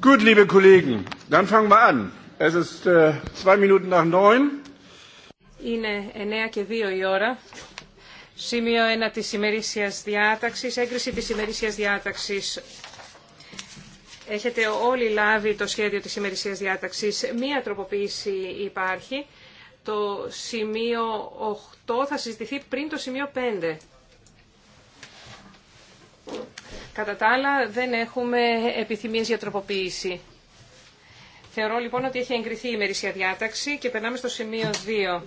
Gut, liebe Kollegen, dann fangen wir an. Es ist äh, zwei Minuten nach neun. Είναι 9 και 2 η ώρα. Σημείο 1 της ημερήσιας διάταξης, έγκριση της ημερήσιας διάταξης. Έχετε όλοι λάβει το σχέδιο της ημερήσιας διάταξης. Μία τροποποίηση υπάρχει. Το σημείο 8 θα συζητηθεί πριν το σημείο 5. Κατά τα άλλα δεν έχουμε επιθυμίες για τροποποίηση. Θεωρώ λοιπόν ότι έχει εγκριθεί η ημερήσια διάταξη και περνάμε στο σημείο 2.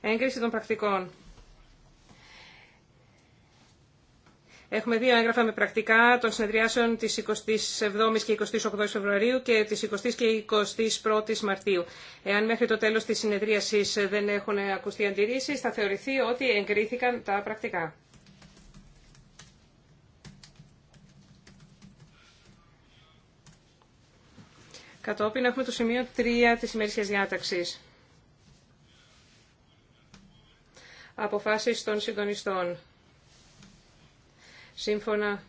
Έγκριση των πρακτικών. Έχουμε δύο έγγραφα με πρακτικά των συνεδριάσεων τη 27 η και 28 η Φεβρουαρίου και τη 20 η και 21 η Μαρτίου. Εάν μέχρι το τέλος της συνεδρίασης δεν έχουν ακουστεί αντιρρήσει, θα θεωρηθεί ότι εγκρίθηκαν τα πρακτικά. Κατόπιν έχουμε το σημείο 3 της ημερήσιας διάταξης. Αποφάσεις των συντονιστών. Σύμφωνα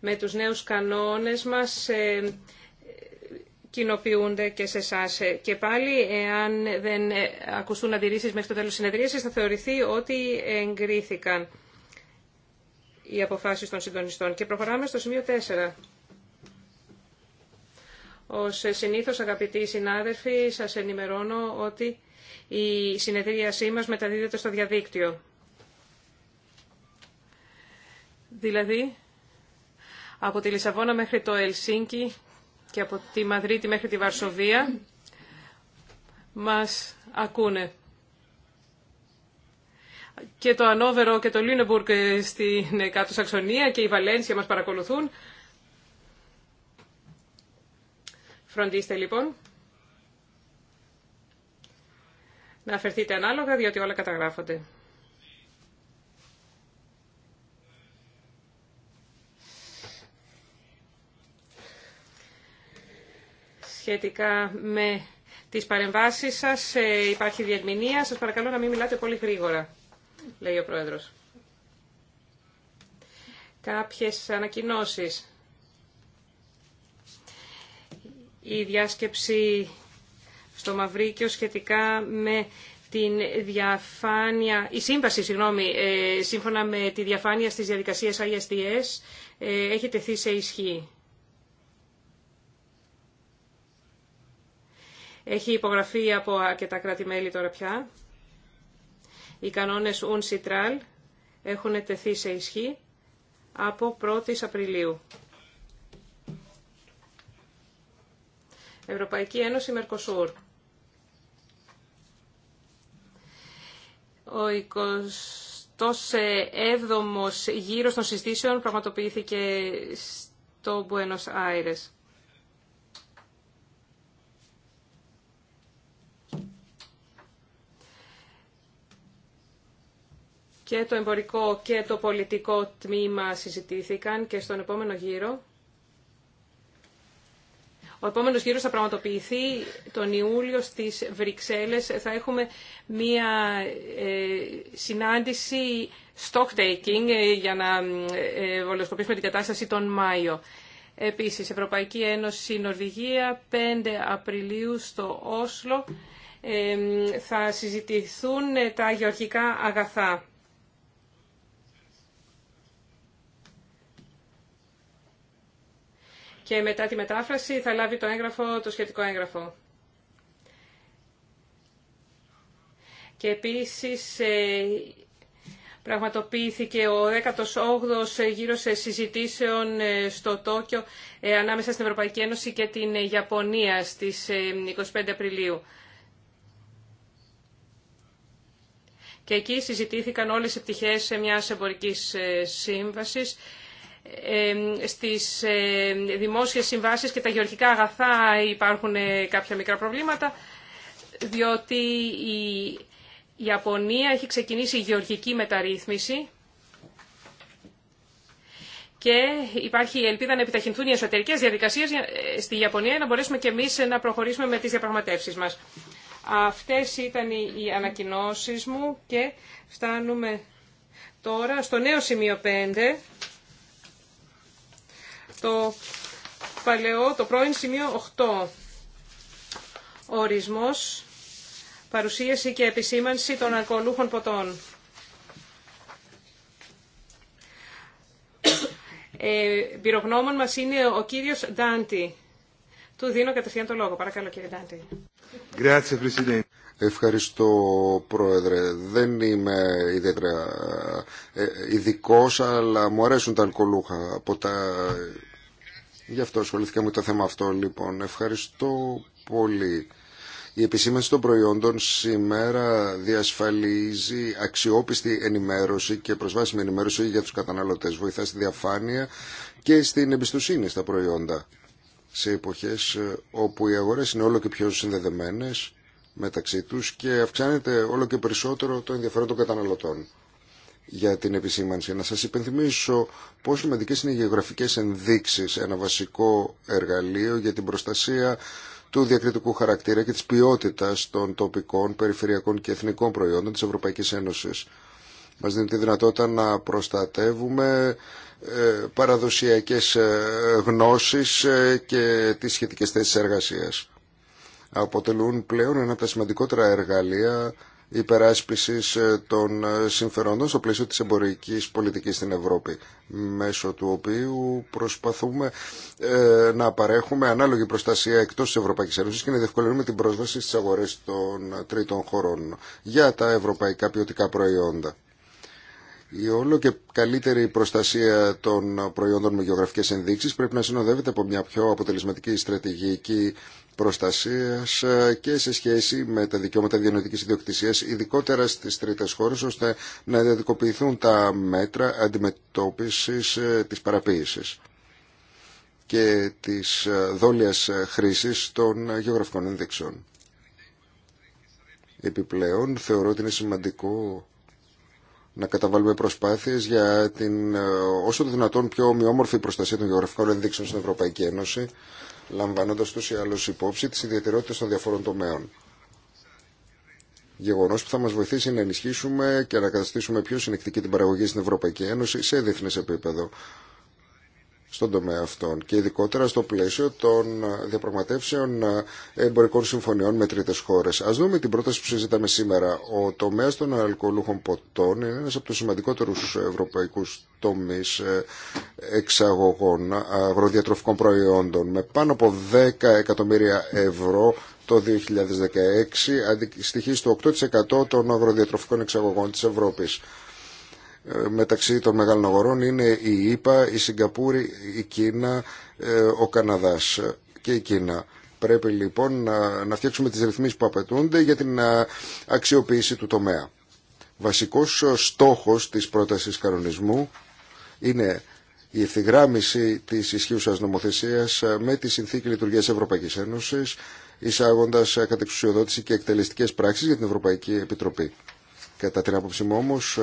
με τους νέους κανόνες μας ε, κοινοποιούνται και σε εσά. Ε, και πάλι, εάν δεν ε, ακουστούν αντιρρήσεις μέχρι το τέλος της συνεδρίασης, θα θεωρηθεί ότι εγκρίθηκαν οι αποφάσεις των συντονιστών. Και προχωράμε στο σημείο 4. Ως συνήθως, αγαπητοί συνάδελφοι, σας ενημερώνω ότι η συνεδρίασή μας μεταδίδεται στο διαδίκτυο. Δηλαδή, από τη Λισαβόνα μέχρι το Ελσίνκι και από τη Μαδρίτη μέχρι τη Βαρσοβία μας ακούνε. Και το Ανόβερο και το Λίνεμπουργκ ε, στην ε, κάτω Σαξονία και η Βαλένσια μας παρακολουθούν. Φροντίστε λοιπόν να αφαιρθείτε ανάλογα διότι όλα καταγράφονται. σχετικά με τις παρεμβάσεις σας. Ε, υπάρχει διερμηνία. Σας παρακαλώ να μην μιλάτε πολύ γρήγορα, λέει ο Πρόεδρος. Κάποιες ανακοινώσεις. Η διάσκεψη στο Μαυρίκιο σχετικά με την διαφάνεια, η σύμβαση, συγγνώμη, ε, σύμφωνα με τη διαφάνεια στις διαδικασίες ISDS, ε, έχει τεθεί σε ισχύ. Έχει υπογραφεί από αρκετά κράτη-μέλη τώρα πια. Οι κανόνες UNCITRAL έχουν τεθεί σε ισχύ από 1η Απριλίου. Ευρωπαϊκή Ένωση Μερκοσούρ. Ο 27ος γύρος των συστήσεων πραγματοποιήθηκε στο Buenos Aires. και το εμπορικό και το πολιτικό τμήμα συζητήθηκαν και στον επόμενο γύρο. Ο επόμενος γύρος θα πραγματοποιηθεί τον Ιούλιο στις Βρυξέλλες. Θα έχουμε μία ε, συνάντηση stock-taking ε, για να βολοσκοπήσουμε ε, την κατάσταση τον Μάιο. Επίσης, Ευρωπαϊκή Ένωση Νορβηγία, 5 Απριλίου στο Όσλο, θα συζητηθούν τα γεωργικά αγαθά. και μετά τη μετάφραση θα λάβει το έγγραφο, το σχετικό έγγραφο. Και επίσης ε, πραγματοποιήθηκε ο 18ος γύρος συζητήσεων ε, στο Τόκιο ε, ανάμεσα στην Ευρωπαϊκή Ένωση και την Ιαπωνία στις 25 Απριλίου. Και εκεί συζητήθηκαν όλες οι πτυχές μιας εμπορικής σύμβασης στις δημόσιες συμβάσεις και τα γεωργικά αγαθά υπάρχουν ε, κάποια μικρά προβλήματα, διότι η Ιαπωνία έχει ξεκινήσει γεωργική μεταρρύθμιση και υπάρχει η ελπίδα να επιταχυνθούν οι εσωτερικές διαδικασίες ε, στη Ιαπωνία για να μπορέσουμε και εμείς ε, να προχωρήσουμε με τις διαπραγματεύσεις μας. Αυτές ήταν οι ανακοινώσεις μου και φτάνουμε τώρα στο νέο σημείο 5 στο παλαιό, το πρώην σημείο 8. Ορισμός, παρουσίαση και επισήμανση των αλκοολούχων ποτών. Ε, πυρογνώμων μας είναι ο κύριος Ντάντι. Του δίνω κατευθείαν το λόγο. Παρακαλώ κύριε Ντάντι. Ευχαριστώ πρόεδρε. Δεν είμαι ιδιαίτερα ε, ε, ειδικό, αλλά μου αρέσουν τα αλκοολούχα από τα Γι' αυτό ασχολήθηκα με το θέμα αυτό λοιπόν. Ευχαριστώ πολύ. Η επισήμανση των προϊόντων σήμερα διασφαλίζει αξιόπιστη ενημέρωση και προσβάσιμη ενημέρωση για τους καταναλωτές. Βοηθά στη διαφάνεια και στην εμπιστοσύνη στα προϊόντα. Σε εποχές ε, όπου οι αγορές είναι όλο και πιο συνδεδεμένες μεταξύ τους και αυξάνεται όλο και περισσότερο το ενδιαφέρον των καταναλωτών για την επισήμανση. Να σας υπενθυμίσω πόσο σημαντικέ είναι οι γεωγραφικές ενδείξεις, ένα βασικό εργαλείο για την προστασία του διακριτικού χαρακτήρα και της ποιότητας των τοπικών, περιφερειακών και εθνικών προϊόντων της Ευρωπαϊκής Ένωσης. Μας δίνει τη δυνατότητα να προστατεύουμε ε, παραδοσιακές ε, γνώσεις ε, και τις σχετικές θέσεις εργασίας. Αποτελούν πλέον ένα από τα σημαντικότερα εργαλεία υπεράσπιση ε, των ε, συμφερόντων στο πλαίσιο τη εμπορική πολιτικής στην Ευρώπη μέσω του οποίου προσπαθούμε ε, να παρέχουμε ανάλογη προστασία εκτός τη Ευρωπαϊκή Ένωση και να διευκολύνουμε την πρόσβαση στι αγορέ των τρίτων χωρών για τα ευρωπαϊκά ποιοτικά προϊόντα. Η όλο και καλύτερη προστασία των προϊόντων με γεωγραφικέ ενδείξει πρέπει να συνοδεύεται από μια πιο αποτελεσματική στρατηγική προστασίας ε, και σε σχέση με τα δικαιώματα διανοητικής ιδιοκτησίας, ειδικότερα στις τρίτες χώρες, ώστε να διαδικοποιηθούν τα μέτρα αντιμετώπισης ε, της παραποίησης και της ε, δόλιας χρήσης των γεωγραφικών ενδείξεων. Επιπλέον, θεωρώ ότι είναι σημαντικό να καταβάλουμε προσπάθειες για την όσο το δυνατόν πιο ομοιόμορφη προστασία των γεωγραφικών ενδείξεων στην Ευρωπαϊκή Ένωση λαμβάνοντας τους ή άλλου υπόψη τι ιδιαιτερότητε των διαφορών τομέων. γεγονό που θα μα βοηθήσει να ενισχύσουμε και να καταστήσουμε πιο συνεκτική την παραγωγή στην Ευρωπαϊκή Ένωση σε διεθνε επίπεδο στον τομέα αυτών και ειδικότερα στο πλαίσιο των ε, διαπραγματεύσεων ε, εμπορικών συμφωνιών με τρίτε χώρε. Α δούμε την πρόταση που συζητάμε σήμερα. Ο τομέα των αλκοολούχων ποτών είναι ένα από του σημαντικότερου ευρωπαϊκού τομεί ε, εξαγωγών αγροδιατροφικών προϊόντων με πάνω από 10 εκατομμύρια ευρώ το 2016 αντιστοιχεί στο 8% των αγροδιατροφικών εξαγωγών της Ευρώπης μεταξύ των μεγάλων αγορών είναι η ΙΠΑ, η Σιγκαπούρη, η Κίνα, ε, ο Καναδάς και η Κίνα. Πρέπει λοιπόν να φτιάξουμε τις ρυθμίσεις που απαιτούνται για την ε, αξιοποίηση του τομέα. Βασικός ε, στόχος της πρότασης κανονισμού είναι η ευθυγράμμιση της ισχύουσας νομοθεσίας με τη Συνθήκη Λειτουργίας Ευρωπαϊκής Ένωσης, εισάγοντας κατεξουσιοδότηση και εκτελεστικές πράξεις για την Ευρωπαϊκή Επιτροπή. Κατά την άποψή μου όμως,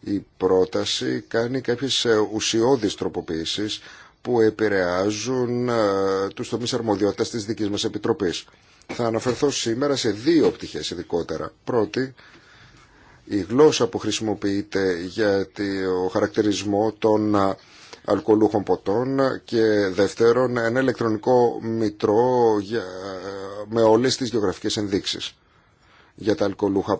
η πρόταση κάνει κάποιες ε, ουσιώδεις τροποποίησεις που επηρεάζουν ε, τους τομείς αρμοδιότητας της δικής μας Επιτροπής. Θα αναφερθώ σήμερα σε δύο πτυχές ειδικότερα. Πρώτη, η γλώσσα που χρησιμοποιείται για το χαρακτηρισμό των ε, αλκοολούχων ποτών και δεύτερον ένα ηλεκτρονικό μητρό με όλες τις γεωγραφικές ενδείξεις για τα αλκοολούχα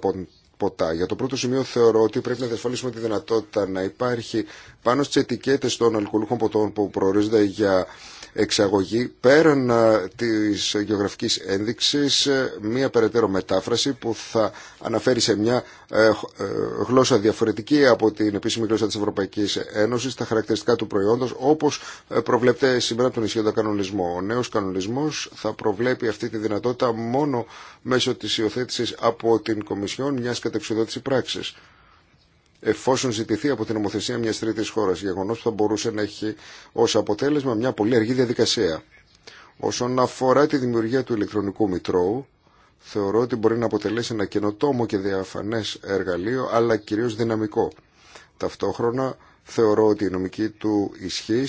ποτά. Για το πρώτο σημείο θεωρώ ότι πρέπει να διασφαλίσουμε τη δυνατότητα να υπάρχει πάνω στι ετικέτε των αλκοολούχων ποτών που προορίζονται για εξαγωγή πέραν της γεωγραφικής ένδειξης ε, μία περαιτέρω μετάφραση που θα αναφέρει σε μια ε, ε, γλώσσα διαφορετική από την επίσημη γλώσσα της Ευρωπαϊκής Ένωσης τα χαρακτηριστικά του προϊόντος όπως προβλέπεται σήμερα τον ισχύοντα κανονισμό. Ο νέος κανονισμός θα προβλέπει αυτή τη δυνατότητα μόνο μέσω της υιοθέτηση από την Κομισιόν μιας κατεξοδότησης πράξης εφόσον ζητηθεί από την νομοθεσία μια τρίτη χώρα. Γεγονό που θα μπορούσε να έχει ω αποτέλεσμα μια πολύ αργή διαδικασία. Όσον αφορά τη δημιουργία του ηλεκτρονικού μητρώου, θεωρώ ότι μπορεί να αποτελέσει ένα καινοτόμο και διαφανέ εργαλείο, αλλά κυρίω δυναμικό. Ταυτόχρονα, θεωρώ ότι η νομική του ισχύ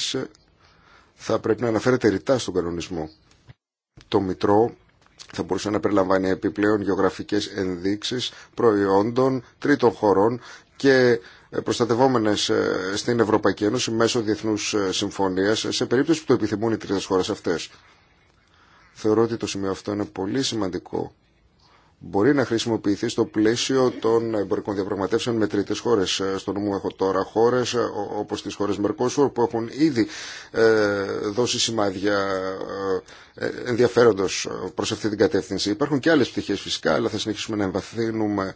θα πρέπει να αναφέρεται ρητά στον κανονισμό. Το μητρό θα μπορούσε να περιλαμβάνει επιπλέον γεωγραφικές ενδείξεις προϊόντων τρίτων χωρών και προστατευόμενες ε, στην Ευρωπαϊκή Ένωση μέσω διεθνούς ε, συμφωνίας ε, σε περίπτωση που το επιθυμούν οι τρίτες χώρες αυτές. Θεωρώ ότι το σημείο αυτό είναι πολύ σημαντικό. Μπορεί να χρησιμοποιηθεί στο πλαίσιο των εμπορικών διαπραγματεύσεων με τρίτε χώρε. Στο νου μου έχω τώρα χώρε όπω τι χώρε Μερκόσουρ που έχουν ήδη δώσει σημάδια ενδιαφέροντο προ αυτή την κατεύθυνση. Υπάρχουν και άλλε πτυχέ φυσικά, αλλά θα συνεχίσουμε να εμβαθύνουμε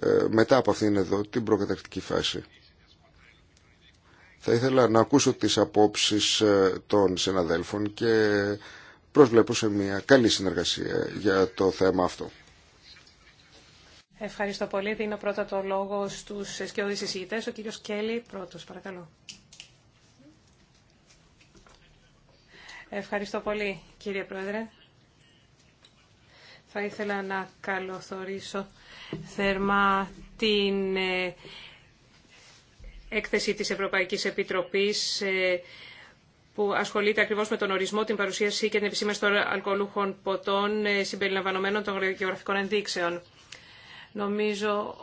ε, μετά από αυτήν εδώ την προκατακτική φάση. Θα ήθελα να ακούσω τις απόψεις ε, των συναδέλφων και προσβλέπω σε μια καλή συνεργασία για το θέμα αυτό. Ευχαριστώ πολύ. Δίνω πρώτα το λόγο στους σκιώδεις εισηγητές. Ο κύριος Κέλλη πρώτος, παρακαλώ. Ευχαριστώ πολύ, κύριε Πρόεδρε. Θα ήθελα να καλωθορίσω θερμά την ε, έκθεση της Ευρωπαϊκής Επιτροπής ε, που ασχολείται ακριβώς με τον ορισμό, την παρουσίαση και την επισήμεση των αλκοολούχων ποτών ε, συμπεριλαμβανομένων των γεωγραφικών ενδείξεων. Νομίζω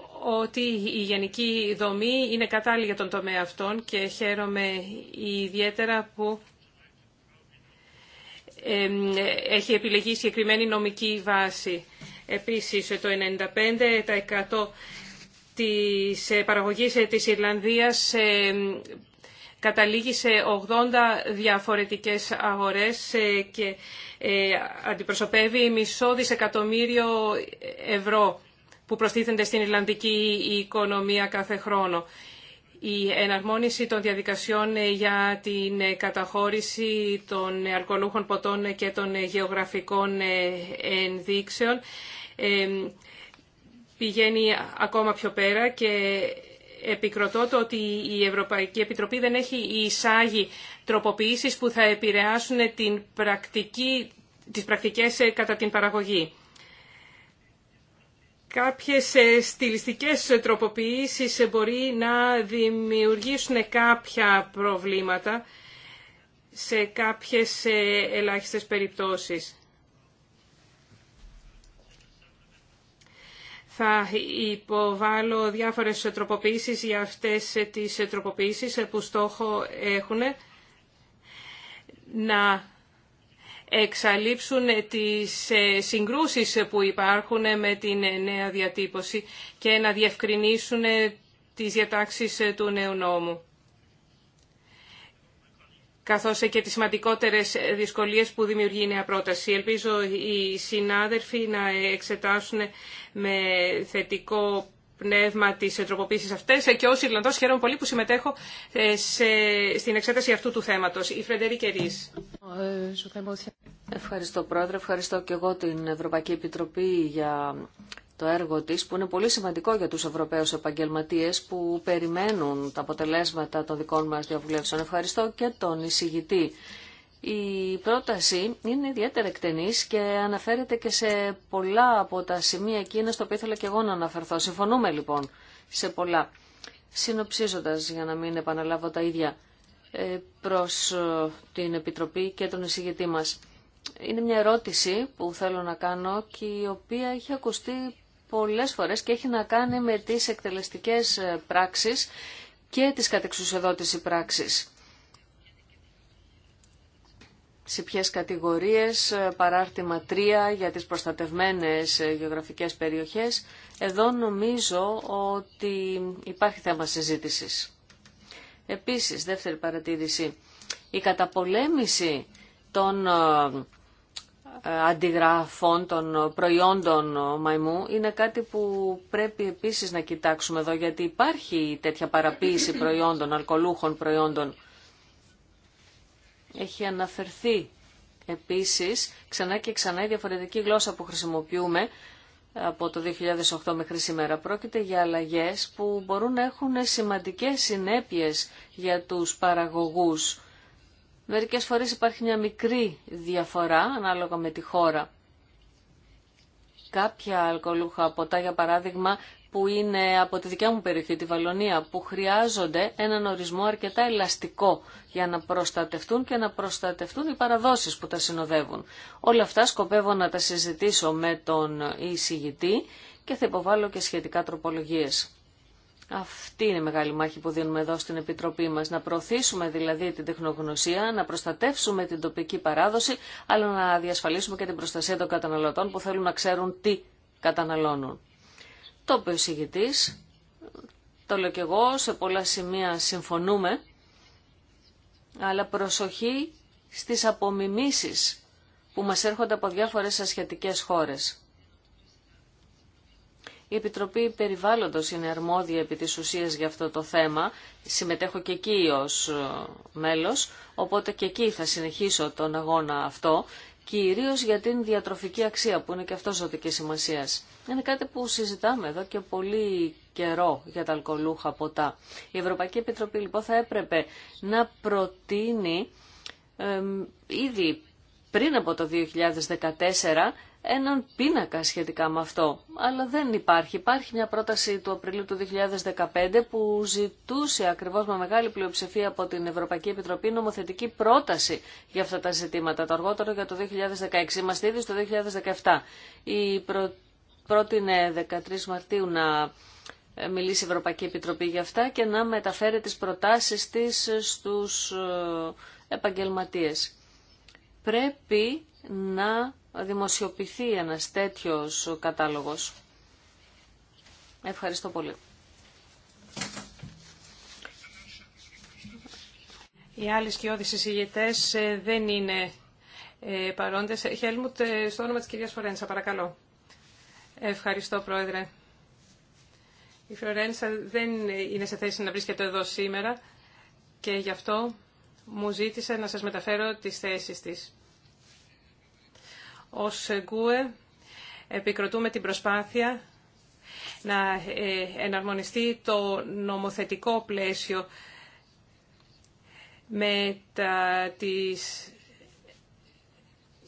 ότι η γενική δομή είναι κατάλληλη για τον τομέα αυτών και χαίρομαι ιδιαίτερα που έχει επιλεγεί συγκεκριμένη νομική βάση. Επίσης, το 95% της ε, παραγωγής ε, της Ιρλανδίας ε, καταλήγει σε 80 διαφορετικές αγορές και αντιπροσωπεύει μισό δισεκατομμύριο ευρώ που προστίθενται στην Ιρλανδική οικονομία κάθε χρόνο. Η εναρμόνιση των διαδικασιών για την καταχώρηση των αλκοολούχων ποτών και των γεωγραφικών ενδείξεων πηγαίνει ακόμα πιο πέρα και επικροτώ το ότι η Ευρωπαϊκή Επιτροπή δεν έχει εισάγει τροποποιήσεις που θα επηρεάσουν την πρακτική, τις πρακτικές ε, κατά την παραγωγή. Κάποιες ε, στιλιστικές τροποποιήσεις ε, μπορεί να δημιουργήσουν κάποια προβλήματα σε κάποιες ελάχιστες περιπτώσεις. Θα υποβάλω διάφορες τροποποίησεις για αυτές τις τροποποίησεις που στόχο έχουν να εξαλείψουν τις συγκρούσεις που υπάρχουν με την νέα διατύπωση και να διευκρινίσουν τις διατάξεις του νέου νόμου καθώς και τις σημαντικότερες δυσκολίες που δημιουργεί η νέα πρόταση. Ελπίζω οι συνάδελφοι να εξετάσουν με θετικό πνεύμα τις τροποποίησεις αυτές και ως Ιρλανδός χαίρομαι πολύ που συμμετέχω ε, στην εξέταση αυτού του θέματος. Η Φρεντερή Κερίς. Ευχαριστώ Πρόεδρε, ευχαριστώ και εγώ την Ευρωπαϊκή Επιτροπή για το έργο της που είναι πολύ σημαντικό για τους Ευρωπαίους επαγγελματίες που περιμένουν τα αποτελέσματα των δικών μας διαβουλεύσεων. Ευχαριστώ και τον εισηγητή. Η πρόταση είναι ιδιαίτερα εκτενής και αναφέρεται και σε πολλά από τα σημεία εκείνα στο οποίο ήθελα και εγώ να αναφερθώ. Συμφωνούμε λοιπόν σε πολλά. Συνοψίζοντας για να μην επαναλάβω τα ίδια ε, προς ε, την Επιτροπή και τον εισηγητή μας. Είναι μια ερώτηση που θέλω να κάνω και η οποία έχει ακουστεί πολλές φορές και έχει να κάνει με τις εκτελεστικές ε, πράξεις και τις κατεξουσιοδότηση πράξεις. Σε ποιες κατηγορίες, ε, παράρτημα 3 για τις προστατευμένες ε, γεωγραφικές περιοχές, εδώ νομίζω ότι υπάρχει θέμα συζήτησης. Επίσης, δεύτερη παρατήρηση, η καταπολέμηση των αντιγραφών των προϊόντων μαϊμού είναι κάτι που πρέπει επίσης να κοιτάξουμε εδώ γιατί υπάρχει τέτοια παραποίηση προϊόντων, αλκοολούχων προϊόντων. Έχει αναφερθεί επίσης ξανά και ξανά η διαφορετική γλώσσα που χρησιμοποιούμε από το 2008 μέχρι σήμερα. Πρόκειται για αλλαγές που μπορούν να έχουν σημαντικές συνέπειες για τους παραγωγούς Μερικές φορές υπάρχει μια μικρή διαφορά ανάλογα με τη χώρα. Κάποια αλκοολούχα ποτά, για παράδειγμα, που είναι από τη δικιά μου περιοχή, τη Βαλονία, που χρειάζονται έναν ορισμό αρκετά ελαστικό για να προστατευτούν και να προστατευτούν οι παραδόσεις που τα συνοδεύουν. Όλα αυτά σκοπεύω να τα συζητήσω με τον εισηγητή και θα υποβάλω και σχετικά τροπολογίες. Αυτή είναι η μεγάλη μάχη που δίνουμε εδώ στην Επιτροπή μας. Να προωθήσουμε δηλαδή την τεχνογνωσία, να προστατεύσουμε την τοπική παράδοση, αλλά να διασφαλίσουμε και την προστασία των καταναλωτών που θέλουν να ξέρουν τι καταναλώνουν. Το οποίο, το λέω και εγώ, σε πολλά σημεία συμφωνούμε, αλλά προσοχή στις απομιμήσεις που μας έρχονται από διάφορες ασιατικές χώρες. Η Επιτροπή Περιβάλλοντος είναι αρμόδια επί της ουσίας για αυτό το θέμα. Συμμετέχω και εκεί ως ε, μέλος, οπότε και εκεί θα συνεχίσω τον αγώνα αυτό, κυρίως για την διατροφική αξία που είναι και αυτό ζωτική σημασία. Είναι κάτι που συζητάμε εδώ και πολύ καιρό για τα αλκοολούχα ποτά. Η Ευρωπαϊκή Επιτροπή λοιπόν θα έπρεπε να προτείνει ήδη πριν από το 2014 έναν πίνακα σχετικά με αυτό. Αλλά δεν υπάρχει. Υπάρχει μια πρόταση του Απριλίου του 2015 που ζητούσε ακριβώς με μεγάλη πλειοψηφία από την Ευρωπαϊκή Επιτροπή νομοθετική πρόταση για αυτά τα ζητήματα. Το αργότερο για το 2016. Είμαστε ήδη στο 2017. Η προ... πρότεινε 13 Μαρτίου να ε, μιλήσει η Ευρωπαϊκή Επιτροπή για αυτά και να μεταφέρει τις προτάσεις της στους ε, επαγγελματίες. Πρέπει να δημοσιοποιηθεί ένας τέτοιος κατάλογος. Ευχαριστώ πολύ. Οι άλλοι σκιώδεις εισηγητές ε, δεν είναι ε, παρόντες. Χέλμουτ, ε, στο όνομα της κυρίας Φορένσα, παρακαλώ. Ευχαριστώ, Πρόεδρε. Η Φορένσα δεν είναι σε θέση να βρίσκεται εδώ σήμερα και γι' αυτό μου ζήτησε να σας μεταφέρω τις θέσεις της. Ως ΓΚΟΕ επικροτούμε την προσπάθεια να ε, εναρμονιστεί το νομοθετικό πλαίσιο με τα, τις,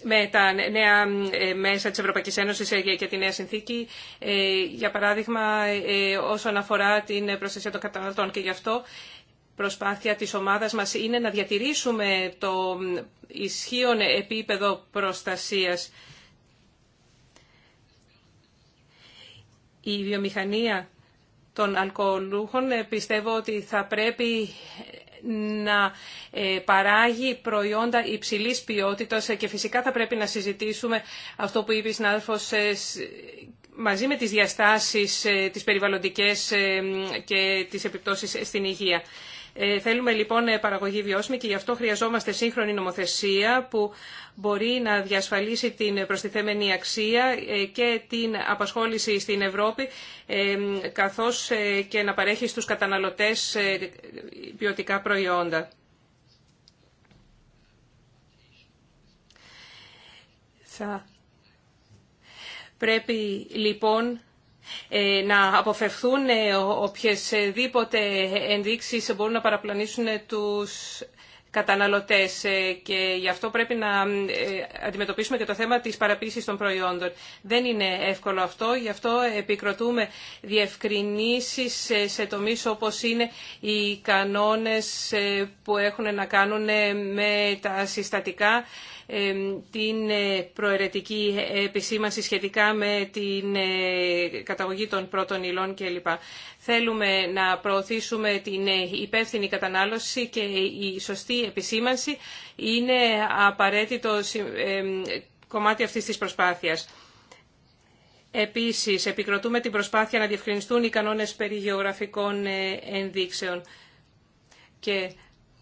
με τα νέα ε, μέσα της Ευρωπαϊκής Ένωσης ε, και τη νέα συνθήκη, για παράδειγμα όσον αφορά την προστασία των καταναλωτών. Και γι' αυτό προσπάθεια της ομάδας μας είναι να διατηρήσουμε το ισχύον επίπεδο προστασίας. Η βιομηχανία των αλκοολούχων ε, πιστεύω ότι θα πρέπει να ε, παράγει προϊόντα υψηλής ποιότητας ε, και φυσικά θα πρέπει να συζητήσουμε αυτό που είπε η συνάδελφος μαζί με τις διαστάσεις, τις περιβαλλοντικές και τις επιπτώσεις στην υγεία. Ε, θέλουμε λοιπόν ε, παραγωγή βιώσιμη και γι' αυτό χρειαζόμαστε σύγχρονη νομοθεσία που μπορεί να διασφαλίσει την προστιθέμενη αξία ε, και την απασχόληση στην Ευρώπη καθώς και να παρέχει στους καταναλωτές ποιοτικά προϊόντα. Θα πρέπει λοιπόν ε, να αποφευθούν ε, οποιασδήποτε ενδείξεις μπορούν να παραπλανήσουν τους καταναλωτές ε, και γι' αυτό πρέπει να αντιμετωπίσουμε και το θέμα της παραποίησης των προϊόντων. Δεν είναι εύκολο αυτό, γι' αυτό επικροτούμε διευκρινήσεις σε τομείς όπως είναι οι κανόνες που έχουν να κάνουν με τα συστατικά την ε, προαιρετική επισήμανση σχετικά με την ε, καταγωγή των πρώτων υλών κλπ. Θέλουμε να προωθήσουμε την ε, υπεύθυνη κατανάλωση και η σωστή επισήμανση είναι απαραίτητο κομμάτι αυτής της προσπάθειας. Επίσης, επικροτούμε την προσπάθεια να διευκρινιστούν οι κανόνες περί γεωγραφικών ενδείξεων. Και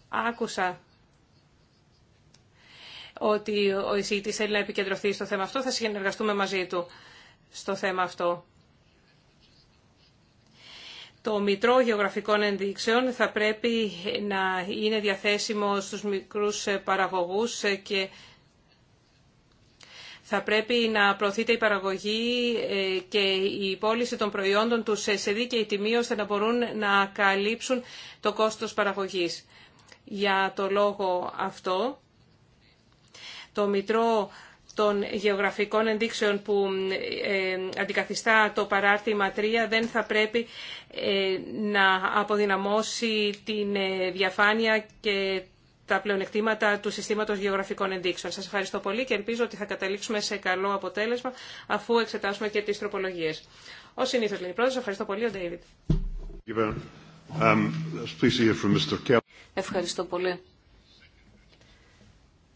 άκουσα ότι ο εισηγητής θέλει να επικεντρωθεί στο θέμα αυτό, θα συνεργαστούμε μαζί του στο θέμα αυτό. Το Μητρό Γεωγραφικών Ενδείξεων θα πρέπει να είναι διαθέσιμο στους μικρούς παραγωγούς και θα πρέπει να προωθείται η παραγωγή ε, και η πώληση των προϊόντων τους σε δίκαιη τιμή ώστε να μπορούν να καλύψουν το κόστος παραγωγής. Για το λόγο αυτό το Μητρό των Γεωγραφικών Ενδείξεων που ε, αντικαθιστά το παράρτημα 3 δεν θα πρέπει ε, να αποδυναμώσει την ε, διαφάνεια και τα πλεονεκτήματα του συστήματος γεωγραφικών ενδείξεων. Σας ευχαριστώ πολύ και ελπίζω ότι θα καταλήξουμε σε καλό αποτέλεσμα αφού εξετάσουμε και τις τροπολογίες. Ο συνήθως λέει πρόεδρος, ευχαριστώ πολύ ο Ντέιβιτ. Um, ευχαριστώ πολύ.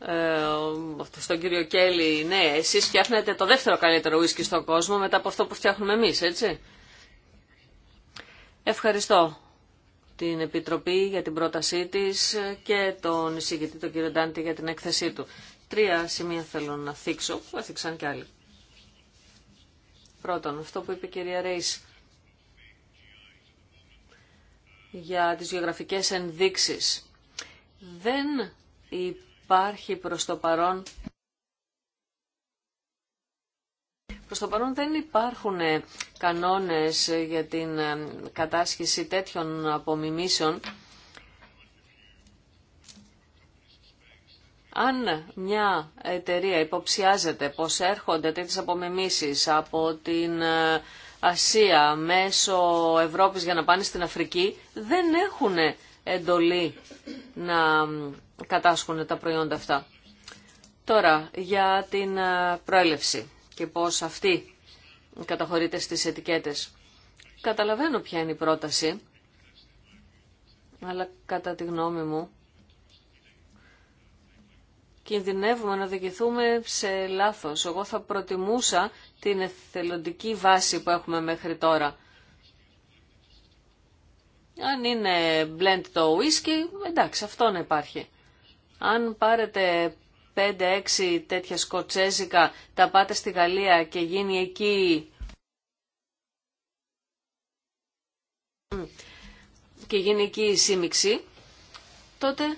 Ε, στον κύριο Κέλλη, ναι, εσείς φτιάχνετε το δεύτερο καλύτερο ουίσκι στον κόσμο μετά από αυτό που φτιάχνουμε εμείς, έτσι. Ευχαριστώ την Επιτροπή για την πρότασή της και τον εισηγητή, τον κύριο Ντάντη, για την έκθεσή του. Τρία σημεία θέλω να θίξω, που έθιξαν κι άλλοι. Πρώτον, αυτό που είπε η κυρία Ρέις για τις γεωγραφικές ενδείξεις. Δεν υπάρχει προς το παρόν. Προς το παρόν δεν υπάρχουν ε, κανόνες ε, για την ε, κατάσχεση τέτοιων απομιμήσεων. Αν μια εταιρεία υποψιάζεται πως έρχονται τέτοιες απομιμήσεις από την Ασία μέσω Ευρώπης για να πάνε στην Αφρική, δεν έχουν εντολή να κατάσχουν τα προϊόντα αυτά. Τώρα, για την ε, προέλευση και πώς αυτή καταχωρείται στις ετικέτες. Καταλαβαίνω ποια είναι η πρόταση, αλλά κατά τη γνώμη μου κινδυνεύουμε να δικηθούμε σε λάθος. Εγώ θα προτιμούσα την εθελοντική βάση που έχουμε μέχρι τώρα. Αν είναι blend το whisky, εντάξει, αυτό να υπάρχει. Αν πάρετε 5-6 τέτοια σκοτσέζικα, τα πάτε στη Γαλλία και γίνει εκεί... και γίνει εκεί η τότε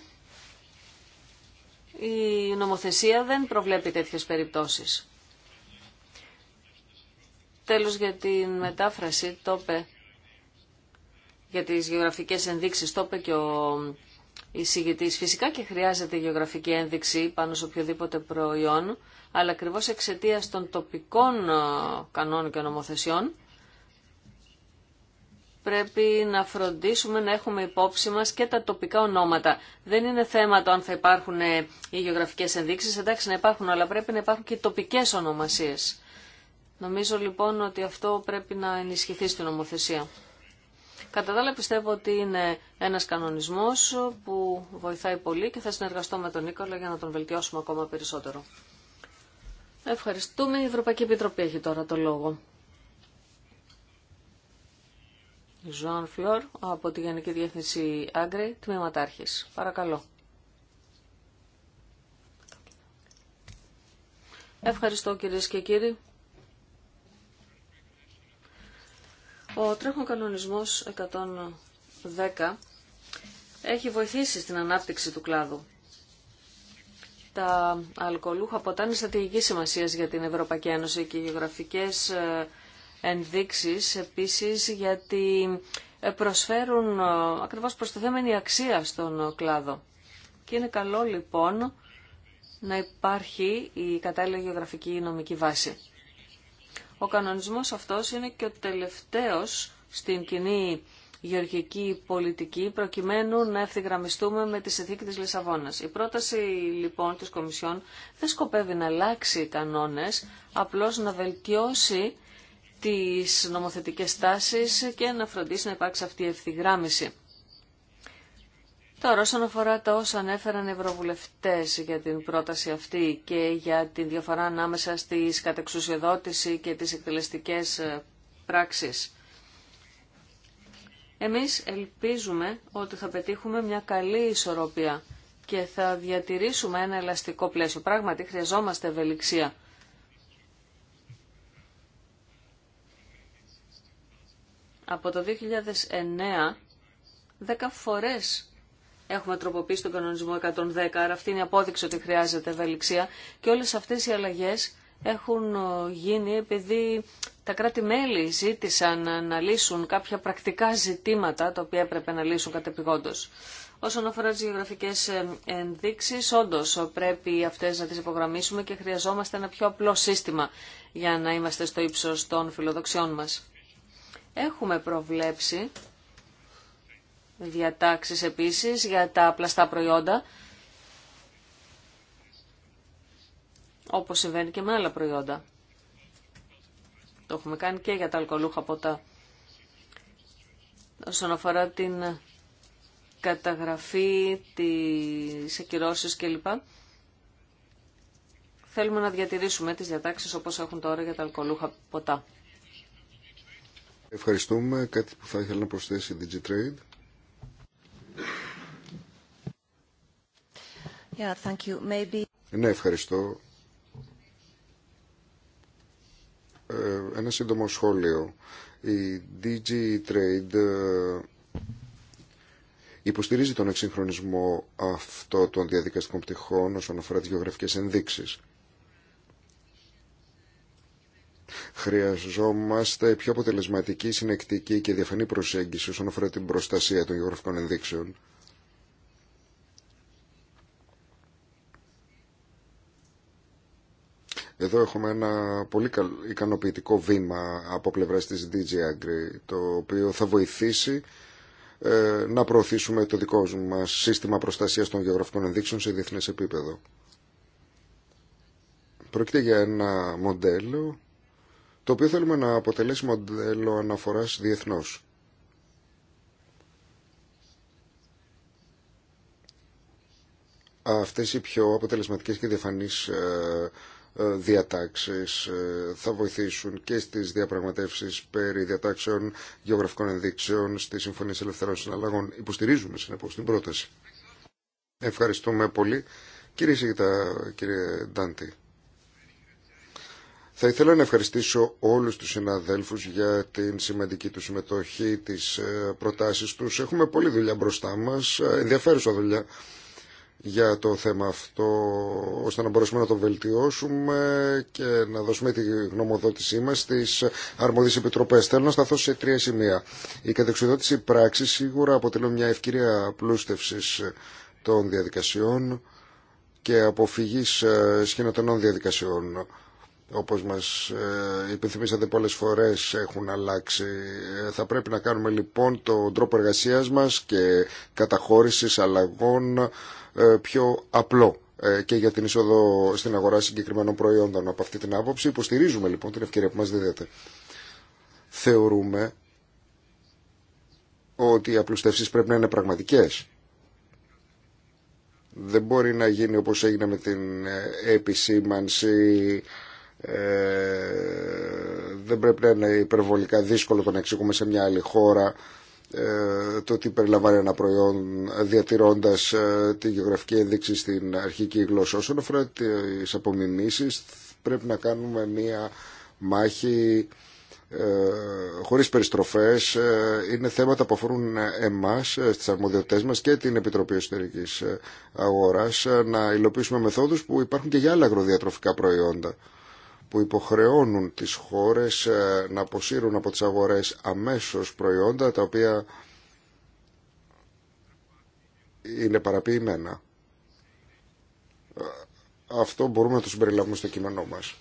η νομοθεσία δεν προβλέπει τέτοιες περιπτώσεις. Τέλος για την μετάφραση, το είπε για τις γεωγραφικές ενδείξεις, το είπε και ο εισηγητής. Φυσικά και χρειάζεται γεωγραφική ένδειξη πάνω σε οποιοδήποτε προϊόν, αλλά ακριβώ εξαιτία των τοπικών ε, κανόνων και νομοθεσιών, πρέπει να φροντίσουμε να έχουμε υπόψη μας και τα τοπικά ονόματα. Δεν είναι θέμα το αν θα υπάρχουν ε, οι γεωγραφικές ενδείξεις, εντάξει να υπάρχουν, αλλά πρέπει να υπάρχουν και οι τοπικές ονομασίες. Νομίζω λοιπόν ότι αυτό πρέπει να ενισχυθεί στην νομοθεσία. Κατά τα άλλα πιστεύω ότι είναι ένας κανονισμός που βοηθάει πολύ και θα συνεργαστώ με τον Νίκολα για να τον βελτιώσουμε ακόμα περισσότερο. Ευχαριστούμε. Η Ευρωπαϊκή Επιτροπή έχει τώρα το λόγο. Ζωάν Φλόρ από τη Γενική Διεύθυνση Άγκρη, Τμήματάρχης. Παρακαλώ. Ευχαριστώ κυρίες και κύριοι. Ο τρέχον κανονισμός 110 έχει βοηθήσει στην ανάπτυξη του κλάδου. Τα αλκοολούχα ποτά είναι στρατηγική σημασία για την Ευρωπαϊκή Ένωση και οι γεωγραφικές ε, ενδείξεις επίσης γιατί ε, προσφέρουν ε, ακριβώς προστιθέμενη αξία στον κλάδο. Και είναι καλό λοιπόν να υπάρχει η κατάλληλη γεωγραφική νομική βάση. Ο κανονισμός αυτός είναι και ο τελευταίος στην κοινή γεωργική πολιτική προκειμένου να ευθυγραμμιστούμε με τη συνθήκη της Λισαβόνας. Η πρόταση λοιπόν της Κομισιόν δεν σκοπεύει να αλλάξει οι κανόνες, απλώς να βελτιώσει τις νομοθετικές τάσεις και να φροντίσει να υπάρξει αυτή η ευθυγράμμιση. Τώρα, όσον αφορά τα όσα ανέφεραν οι ευρωβουλευτές για την πρόταση αυτή και για τη διαφορά ανάμεσα στη κατεξουσιοδότηση και τι εκτελεστικέ ε, πράξεις, εμείς ελπίζουμε ότι θα πετύχουμε μια καλή ισορροπία και θα διατηρήσουμε ένα ελαστικό πλαίσιο. Πράγματι, χρειαζόμαστε ευελιξία. Από το 2009, 10 φορές Έχουμε τροποποιήσει τον κανονισμό 110, άρα αυτή είναι η απόδειξη ότι χρειάζεται ευελιξία. Και όλες αυτές οι αλλαγές έχουν ε, γίνει επειδή τα κράτη-μέλη ζήτησαν να λύσουν κάποια πρακτικά ζητήματα τα οποία έπρεπε να λύσουν κατεπηγόντω. Όσον αφορά τις γεωγραφικέ ε, ενδείξεις, όντω ε, πρέπει αυτές να τι υπογραμμίσουμε και χρειαζόμαστε ένα πιο απλό σύστημα για να είμαστε στο ύψο των φιλοδοξιών μα. Έχουμε προβλέψει διατάξεις επίσης για τα πλαστά προϊόντα, όπως συμβαίνει και με άλλα προϊόντα. Το έχουμε κάνει και για τα αλκοολούχα ποτά. Όσον αφορά την καταγραφή, τις ακυρώσεις κλπ. Θέλουμε να διατηρήσουμε τις διατάξεις όπως έχουν τώρα για τα αλκοολούχα ποτά. Ευχαριστούμε. Κάτι που θα ήθελα να προσθέσει η Digitrade. Ναι, ευχαριστώ. Ε, ένα σύντομο σχόλιο. Η DG Trade ε, υποστηρίζει τον εξυγχρονισμό αυτών των διαδικαστικών πτυχών όσον αφορά τις γεωγραφικές ενδείξεις. Χρειαζόμαστε πιο αποτελεσματική, συνεκτική και διαφανή προσέγγιση όσον αφορά την προστασία των γεωγραφικών ενδείξεων. Εδώ έχουμε ένα πολύ ικανοποιητικό βήμα από πλευράς της DG Agri, το οποίο θα βοηθήσει ε, να προωθήσουμε το δικό μας σύστημα προστασίας των γεωγραφικών ενδείξεων σε διεθνές επίπεδο. Πρόκειται για ένα μοντέλο το οποίο θέλουμε να αποτελέσει μοντέλο αναφοράς διεθνώς. Αυτές οι πιο αποτελεσματικές και διαφανείς ε, ε, διατάξεις ε, θα βοηθήσουν και στις διαπραγματεύσεις περί διατάξεων γεωγραφικών ενδείξεων στις Συμφωνίες Ελευθερών Συναλλαγών. Υποστηρίζουμε συνεπώς την πρόταση. Ευχαριστούμε πολύ. Κύριε Σιγητά, κύριε Ντάντη. Θα ήθελα να ευχαριστήσω όλους τους συναδέλφους για την σημαντική του συμμετοχή, τις ε, προτάσεις τους. Έχουμε πολλή δουλειά μπροστά μας, ε, ενδιαφέρουσα δουλειά για το θέμα αυτό, ώστε να μπορέσουμε να το βελτιώσουμε και να δώσουμε τη γνωμοδότησή μας στις αρμόδιες επιτροπές. Θέλω να σταθώ σε τρία σημεία. Η κατεξοδότηση πράξη σίγουρα αποτελούν μια ευκαιρία πλούστευσης των διαδικασιών και αποφυγής ε, σχηνοτενών διαδικασιών όπως μας ε, υπενθυμίσατε πολλές φορές έχουν αλλάξει. Ε, θα πρέπει να κάνουμε λοιπόν τον τρόπο εργασίας μας και καταχώρησης αλλαγών ε, πιο απλό και για την είσοδο στην αγορά συγκεκριμένων προϊόντων. Από αυτή την άποψη υποστηρίζουμε λοιπόν την ευκαιρία που μας δίδεται. Θεωρούμε ότι οι απλουστεύσεις πρέπει να είναι πραγματικές. Δεν μπορεί να γίνει όπως έγινε με την επισήμανση ε, δεν πρέπει να είναι υπερβολικά δύσκολο το να εξηγούμε σε μια άλλη χώρα ε, το τι περιλαμβάνει ένα προϊόν διατηρώντας ε, τη γεωγραφική ένδειξη στην αρχική γλώσσα. Όσον αφορά τις απομιμήσεις πρέπει να κάνουμε μια μάχη ε, χωρίς περιστροφές είναι θέματα που αφορούν εμάς στις αρμοδιότητές μας και την Επιτροπή Εσωτερικής Αγοράς να υλοποιήσουμε μεθόδους που υπάρχουν και για άλλα αγροδιατροφικά προϊόντα που υποχρεώνουν τις χώρες ε, να αποσύρουν από τις αγορές αμέσως προϊόντα τα οποία είναι παραποιημένα. Ε, αυτό μπορούμε να το συμπεριλάβουμε στο κείμενό μας.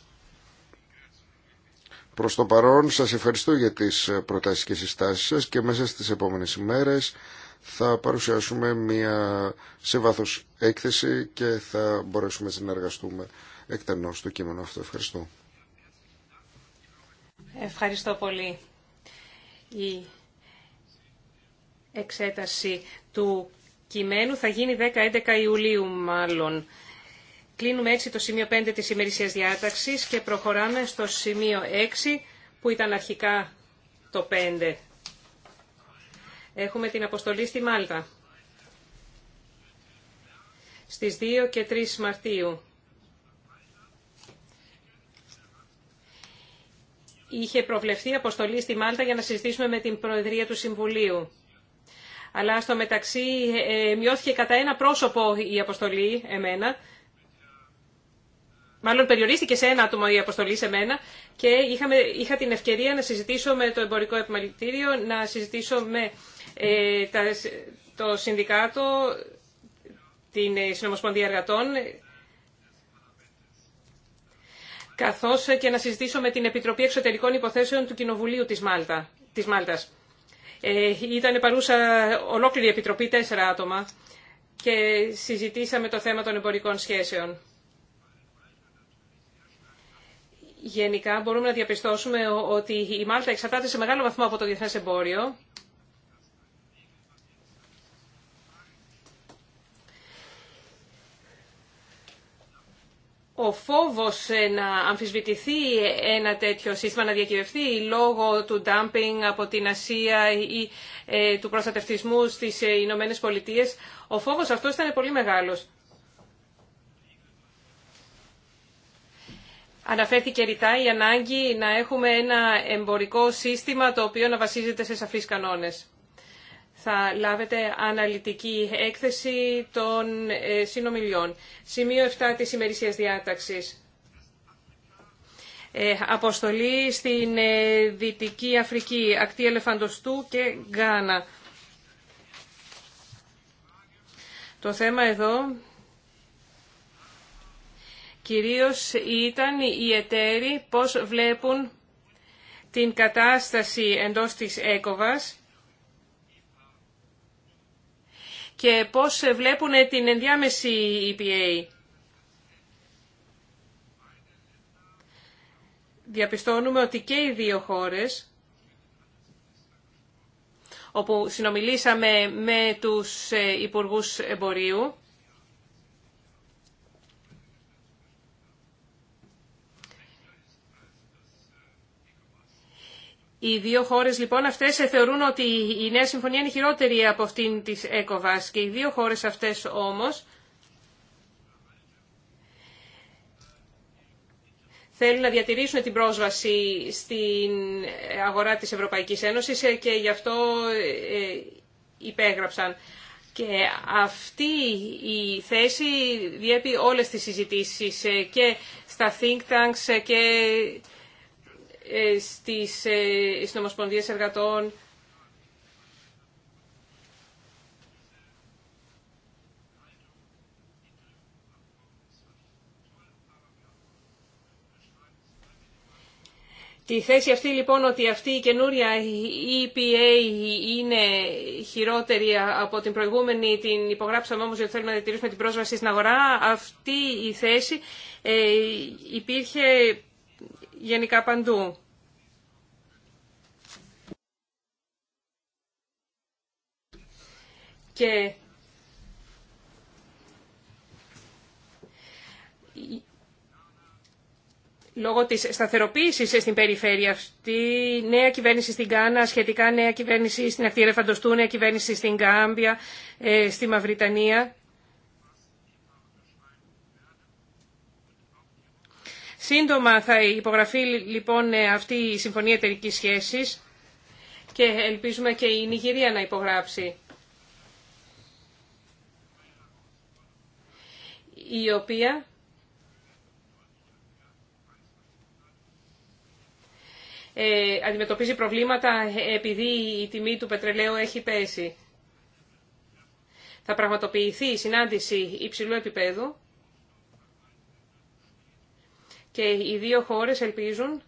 Προς το παρόν σας ευχαριστώ για τις ε, προτάσεις και συστάσεις σας και μέσα στις επόμενες ημέρες θα παρουσιάσουμε μια σε βάθος έκθεση και θα μπορέσουμε να συνεργαστούμε εκτενώς το κείμενο αυτό. Ευχαριστώ. Ευχαριστώ πολύ. Η εξέταση του κειμένου θα γίνει 10-11 Ιουλίου μάλλον. Κλείνουμε έτσι το σημείο 5 της ημερησίας διάταξης και προχωράμε στο σημείο 6 που ήταν αρχικά το 5. Έχουμε την αποστολή στη Μάλτα στις 2 και 3 Μαρτίου. είχε προβλεφθεί αποστολή στη Μάλτα για να συζητήσουμε με την Προεδρία του Συμβουλίου. Αλλά στο μεταξύ ε, μειώθηκε κατά ένα πρόσωπο η αποστολή εμένα. Μάλλον περιορίστηκε σε ένα άτομο η αποστολή σε μένα και είχαμε, είχα την ευκαιρία να συζητήσω με το εμπορικό επιμελητήριο, να συζητήσω με ε, τα, το συνδικάτο, την ε, Συνομοσπονδία Εργατών, καθώς και να συζητήσω με την Επιτροπή Εξωτερικών Υποθέσεων του Κοινοβουλίου της, Μάλτα, της Μάλτας. Ε, ήταν παρούσα ολόκληρη η Επιτροπή, τέσσερα άτομα, και συζητήσαμε το θέμα των εμπορικών σχέσεων. Γενικά μπορούμε να διαπιστώσουμε ότι η Μάλτα εξαρτάται σε μεγάλο βαθμό από το διεθνές εμπόριο ο φόβος να αμφισβητηθεί ένα τέτοιο σύστημα, να διακυβευτεί λόγω του dumping από την Ασία ή ε, του προστατευτισμού στις ε, Ηνωμένε Πολιτείες, ο φόβος αυτός ήταν πολύ μεγάλος. Αναφέρθηκε ρητά η ανάγκη να έχουμε ένα εμπορικό σύστημα το οποίο να βασίζεται σε σαφείς κανόνες θα λάβετε αναλυτική έκθεση των ε, συνομιλιών. Σημείο 7 της ημερησίας διάταξης. Ε, αποστολή στην ε, Δυτική Αφρική, Ακτή Ελεφαντοστού και Γκάνα. Το θέμα εδώ κυρίως ήταν οι εταίροι πώς βλέπουν την κατάσταση εντός της ΕΚΟΒΑΣ και πώς βλέπουν την ενδιάμεση EPA. Διαπιστώνουμε ότι και οι δύο χώρες όπου συνομιλήσαμε με τους ε, Υπουργούς Εμπορίου Οι δύο χώρες λοιπόν αυτές ε, θεωρούν ότι η νέα συμφωνία είναι χειρότερη από αυτήν της ΕΚΟΒΑΣ και οι δύο χώρες αυτές όμως θέλουν να διατηρήσουν την πρόσβαση στην αγορά της Ευρωπαϊκής Ένωσης ε, και γι' αυτό ε, υπέγραψαν. Και αυτή η θέση διέπει όλες τις συζητήσεις και στα think tanks και ε, στις ε, νομοσπονδίες εργατών. Τη θέση αυτή λοιπόν ότι αυτή η καινούρια EPA είναι χειρότερη από την προηγούμενη, την υπογράψαμε όμως γιατί θέλουμε να διατηρήσουμε την πρόσβαση στην αγορά, αυτή η θέση ε, υπήρχε γενικά παντού. Και λόγω της σταθεροποίησης στην περιφέρεια αυτή, νέα κυβέρνηση στην Κάνα, σχετικά νέα κυβέρνηση στην Ακτή Ελεφαντοστού, νέα κυβέρνηση στην Κάμπια, ε, στη Μαυριτανία. Σύντομα θα υπογραφεί λοιπόν ε, αυτή η Συμφωνία Εταιρική Σχέσης και ελπίζουμε και η Νιγηρία να υπογράψει. Η οποία ε, αντιμετωπίζει προβλήματα επειδή η τιμή του πετρελαίου έχει πέσει. Θα πραγματοποιηθεί η συνάντηση υψηλού επίπεδου και οι δύο χώρες ελπίζουν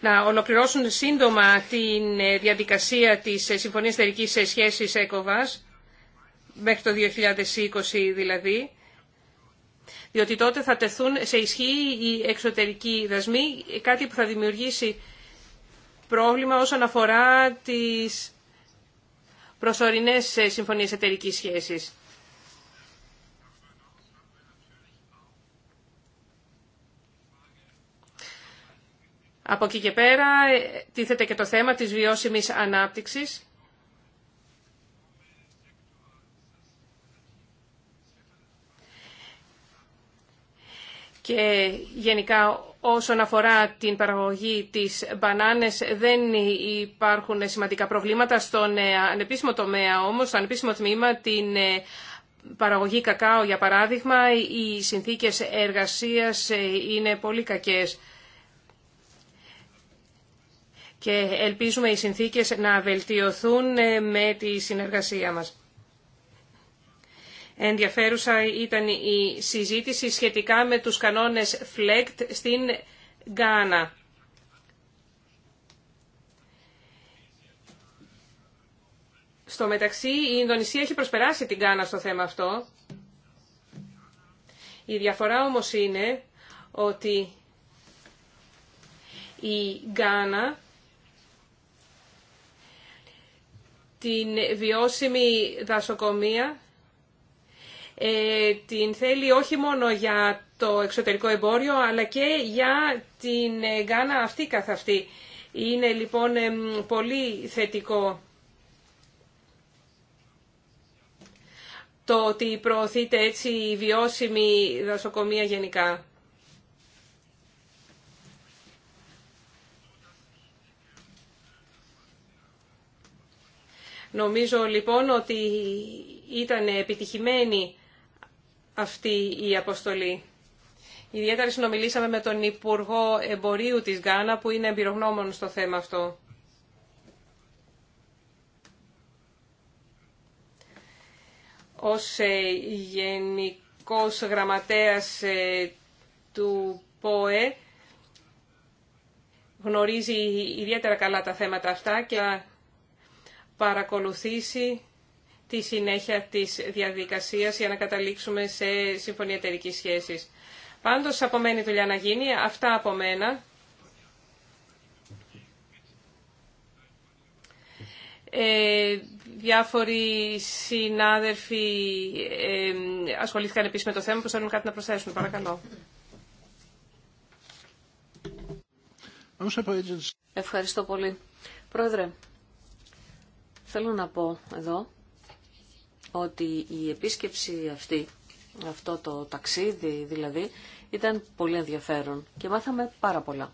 να ολοκληρώσουν σύντομα την ε, διαδικασία της ε, Συμφωνίας Εταιρικής ε, Σχέσης ΕΚΟΒΑΣ, μέχρι το 2020 δηλαδή, διότι τότε θα τεθούν σε ισχύ οι εξωτερικοί δασμοί, κάτι που θα δημιουργήσει πρόβλημα όσον αφορά τις Προσωρινέ ε, συμφωνίες εταιρική σχέσης. Από εκεί και πέρα ε, τίθεται και το θέμα της βιώσιμης ανάπτυξης. Και γενικά Όσον αφορά την παραγωγή της μπανάνες δεν υπάρχουν σημαντικά προβλήματα. Στον ε, ανεπίσημο τομέα όμως, στο ανεπίσημο τμήμα, την ε, παραγωγή κακάο για παράδειγμα, οι συνθήκες εργασίας ε, είναι πολύ κακές. Και ελπίζουμε οι συνθήκες να βελτιωθούν με τη συνεργασία μας ενδιαφέρουσα ήταν η συζήτηση σχετικά με τους κανόνες FLECT στην Γκάνα. Στο μεταξύ η Ινδονησία έχει προσπεράσει την Γκάνα στο θέμα αυτό. Η διαφορά όμως είναι ότι η Γκάνα την βιώσιμη δασοκομεία ε, την θέλει όχι μόνο για το εξωτερικό εμπόριο, αλλά και για την ε, Γκάνα αυτή καθ' αυτή. Είναι λοιπόν πολύ θετικό το ότι προωθείται έτσι η βιώσιμη δασοκομεία γενικά. Νομίζω λοιπόν ότι ήταν επιτυχημένη αυτή η αποστολή. Ιδιαίτερα συνομιλήσαμε με τον Υπουργό Εμπορίου της Γκάνα που είναι εμπειρογνώμων στο θέμα αυτό. Ως ε, γενικός γραμματέας ε, του ΠΟΕ γνωρίζει ιδιαίτερα καλά τα θέματα αυτά και παρακολουθήσει τη συνέχεια της διαδικασίας για να καταλήξουμε σε συμφωνία εταιρικής Πάντως απομένει δουλειά να γίνει. Αυτά από μένα. Ε, διάφοροι συνάδελφοι ε, ασχολήθηκαν επίσης με το θέμα που θέλουν κάτι να προσθέσουν. Παρακαλώ. Ευχαριστώ πολύ. Πρόεδρε, θέλω να πω εδώ ότι η επίσκεψη αυτή, αυτό το ταξίδι δηλαδή, ήταν πολύ ενδιαφέρον και μάθαμε πάρα πολλά.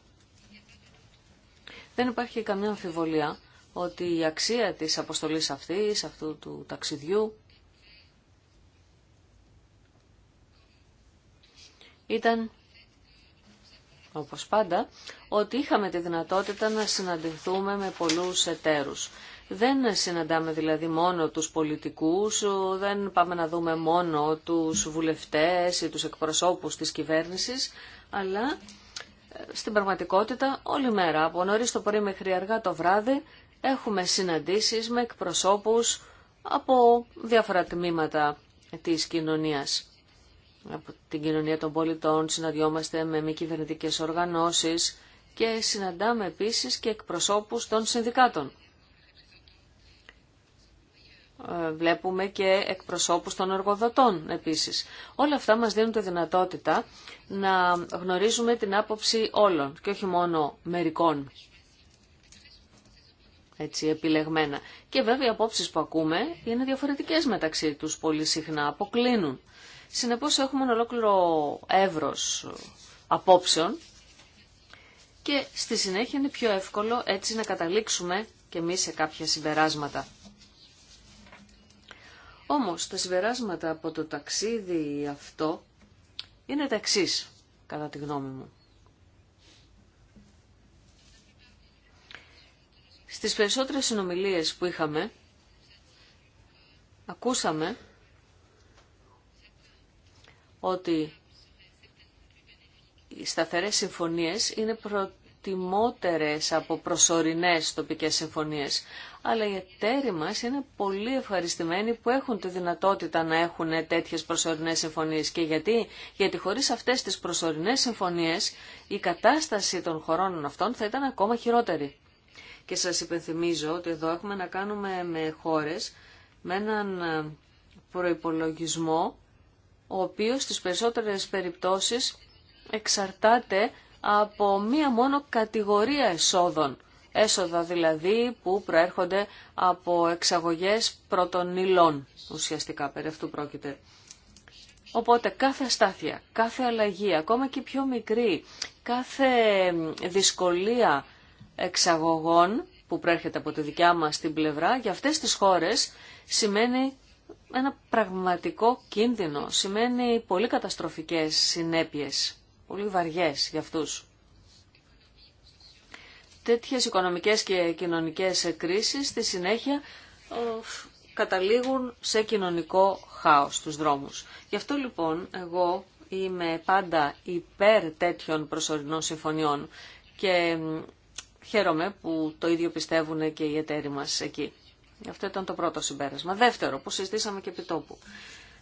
Δεν υπάρχει καμιά αμφιβολία ότι η αξία της αποστολής αυτής, αυτού του ταξιδιού, ήταν, όπως πάντα, ότι είχαμε τη δυνατότητα να συναντηθούμε με πολλούς εταίρους. Δεν συναντάμε δηλαδή μόνο τους πολιτικούς, δεν πάμε να δούμε μόνο τους βουλευτές ή τους εκπροσώπους της κυβέρνησης, αλλά ε, στην πραγματικότητα όλη μέρα, από νωρίς το πρωί μέχρι αργά το βράδυ, έχουμε συναντήσεις με εκπροσώπους από διάφορα τμήματα της κοινωνίας. Από την κοινωνία των πολιτών συναντιόμαστε με μη κυβερνητικέ οργανώσεις και συναντάμε επίσης και εκπροσώπους των συνδικάτων βλέπουμε και εκπροσώπους των εργοδοτών επίσης. Όλα αυτά μας δίνουν τη δυνατότητα να γνωρίζουμε την άποψη όλων και όχι μόνο μερικών έτσι επιλεγμένα. Και βέβαια οι απόψεις που ακούμε είναι διαφορετικές μεταξύ τους πολύ συχνά, αποκλίνουν. Συνεπώς έχουμε ένα ολόκληρο εύρος απόψεων και στη συνέχεια είναι πιο εύκολο έτσι να καταλήξουμε και εμείς σε κάποια συμπεράσματα. Όμως τα συμπεράσματα από το ταξίδι αυτό είναι τα εξή, κατά τη γνώμη μου. Στις περισσότερες συνομιλίες που είχαμε, ακούσαμε ότι οι σταθερές συμφωνίες είναι προτεραιότητα από προσωρινές τοπικές συμφωνίες. Αλλά οι εταίροι μας είναι πολύ ευχαριστημένοι που έχουν τη δυνατότητα να έχουν τέτοιες προσωρινές συμφωνίες. Και γιατί, γιατί χωρίς αυτές τις προσωρινές συμφωνίες η κατάσταση των χωρών αυτών θα ήταν ακόμα χειρότερη. Και σας υπενθυμίζω ότι εδώ έχουμε να κάνουμε με χώρες με έναν προϋπολογισμό ο οποίος στις περισσότερες περιπτώσεις εξαρτάται από μία μόνο κατηγορία εσόδων. Έσοδα δηλαδή που προέρχονται από εξαγωγές πρώτων ουσιαστικά περί αυτού πρόκειται. Οπότε κάθε αστάθεια, κάθε αλλαγή, ακόμα και πιο μικρή, κάθε δυσκολία εξαγωγών που προέρχεται από τη δικιά μας την πλευρά, για αυτές τις χώρες σημαίνει ένα πραγματικό κίνδυνο, σημαίνει πολύ καταστροφικές συνέπειες πολύ βαριές για αυτούς. Τέτοιες οικονομικές και κοινωνικές κρίσεις στη συνέχεια καταλήγουν σε κοινωνικό χάος τους δρόμους. Γι' αυτό λοιπόν εγώ είμαι πάντα υπέρ τέτοιων προσωρινών συμφωνιών και χαίρομαι που το ίδιο πιστεύουν και οι εταίροι μας εκεί. Αυτό ήταν το πρώτο συμπέρασμα. Δεύτερο, που συζητήσαμε και επί τόπου.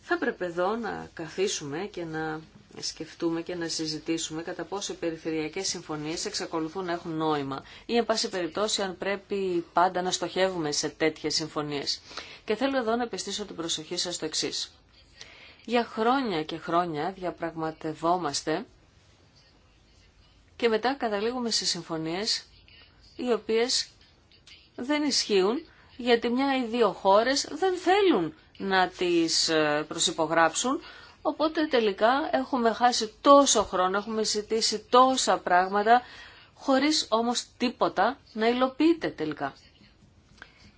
Θα έπρεπε εδώ να καθίσουμε και να σκεφτούμε και να συζητήσουμε κατά πόσο οι περιφερειακές συμφωνίες εξακολουθούν να έχουν νόημα ή εν πάση περιπτώσει αν πρέπει πάντα να στοχεύουμε σε τέτοιες συμφωνίες. Και θέλω εδώ να επιστήσω την προσοχή σας στο εξή. Για χρόνια και χρόνια διαπραγματευόμαστε και μετά καταλήγουμε σε συμφωνίες οι οποίες δεν ισχύουν γιατί μια ή δύο χώρες δεν θέλουν να τις ε, προσυπογράψουν Οπότε τελικά έχουμε χάσει τόσο χρόνο, έχουμε ζητήσει τόσα πράγματα, χωρίς όμως τίποτα να υλοποιείται τελικά.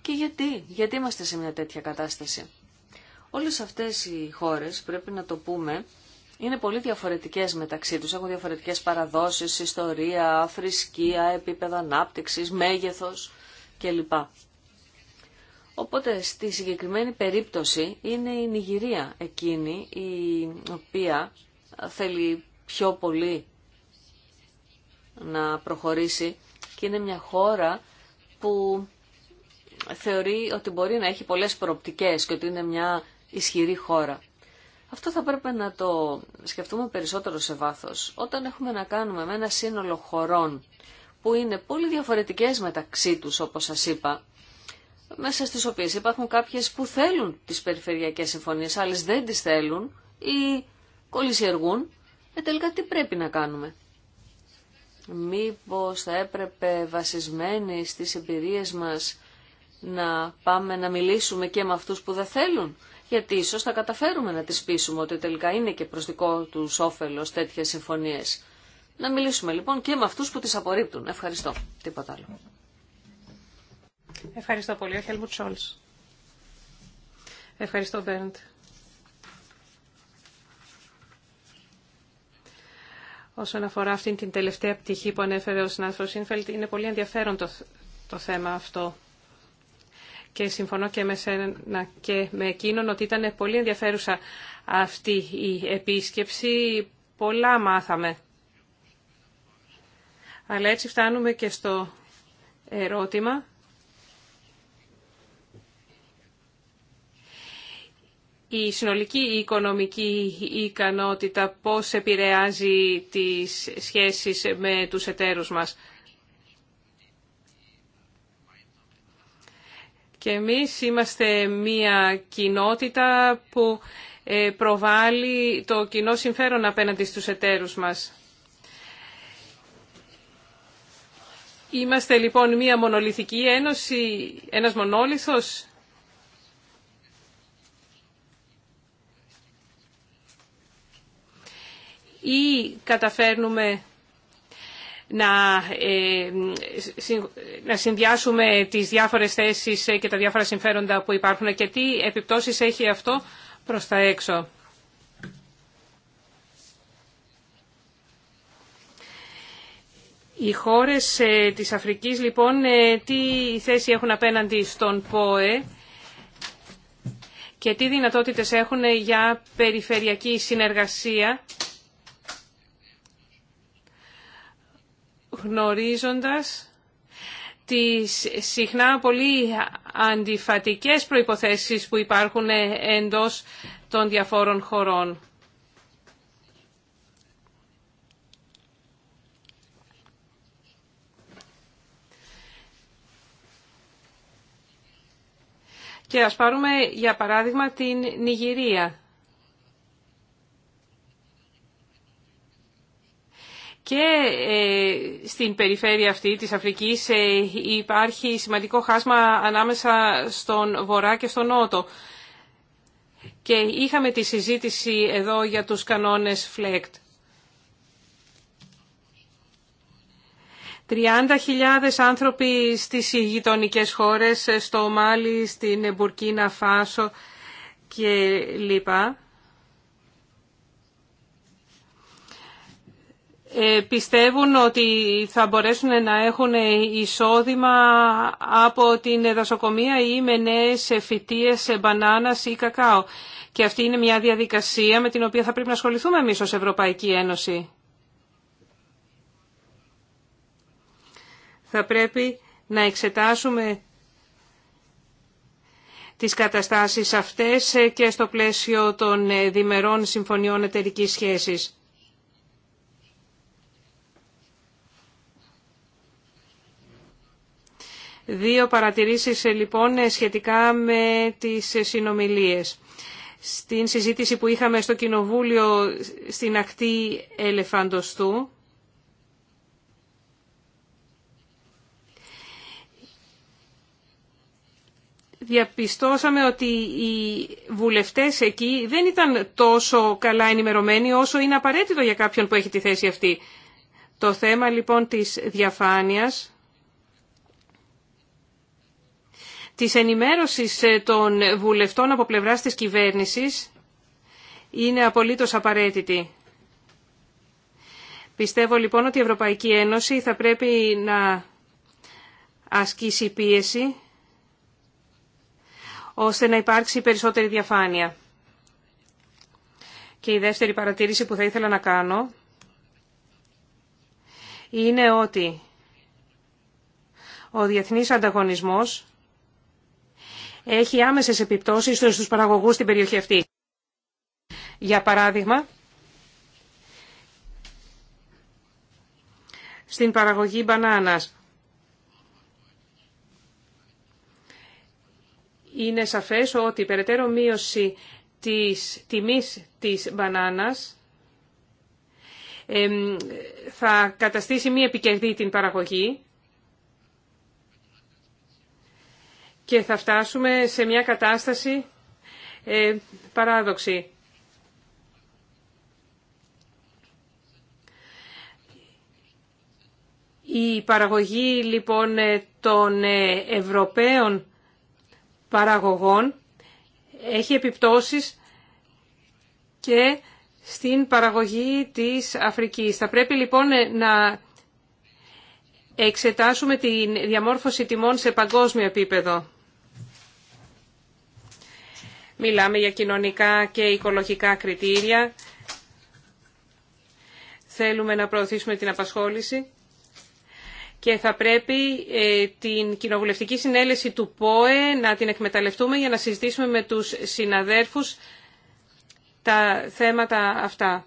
Και γιατί, γιατί είμαστε σε μια τέτοια κατάσταση. Όλες αυτές οι χώρες, πρέπει να το πούμε, είναι πολύ διαφορετικές μεταξύ τους. Έχουν διαφορετικές παραδόσεις, ιστορία, θρησκεία, επίπεδο ανάπτυξης, μέγεθος κλπ. Οπότε στη συγκεκριμένη περίπτωση είναι η Νιγηρία εκείνη η οποία θέλει πιο πολύ να προχωρήσει και είναι μια χώρα που θεωρεί ότι μπορεί να έχει πολλές προοπτικές και ότι είναι μια ισχυρή χώρα. Αυτό θα πρέπει να το σκεφτούμε περισσότερο σε βάθος. Όταν έχουμε να κάνουμε με ένα σύνολο χωρών που είναι πολύ διαφορετικές μεταξύ τους όπως σας είπα μέσα στις οποίες υπάρχουν κάποιες που θέλουν τις περιφερειακές συμφωνίες, άλλες δεν τις θέλουν ή κολλησιεργούν, ε, τελικά τι πρέπει να κάνουμε. Μήπως θα έπρεπε βασισμένοι στις εμπειρίες μας να πάμε να μιλήσουμε και με αυτούς που δεν θέλουν. Γιατί ίσως θα καταφέρουμε να τις πείσουμε ότι τελικά είναι και προς δικό τους όφελος τέτοιες συμφωνίες. Να μιλήσουμε λοιπόν και με αυτούς που τις απορρίπτουν. Ευχαριστώ. Τίποτα άλλο. Ευχαριστώ πολύ. Ο Χέλμουτ Σόλ. Ευχαριστώ, Μπέρντ. Όσον αφορά αυτήν την τελευταία πτυχή που ανέφερε ο συνάδελφο Σίνφελτ, είναι πολύ ενδιαφέρον το, το θέμα αυτό. Και συμφωνώ και με σένα και με εκείνον ότι ήταν πολύ ενδιαφέρουσα αυτή η επίσκεψη. Πολλά μάθαμε. Αλλά έτσι φτάνουμε και στο ερώτημα η συνολική οικονομική ικανότητα πώς επηρεάζει τις σχέσεις με τους εταίρους μας. Και εμείς είμαστε μία κοινότητα που ε, προβάλλει το κοινό συμφέρον απέναντι στους εταίρους μας. Είμαστε λοιπόν μία μονολυθική ένωση, ένας μονόλυθος ή καταφέρνουμε να, ε, να συνδυάσουμε τις διάφορες θέσεις και τα διάφορα συμφέροντα που υπάρχουν και τι επιπτώσεις έχει αυτό προς τα έξω. Οι χώρες ε, της Αφρικής, λοιπόν, ε, τι θέση έχουν απέναντι στον ΠΟΕ και τι δυνατότητες έχουν για περιφερειακή συνεργασία γνωρίζοντας τις συχνά πολύ αντιφατικές προϋποθέσεις που υπάρχουν εντός των διαφόρων χωρών. Και ας πάρουμε για παράδειγμα την Νιγηρία. Και ε, στην περιφέρεια αυτή της Αφρικής ε, υπάρχει σημαντικό χάσμα ανάμεσα στον Βορρά και στον Νότο. Και είχαμε τη συζήτηση εδώ για τους κανόνες FLECT. 30.000 άνθρωποι στις γειτονικέ χώρες, ε, στο Μάλι, στην Μπουρκίνα Φάσο και λοιπά. Ε, πιστεύουν ότι θα μπορέσουν να έχουν εισόδημα από την δασοκομεία ή με νέες φυτίες μπανάνας ή κακάο. Και αυτή είναι μια διαδικασία με την οποία θα πρέπει να ασχοληθούμε εμείς ως Ευρωπαϊκή Ένωση. Θα πρέπει να εξετάσουμε τις καταστάσεις αυτές και στο πλαίσιο των διμερών συμφωνιών εταιρικής σχέσης. Δύο παρατηρήσεις ε, λοιπόν ε, σχετικά με τις ε, συνομιλίες. Στην συζήτηση που είχαμε στο Κοινοβούλιο στην ακτή Ελεφαντοστού, διαπιστώσαμε ότι οι βουλευτές εκεί δεν ήταν τόσο καλά ενημερωμένοι όσο είναι απαραίτητο για κάποιον που έχει τη θέση αυτή. Το θέμα λοιπόν της διαφάνειας της ενημέρωσης ε, των βουλευτών από πλευράς της κυβέρνησης είναι απολύτως απαραίτητη. Πιστεύω λοιπόν ότι η Ευρωπαϊκή Ένωση θα πρέπει να ασκήσει πίεση ώστε να υπάρξει περισσότερη διαφάνεια. Και η δεύτερη παρατήρηση που θα ήθελα να κάνω είναι ότι ο διεθνής ανταγωνισμός έχει άμεσες επιπτώσεις στους παραγωγούς στην περιοχή αυτή. Για παράδειγμα, στην παραγωγή μπανάνας. Είναι σαφές ότι η περαιτέρω μείωση της τιμής της μπανάνας θα καταστήσει μη επικερδή την παραγωγή και θα φτάσουμε σε μια κατάσταση ε, παράδοξη. Η παραγωγή λοιπόν ε, των ε, Ευρωπαίων παραγωγών έχει επιπτώσεις και στην παραγωγή της Αφρικής. Θα πρέπει λοιπόν ε, να εξετάσουμε τη διαμόρφωση τιμών σε παγκόσμιο επίπεδο. Μιλάμε για κοινωνικά και οικολογικά κριτήρια. Θέλουμε να προωθήσουμε την απασχόληση και θα πρέπει ε, την κοινοβουλευτική συνέλεση του ΠΟΕ να την εκμεταλλευτούμε για να συζητήσουμε με τους συναδέρφους τα θέματα αυτά.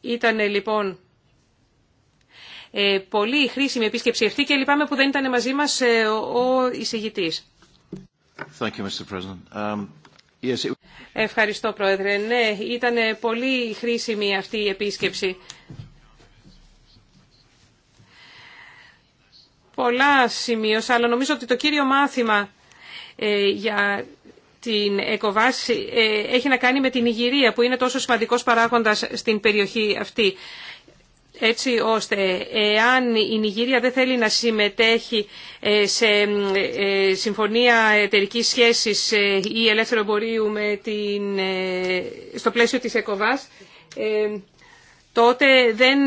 Ήταν ε, λοιπόν ε, πολύ χρήσιμη επίσκεψη αυτή και λυπάμαι που δεν ήταν μαζί μας ο εισηγητής. Um, Ευχαριστώ, Πρόεδρε. Ναι, ήταν πολύ χρήσιμη αυτή η επίσκεψη. Πολλά σημείωσα, αλλά νομίζω ότι το κύριο μάθημα ε, για την ΕΚΟΒΑΣ ε, έχει να κάνει με την Ιγυρία που είναι τόσο σημαντικός παράγοντας στην περιοχή αυτή έτσι ώστε εάν η Νιγηρία δεν θέλει να συμμετέχει ε, σε ε, συμφωνία εταιρική σχέσης ε, ή ελεύθερο εμπορίου με την, στο πλαίσιο της ΕΚΟΒΑΣ, τότε δεν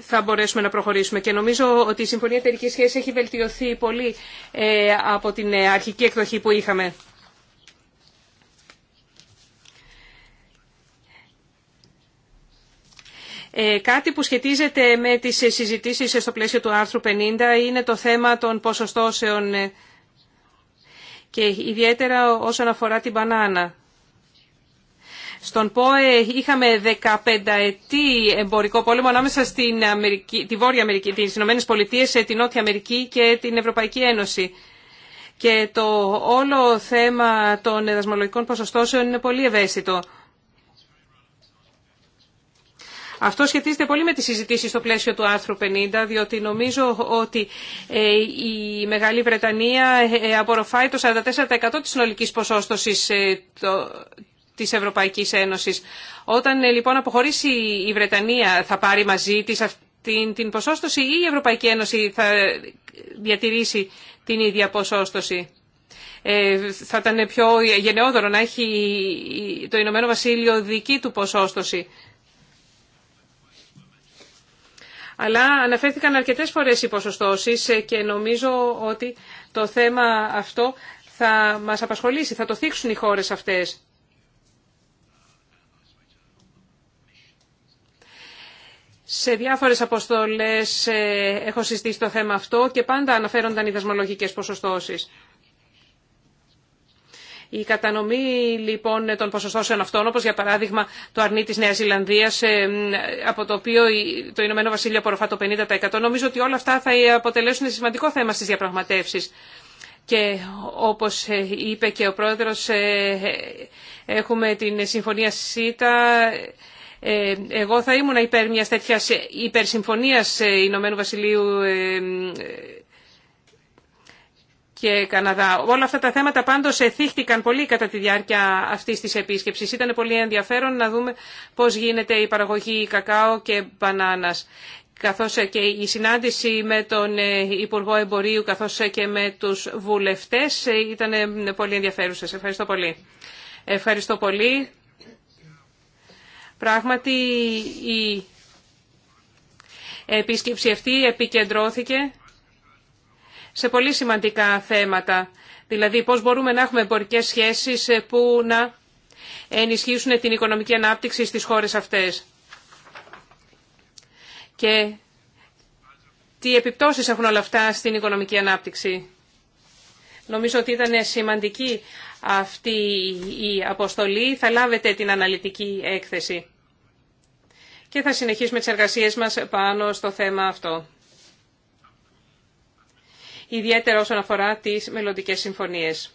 θα μπορέσουμε να προχωρήσουμε. Και νομίζω ότι η Συμφωνία Εταιρική Σχέσης έχει βελτιωθεί πολύ από την αρχική εκδοχή που είχαμε. Ε, κάτι που σχετίζεται με τις συζητήσεις στο πλαίσιο του άρθρου 50 είναι το θέμα των ποσοστώσεων ε, και ιδιαίτερα όσον αφορά την μπανάνα. Στον ΠΟΕ είχαμε 15 ετή εμπορικό πόλεμο ανάμεσα στην Αμερική, τη Βόρεια Αμερική, τις Ηνωμένες Πολιτείες, ε, την Νότια Αμερική και την Ευρωπαϊκή Ένωση. Και το όλο θέμα των δασμολογικών ποσοστώσεων είναι πολύ ευαίσθητο. Αυτό σχετίζεται πολύ με τις συζητήσεις στο πλαίσιο του άρθρου 50, διότι νομίζω ότι ε, η Μεγάλη Βρετανία ε, απορροφάει το 44% της συνολικής ποσόστοσης ε, της Ευρωπαϊκής Ένωσης. Όταν λοιπόν αποχωρήσει η Βρετανία θα πάρει μαζί της την, την ποσόστοση ή η Ευρωπαϊκή Ένωση θα διατηρήσει την ίδια ποσόστοση. Ε, θα ήταν πιο γενναιόδωρο να έχει το Ηνωμένο Βασίλειο δική του ποσόστοση. Αλλά αναφέρθηκαν αρκετές φορές οι ποσοστώσεις ε, και νομίζω ότι το θέμα αυτό θα μας απασχολήσει, θα το θίξουν οι χώρες αυτές. Σε διάφορες αποστολές ε, έχω συζητήσει το θέμα αυτό και πάντα αναφέρονταν οι δασμολογικές ποσοστώσεις. Η κατανομή λοιπόν των ποσοστώσεων αυτών, όπως για παράδειγμα το αρνί της Νέας Ζηλανδίας, ε, από το οποίο το Ηνωμένο Βασίλειο απορροφά το 50%, νομίζω ότι όλα αυτά θα αποτελέσουν σημαντικό θέμα στις διαπραγματεύσεις. Και όπως ε, είπε και ο πρόεδρος, ε, έχουμε την συμφωνία ΣΥΤΑ. Εγώ θα ήμουν υπέρ μιας τέτοιας υπερσυμφωνίας Ηνωμένου Βασιλείου και Καναδά. Όλα αυτά τα θέματα πάντως εθίχτηκαν πολύ κατά τη διάρκεια αυτής της επίσκεψης. Ήταν πολύ ενδιαφέρον να δούμε πώς γίνεται η παραγωγή κακάο και μπανάνας καθώς και η συνάντηση με τον ε, Υπουργό Εμπορίου καθώς και με τους βουλευτές ε, ήταν ε, πολύ ενδιαφέρουσες. Ευχαριστώ πολύ. Ευχαριστώ πολύ. Πράγματι η επίσκεψη αυτή επικεντρώθηκε σε πολύ σημαντικά θέματα. Δηλαδή πώς μπορούμε να έχουμε εμπορικές σχέσεις ε, που να ενισχύσουν την οικονομική ανάπτυξη στις χώρες αυτές. Και τι επιπτώσεις έχουν όλα αυτά στην οικονομική ανάπτυξη. Νομίζω ότι ήταν σημαντική αυτή η αποστολή. Θα λάβετε την αναλυτική έκθεση. Και θα συνεχίσουμε τις εργασίες μας πάνω στο θέμα αυτό ιδιαίτερα όσον αφορά τις μελλοντικέ συμφωνίες.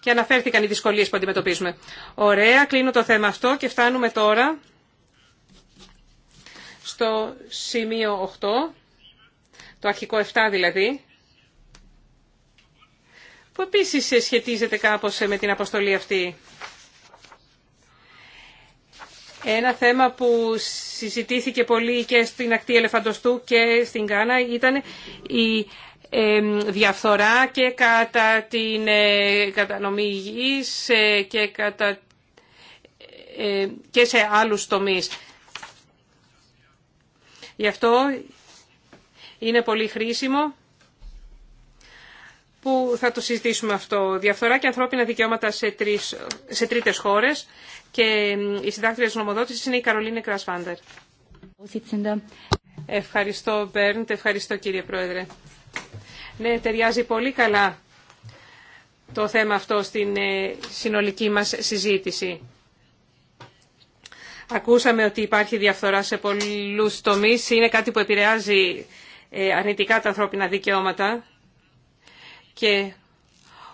Και αναφέρθηκαν οι δυσκολίες που αντιμετωπίζουμε. Ωραία, κλείνω το θέμα αυτό και φτάνουμε τώρα στο σημείο 8, το αρχικό 7 δηλαδή, που επίσης σχετίζεται κάπως με την αποστολή αυτή. Ένα θέμα που συζητήθηκε πολύ και στην ακτή Ελεφαντοστού και στην Κάνα ήταν η διαφθορά και κατά την ε, κατανομή γης ε, και, κατά, ε, και σε άλλους τομείς. Γι' αυτό είναι πολύ χρήσιμο που θα το συζητήσουμε αυτό. Διαφθορά και ανθρώπινα δικαιώματα σε, τρεις, σε τρίτες χώρες και η συντάκτρια της νομοδότησης είναι η Καρολίνε Κρασφάντερ. Ευχαριστώ Μπέρντ, ευχαριστώ κύριε Πρόεδρε. Ναι, ταιριάζει πολύ καλά το θέμα αυτό στην ε, συνολική μας συζήτηση. Ακούσαμε ότι υπάρχει διαφθορά σε πολλούς τομείς. Είναι κάτι που επηρεάζει ε, αρνητικά τα ανθρώπινα δικαιώματα και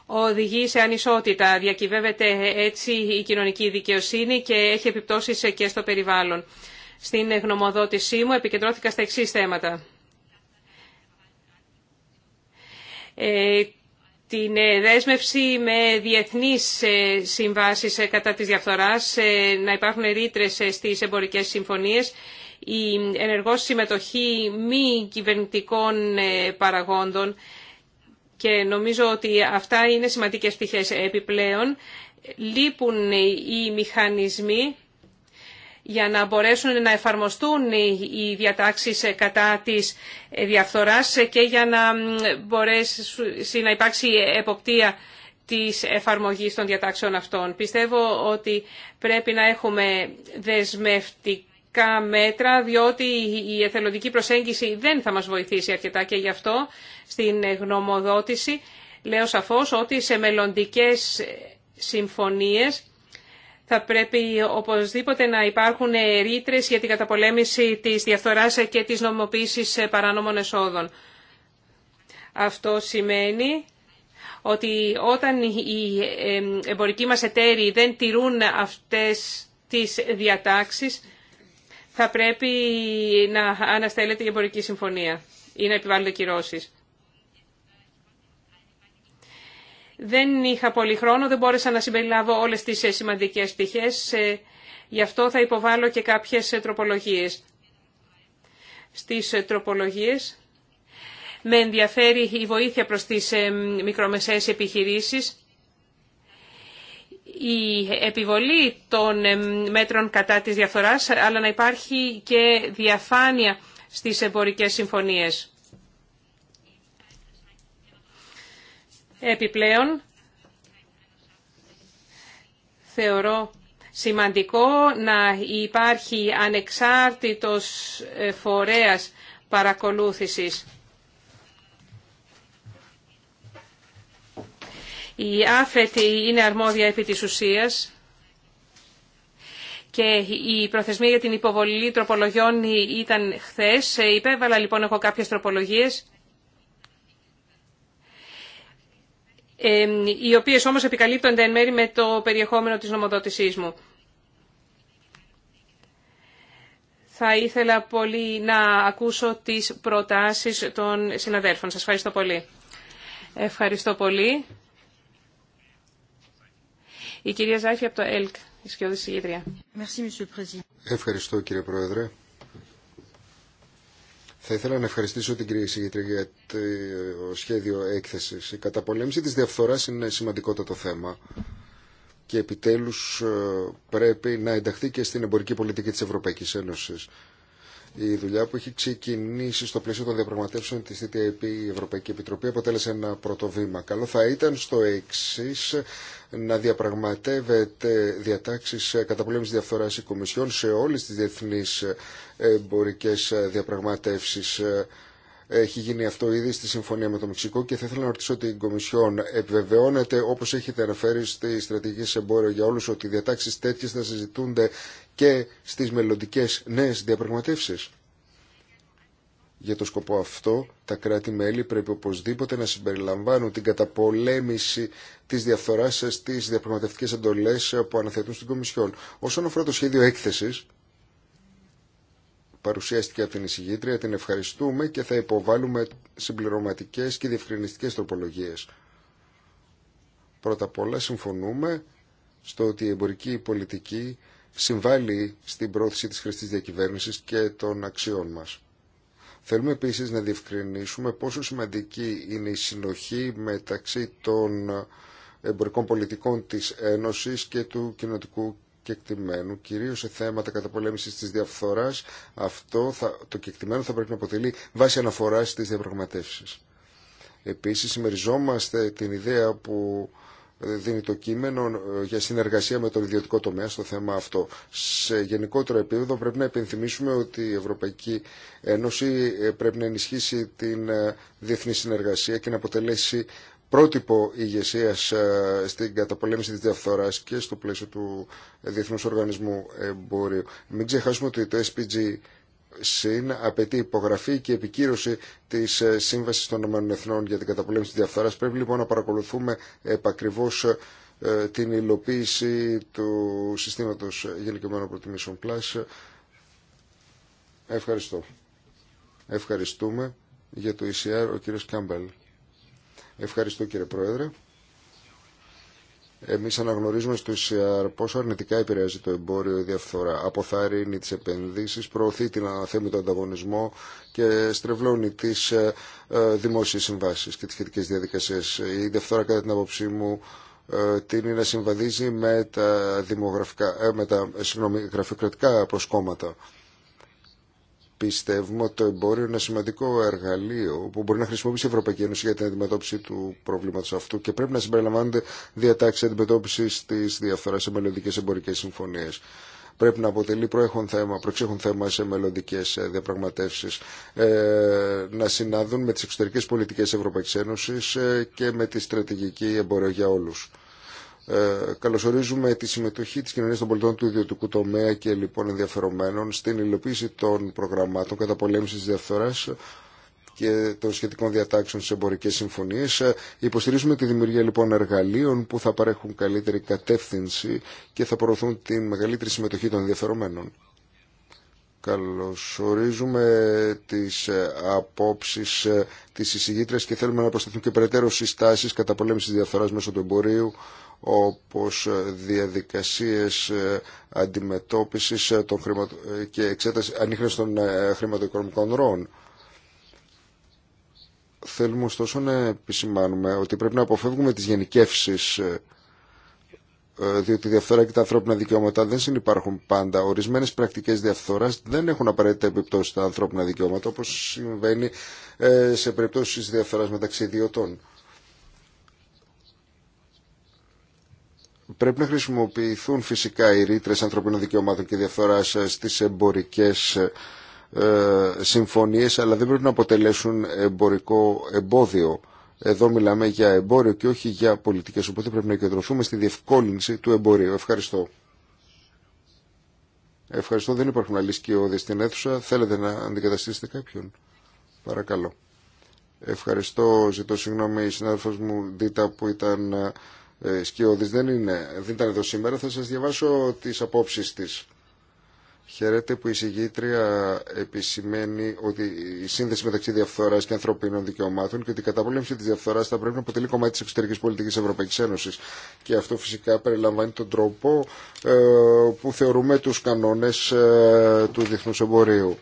οδηγεί σε ανισότητα. Διακυβεύεται έτσι η κοινωνική δικαιοσύνη και έχει επιπτώσεις και στο περιβάλλον. Στην γνωμοδότησή μου επικεντρώθηκα στα εξής θέματα. Ε, την ε, δέσμευση με διεθνείς ε, συμβάσεις κατά της διαφθοράς, να υπάρχουν ρήτρες στις εμπορικές συμφωνίες, η ενεργό συμμετοχή μη κυβερνητικών παραγόντων και νομίζω ότι αυτά είναι σημαντικές πτυχές επιπλέον. Λείπουν οι μηχανισμοί για να μπορέσουν να εφαρμοστούν οι διατάξεις ε, κατά της ε, διαφθοράς ε, και για να μπορέσει να υπάρξει εποπτεία της εφαρμογής των διατάξεων αυτών. Πιστεύω ότι πρέπει να έχουμε δεσμευτικά μέτρα, διότι η εθελοντική προσέγγιση δεν θα μας βοηθήσει αρκετά και γι' αυτό στην γνωμοδότηση λέω σαφώς ότι σε μελλοντικές συμφωνίες θα πρέπει οπωσδήποτε να υπάρχουν ρήτρε για την καταπολέμηση της διαφθοράς και της νομοποίησης παράνομων εσόδων. Αυτό σημαίνει ότι όταν οι εμπορικοί μας εταίροι δεν τηρούν αυτές τις διατάξεις, θα πρέπει να αναστέλλεται η εμπορική συμφωνία ή να επιβάλλονται κυρώσεις. Δεν είχα πολύ χρόνο, δεν μπόρεσα να συμπεριλάβω όλες τις ε, σημαντικές πτυχές, ε, γι' αυτό θα υποβάλω και κάποιες ε, τροπολογίες. Στις τροπολογίες με ενδιαφέρει η βοήθεια προς τις μικρομεσαίες επιχειρήσεις, η επιβολή των μέτρων κατά της διαφθοράς, αλλά να υπάρχει και διαφάνεια στις εμπορικές συμφωνίες. Επιπλέον, θεωρώ σημαντικό να υπάρχει ανεξάρτητος ε, φορέας παρακολούθησης. Η άφετη είναι αρμόδια επί της ουσίας και η προθεσμία για την υποβολή τροπολογιών ήταν χθες. Ε, υπέβαλα λοιπόν έχω κάποιες τροπολογίες οι οποίε όμω επικαλύπτονται εν μέρη με το περιεχόμενο τη νομοδοτησή μου. Θα ήθελα πολύ να ακούσω τι προτάσει των συναδέλφων. Σα ευχαριστώ πολύ. Ευχαριστώ πολύ. Η κυρία Ζάχη από το ΕΛΚ, η Σκιώδη Ευχαριστώ κύριε Πρόεδρε. Θα ήθελα να ευχαριστήσω την κυρία Συγητρία για το σχέδιο έκθεσης. Η καταπολέμηση της διαφθοράς είναι σημαντικότατο θέμα και επιτέλους ε, πρέπει να ενταχθεί και στην εμπορική πολιτική της Ευρωπαϊκής Ένωσης. Η δουλειά που έχει ξεκινήσει στο πλαίσιο των διαπραγματεύσεων της TTIP η Ευρωπαϊκή Επιτροπή αποτέλεσε ένα πρώτο βήμα. Καλό θα ήταν στο εξή να διαπραγματεύεται διατάξεις καταπολέμησης διαφθοράς η Κομισιόν σε όλες τις διεθνείς εμπορικές διαπραγματεύσεις. Έχει γίνει αυτό ήδη στη συμφωνία με το Μεξικό και θα ήθελα να ρωτήσω την Κομισιόν. Επιβεβαιώνεται, όπω έχετε αναφέρει στη στρατηγική εμπόριο για όλου, ότι διατάξει τέτοιε θα συζητούνται και στις μελλοντικέ νέες διαπραγματεύσεις. Για το σκοπό αυτό, τα κράτη-μέλη πρέπει οπωσδήποτε να συμπεριλαμβάνουν την καταπολέμηση της διαφθοράς στις διαπραγματευτικές εντολέ που αναθέτουν στην Κομισιόν. Όσον αφορά το σχέδιο έκθεση. παρουσιάστηκε από την εισηγήτρια, την ευχαριστούμε και θα υποβάλουμε συμπληρωματικές και διευκρινιστικές τροπολογίες. Πρώτα απ' όλα συμφωνούμε στο ότι η εμπορική πολιτική συμβάλλει στην πρόθεση της χρηστής διακυβέρνησης και των αξιών μας. Θέλουμε επίσης να διευκρινίσουμε πόσο σημαντική είναι η συνοχή μεταξύ των εμπορικών πολιτικών της Ένωσης και του κοινοτικού κεκτημένου, κυρίως σε θέματα καταπολέμησης της διαφθοράς. Αυτό θα, το κεκτημένο θα πρέπει να αποτελεί βάση αναφοράς στις διαπραγματεύσεις. Επίσης, συμμεριζόμαστε την ιδέα που δίνει το κείμενο ε, για συνεργασία με τον ιδιωτικό τομέα στο θέμα αυτό. Σε γενικότερο επίπεδο πρέπει να επενθυμίσουμε ότι η Ευρωπαϊκή Ένωση ε, πρέπει να ενισχύσει την ε, διεθνή συνεργασία και να αποτελέσει πρότυπο ηγεσία στην καταπολέμηση της διαφθοράς και στο πλαίσιο του Διεθνούς Οργανισμού Εμπορίου. Μην ξεχάσουμε ότι το SPG ΣΥΝ απαιτεί υπογραφή και επικύρωση τη ε, Σύμβαση των ΗΕ για την καταπολέμηση τη διαφθορά. Πρέπει λοιπόν να παρακολουθούμε επακριβώ ε, την υλοποίηση του συστήματος γενικευμένων προτιμήσεων Plus. Ευχαριστώ. Ευχαριστούμε για το ECR ο κύριος Κάμπελ. Ευχαριστώ κύριε Πρόεδρε. Εμείς αναγνωρίζουμε στο ΙΣΙΑΡ ε, πόσο αρνητικά επηρεάζει το εμπόριο η διαφθορά. Αποθαρρύνει τις επενδύσεις, προωθεί την του ανταγωνισμό και στρεβλώνει τις ε, ε, δημόσιες συμβάσεις και τις σχετικέ διαδικασίες. Η διαφθορά κατά την άποψή μου τίνει να συμβαδίζει με τα, δημογραφικά, με τα συγγνώμη, γραφειοκρατικά προσκόμματα πιστεύουμε ότι το εμπόριο είναι ένα σημαντικό εργαλείο που μπορεί να χρησιμοποιήσει η Ευρωπαϊκή Ένωση για την αντιμετώπιση του προβλήματο αυτού και πρέπει να συμπεριλαμβάνονται διατάξει αντιμετώπιση τη διαφθορά σε μελλοντικέ εμπορικέ συμφωνίε. Πρέπει να αποτελεί προέχον θέμα, προεξέχον θέμα σε μελλοντικέ ε, διαπραγματεύσει, ε, να συνάδουν με τι εξωτερικέ πολιτικέ Ευρωπαϊκή Ένωση ε, και με τη στρατηγική εμπόριο για όλου. Ε, καλωσορίζουμε τη συμμετοχή της κοινωνίας των πολιτών του ιδιωτικού τομέα και λοιπόν ενδιαφερομένων στην υλοποίηση των προγραμμάτων καταπολέμησης διαφθοράς και των σχετικών διατάξεων σε εμπορικές συμφωνίες. Ε, υποστηρίζουμε τη δημιουργία λοιπόν εργαλείων που θα παρέχουν καλύτερη κατεύθυνση και θα προωθούν τη μεγαλύτερη συμμετοχή των ενδιαφερομένων. Καλωσορίζουμε τις ε, απόψεις της εισηγήτρες και θέλουμε να προσθεθούν και περαιτέρω συστάσεις κατά πολέμησης διαφθοράς μέσω του εμπορίου όπως ε, διαδικασίες ε, αντιμετώπισης ε, των και εξέταση ανείχνευση των χρηματοοικονομικών ροών. Θέλουμε ωστόσο να επισημάνουμε ότι πρέπει να αποφεύγουμε τις γενικεύσεις διότι η διαφθορά και τα ανθρώπινα δικαιώματα δεν συνεπάρχουν πάντα. Ορισμένε πρακτικέ διαφθορά δεν έχουν απαραίτητα επιπτώσει στα ανθρώπινα δικαιώματα, όπω συμβαίνει σε περιπτώσει διαφθορά μεταξύ ιδιωτών. Πρέπει να χρησιμοποιηθούν φυσικά οι ρήτρε ανθρωπίνων δικαιωμάτων και διαφθορά στι εμπορικέ ε, συμφωνίε, αλλά δεν πρέπει να αποτελέσουν εμπορικό εμπόδιο. Εδώ μιλάμε για εμπόριο και όχι για πολιτικές, οπότε πρέπει να κεντρωθούμε στη διευκόλυνση του εμπορίου. Ευχαριστώ. Ευχαριστώ. Δεν υπάρχουν άλλοι στην αίθουσα. Θέλετε να αντικαταστήσετε κάποιον. Παρακαλώ. Ευχαριστώ. Ζητώ συγγνώμη συνάδελφος μου Δίτα που ήταν ε, ε, Σκιώδης δεν, είναι, δεν ήταν εδώ σήμερα, θα σας διαβάσω τις απόψεις της. Χαιρέτε που η συγγήτρια επισημαίνει ότι η σύνδεση μεταξύ διαφθορά και ανθρωπίνων δικαιωμάτων και ότι η καταπολέμηση τη διαφθορά θα πρέπει να αποτελεί κομμάτι τη εξωτερική πολιτική Ευρωπαϊκή Ένωση. Και αυτό φυσικά περιλαμβάνει τον τρόπο ε, που θεωρούμε ε, του κανόνε του διεθνού εμπορίου.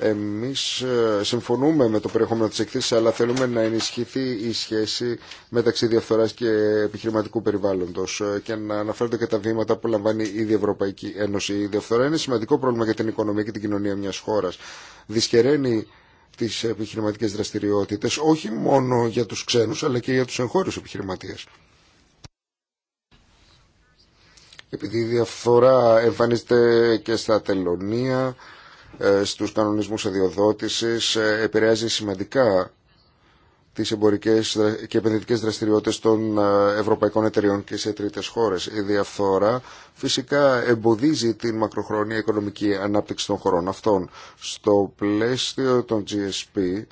Εμείς ε, συμφωνούμε με το περιεχόμενο της εκθέσης, αλλά θέλουμε να ενισχυθεί η σχέση μεταξύ διαφθοράς και επιχειρηματικού περιβάλλοντος ε, και να αναφέρονται και τα βήματα που λαμβάνει η Ευρωπαϊκή Ένωση. Η διαφθορά είναι σημαντικό πρόβλημα για την οικονομία και την κοινωνία μιας χώρας. Δυσκεραίνει τις επιχειρηματικές δραστηριότητες, όχι μόνο για τους ξένους, αλλά και για τους εγχώριους επιχειρηματίες. Επειδή η διαφθορά εμφανίζεται και στα τελωνία, ε, στους κανονισμούς αδειοδότησης ε, επηρεάζει σημαντικά τις εμπορικές και επενδυτικές δραστηριότητες των ε, ευρωπαϊκών εταιριών και σε τρίτες χώρες. Η διαφθόρα φυσικά εμποδίζει την μακροχρόνια οικονομική ανάπτυξη των χωρών αυτών. Στο πλαίσιο των GSP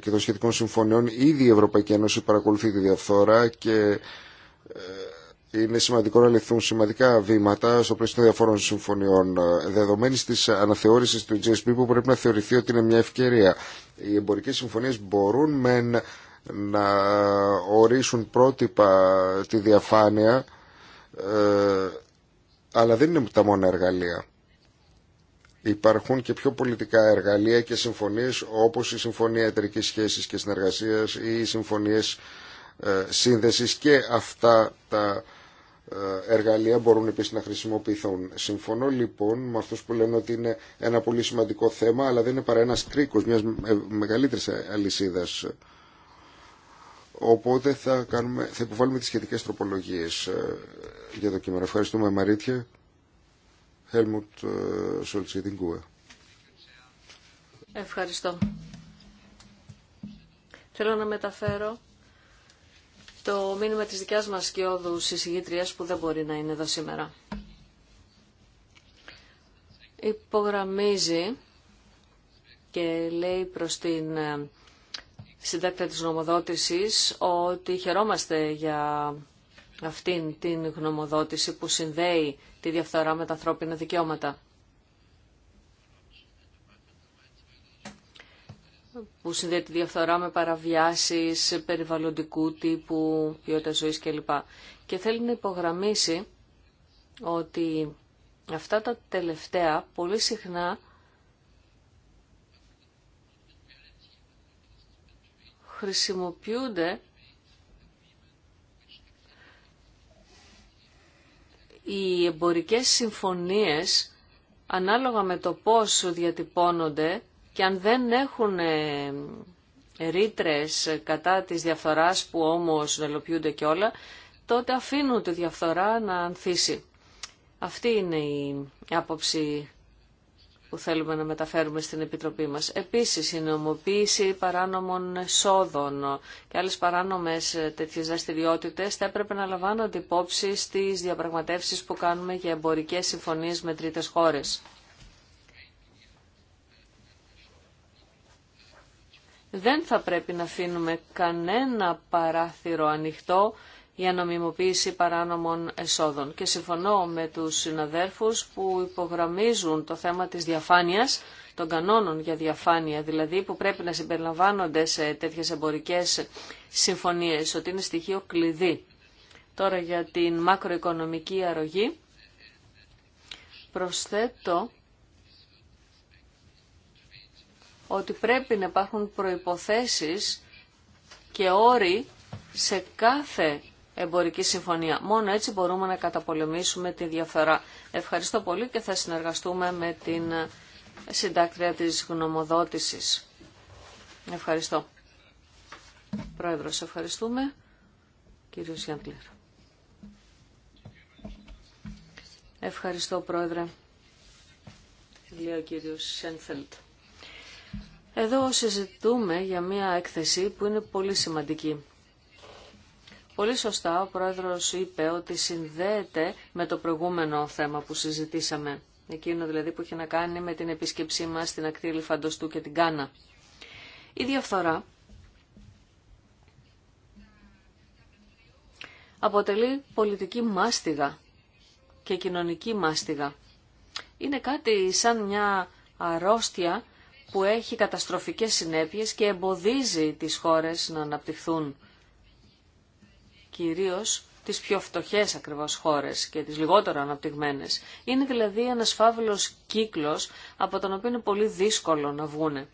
και των σχετικών συμφωνιών ήδη η Ευρωπαϊκή Ένωση παρακολουθεί τη διαφθόρα και είναι σημαντικό να ληφθούν σημαντικά βήματα στο πλαίσιο των διαφόρων συμφωνιών. Ε, Δεδομένη τη αναθεώρηση του GSP που πρέπει να θεωρηθεί ότι είναι μια ευκαιρία. Οι εμπορικέ συμφωνίε μπορούν μεν να ορίσουν πρότυπα τη διαφάνεια, ε, αλλά δεν είναι τα μόνα εργαλεία. Υπάρχουν και πιο πολιτικά εργαλεία και συμφωνίε όπω η Συμφωνία Εταιρική σχέση και συνεργασία ή οι Συμφωνίες ε, Σύνδεσης και αυτά τα ε, εργαλεία μπορούν επίσης να χρησιμοποιηθούν. Συμφωνώ λοιπόν με αυτούς που λένε ότι είναι ένα πολύ σημαντικό θέμα, αλλά δεν είναι παρά ένας κρίκος μιας ε, μεγαλύτερης αλυσίδας. Οπότε θα, κάνουμε, θα υποβάλουμε τις σχετικές τροπολογίες ε, για το κείμενο. Ευχαριστούμε Μαρίτια. Helmut Ευχαριστώ. Θέλω να μεταφέρω το μήνυμα της δικιάς μας κοιόδου συζητήριας που δεν μπορεί να είναι εδώ σήμερα. Υπογραμμίζει και λέει προς την ε, συντάκτα της γνωμοδότησης ότι χαιρόμαστε για αυτήν την γνωμοδότηση που συνδέει τη διαφθορά με τα ανθρώπινα δικαιώματα. που συνδέεται τη διαφθορά με παραβιάσεις περιβαλλοντικού τύπου, ποιότητα ζωής κλπ. Και θέλει να υπογραμμίσει ότι αυτά τα τελευταία πολύ συχνά χρησιμοποιούνται οι εμπορικές συμφωνίες ανάλογα με το πώς διατυπώνονται και αν δεν έχουν ε, ρήτρε κατά της διαφθοράς που όμως δελοποιούνται και όλα, τότε αφήνουν τη διαφθορά να ανθίσει. Αυτή είναι η άποψη που θέλουμε να μεταφέρουμε στην Επιτροπή μας. Επίσης, η νομοποίηση παράνομων εσόδων και άλλες παράνομες ε, τέτοιες δραστηριότητε θα έπρεπε να λαμβάνονται υπόψη στις διαπραγματεύσεις που κάνουμε για εμπορικές συμφωνίες με τρίτες χώρες. δεν θα πρέπει να αφήνουμε κανένα παράθυρο ανοιχτό για νομιμοποίηση παράνομων εσόδων. Και συμφωνώ με τους συναδέρφους που υπογραμμίζουν το θέμα της διαφάνειας, των κανόνων για διαφάνεια, δηλαδή που πρέπει να συμπεριλαμβάνονται σε τέτοιες εμπορικές συμφωνίες, ότι είναι στοιχείο κλειδί. Τώρα για την μακροοικονομική αρρωγή προσθέτω ότι πρέπει να υπάρχουν προϋποθέσεις και όροι σε κάθε εμπορική συμφωνία. Μόνο έτσι μπορούμε να καταπολεμήσουμε τη διαφορά. Ευχαριστώ πολύ και θα συνεργαστούμε με την συντάκτρια της γνωμοδότησης. Ευχαριστώ. Πρόεδρος, ευχαριστούμε. Κύριος γιαντλερ. Ευχαριστώ, Πρόεδρε. Λέω κύριος Σένφελτ. Εδώ συζητούμε για μια έκθεση που είναι πολύ σημαντική. Πολύ σωστά ο Πρόεδρος είπε ότι συνδέεται με το προηγούμενο θέμα που συζητήσαμε. Εκείνο δηλαδή που έχει να κάνει με την επίσκεψή μας στην ακτή Λιφαντοστού και την Κάνα. Η διαφθορά αποτελεί πολιτική μάστιγα και κοινωνική μάστιγα. Είναι κάτι σαν μια αρρώστια που έχει καταστροφικές συνέπειες και εμποδίζει τις χώρες να αναπτυχθούν. Κυρίως τις πιο φτωχές ακριβώς χώρες και τις λιγότερο αναπτυγμένες. Είναι δηλαδή ένας φαύλος κύκλος από τον οποίο είναι πολύ δύσκολο να βγούνε.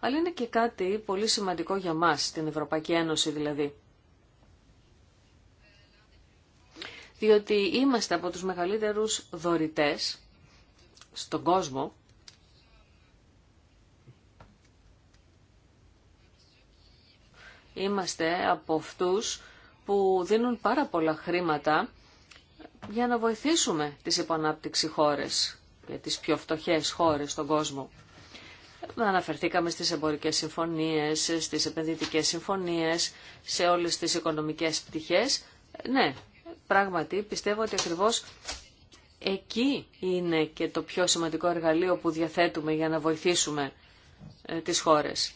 Αλλά είναι και κάτι πολύ σημαντικό για μας, την Ευρωπαϊκή Ένωση δηλαδή. Διότι είμαστε από τους μεγαλύτερους δωρητές στον κόσμο είμαστε από αυτούς που δίνουν πάρα πολλά χρήματα για να βοηθήσουμε τις υποανάπτυξη χώρες και τις πιο φτωχές χώρες στον κόσμο. Αναφερθήκαμε στις εμπορικές συμφωνίες, στις επενδυτικές συμφωνίες, σε όλες τις οικονομικές πτυχές. Ναι, πράγματι πιστεύω ότι ακριβώς εκεί είναι και το πιο σημαντικό εργαλείο που διαθέτουμε για να βοηθήσουμε ε, τις χώρες.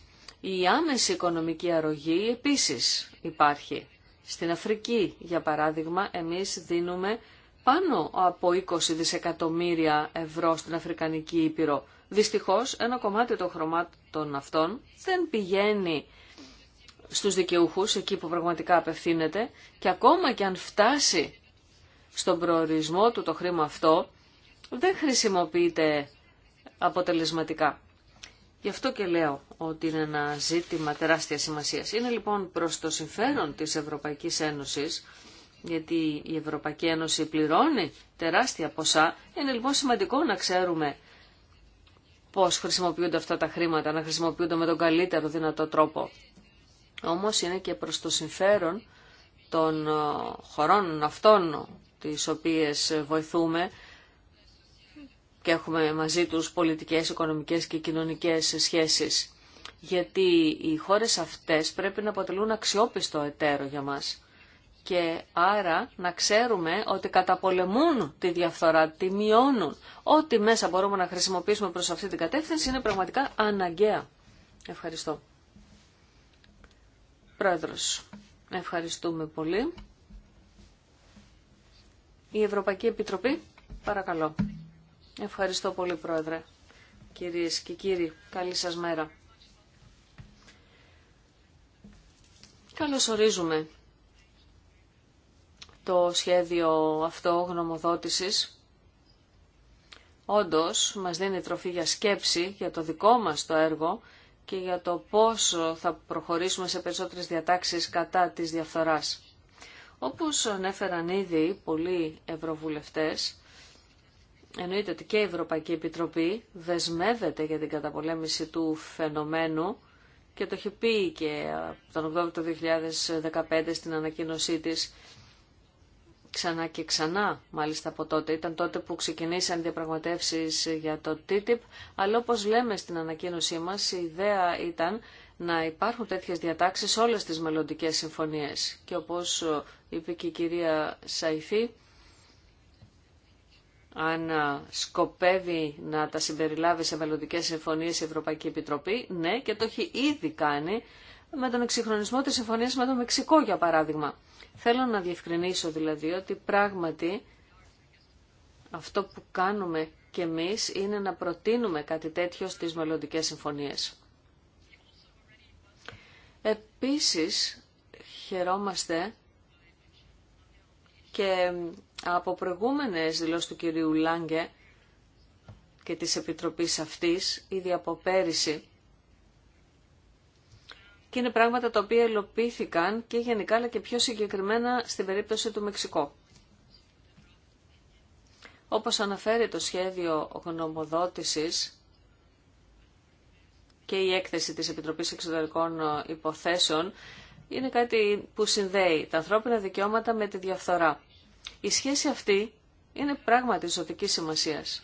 Η άμεση οικονομική αρρωγή επίσης υπάρχει. Στην Αφρική, για παράδειγμα, εμείς δίνουμε πάνω από 20 δισεκατομμύρια ευρώ στην Αφρικανική Ήπειρο. Δυστυχώς, ένα κομμάτι των χρωμάτων αυτών δεν πηγαίνει στους δικαιούχους, εκεί που πραγματικά απευθύνεται, και ακόμα και αν φτάσει στον προορισμό του το χρήμα αυτό, δεν χρησιμοποιείται αποτελεσματικά. Γι' αυτό και λέω ότι είναι ένα ζήτημα τεράστια σημασία. Είναι λοιπόν προ το συμφέρον της Ευρωπαϊκή Ένωσης, γιατί η Ευρωπαϊκή Ένωση πληρώνει τεράστια ποσά, είναι λοιπόν σημαντικό να ξέρουμε πώ χρησιμοποιούνται αυτά τα χρήματα, να χρησιμοποιούνται με τον καλύτερο δυνατό τρόπο. Όμω είναι και προ το συμφέρον των ε, χωρών αυτών τις οποίες βοηθούμε και έχουμε μαζί τους πολιτικές, οικονομικές και κοινωνικές σχέσεις. Γιατί οι χώρες αυτές πρέπει να αποτελούν αξιόπιστο εταίρο για μας. Και άρα να ξέρουμε ότι καταπολεμούν τη διαφθορά, τη μειώνουν. Ό,τι μέσα μπορούμε να χρησιμοποιήσουμε προς αυτή την κατεύθυνση είναι πραγματικά αναγκαία. Ευχαριστώ. Πρόεδρος, ευχαριστούμε πολύ. Η Ευρωπαϊκή Επιτροπή, παρακαλώ. Ευχαριστώ πολύ Πρόεδρε. Κυρίες και κύριοι, καλή σας μέρα. Καλώς ορίζουμε το σχέδιο αυτό γνωμοδότησης. Όντως, μας δίνει τροφή για σκέψη για το δικό μας το έργο και για το πόσο θα προχωρήσουμε σε περισσότερες διατάξεις κατά της διαφθοράς. Όπως ανέφεραν ήδη πολλοί ευρωβουλευτές, Εννοείται ότι και η Ευρωπαϊκή Επιτροπή δεσμεύεται για την καταπολέμηση του φαινομένου και το έχει πει και τον Οκτώβριο του 2015 στην ανακοίνωσή της ξανά και ξανά μάλιστα από τότε. Ήταν τότε που ξεκινήσαν διαπραγματεύσεις για το TTIP, αλλά όπως λέμε στην ανακοίνωσή μας η ιδέα ήταν να υπάρχουν τέτοιες διατάξεις σε όλες τις μελλοντικές συμφωνίες. Και όπως είπε και η κυρία Σαϊφή, αν σκοπεύει να τα συμπεριλάβει σε μελλοντικέ συμφωνίε η Ευρωπαϊκή Επιτροπή. Ναι, και το έχει ήδη κάνει με τον εξυγχρονισμό της συμφωνίας με το Μεξικό, για παράδειγμα. Θέλω να διευκρινίσω δηλαδή ότι πράγματι αυτό που κάνουμε και εμείς είναι να προτείνουμε κάτι τέτοιο στις μελλοντικέ συμφωνίες. Επίσης, χαιρόμαστε και από προηγούμενες δηλώσεις του κυρίου Λάγκε και της Επιτροπής αυτής, ήδη από πέρυσι, και είναι πράγματα τα οποία ελοπίθηκαν και γενικά αλλά και πιο συγκεκριμένα στην περίπτωση του Μεξικό. Όπως αναφέρει το σχέδιο γνωμοδότησης και η έκθεση της Επιτροπής Εξωτερικών Υποθέσεων, είναι κάτι που συνδέει τα ανθρώπινα δικαιώματα με τη διαφθορά. Η σχέση αυτή είναι πράγματι ζωτική σημασίας.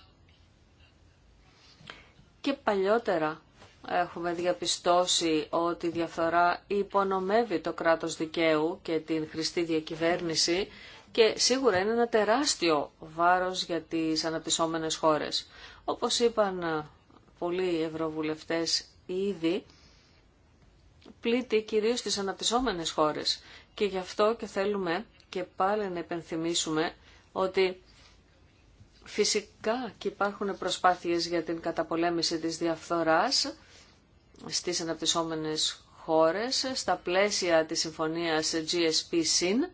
Και παλιότερα έχουμε διαπιστώσει ότι η διαφθορά υπονομεύει το κράτος δικαίου και την χρηστή διακυβέρνηση και σίγουρα είναι ένα τεράστιο βάρος για τις αναπτυσσόμενες χώρες. Όπως είπαν πολλοί ευρωβουλευτές ήδη, πλήττει κυρίως τις αναπτυσσόμενες χώρες και γι' αυτό και θέλουμε και πάλι να υπενθυμίσουμε ότι φυσικά και υπάρχουν προσπάθειες για την καταπολέμηση της διαφθοράς στις αναπτυσσόμενες χώρες στα πλαίσια της συμφωνίας GSP-SYN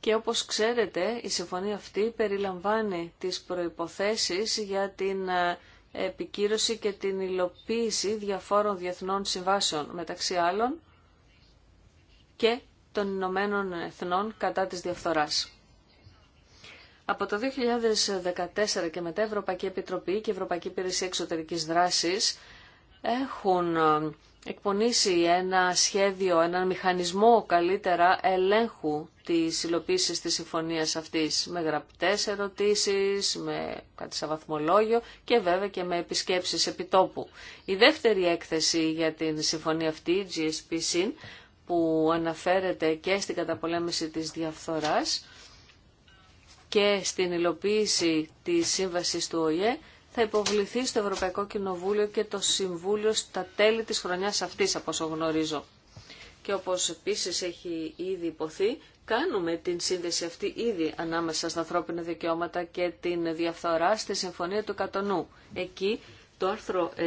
και όπως ξέρετε η συμφωνία αυτή περιλαμβάνει τις προϋποθέσεις για την ε, επικύρωση και την υλοποίηση διαφόρων διεθνών συμβάσεων μεταξύ άλλων και των Ηνωμένων Εθνών κατά της διαφθοράς. Από το 2014 και μετά Ευρωπαϊκή Επιτροπή και Ευρωπαϊκή Υπηρεσία Εξωτερικής Δράσης έχουν ε, εκπονήσει ένα σχέδιο, έναν μηχανισμό καλύτερα ελέγχου της υλοποίησης της συμφωνίας αυτής με γραπτές ερωτήσεις, με κάτι σαν βαθμολόγιο και βέβαια και με επισκέψεις επιτόπου. Η δεύτερη έκθεση για την συμφωνία αυτή, που αναφέρεται και στην καταπολέμηση της διαφθοράς και στην υλοποίηση της σύμβασης του ΟΗΕ θα υποβληθεί στο Ευρωπαϊκό Κοινοβούλιο και το Συμβούλιο στα τέλη της χρονιάς αυτής, από όσο γνωρίζω. Και όπως επίσης έχει ήδη υποθεί, κάνουμε την σύνδεση αυτή ήδη ανάμεσα στα ανθρώπινα δικαιώματα και την διαφθορά στη Συμφωνία του Κατονού. Εκεί το άρθρο 9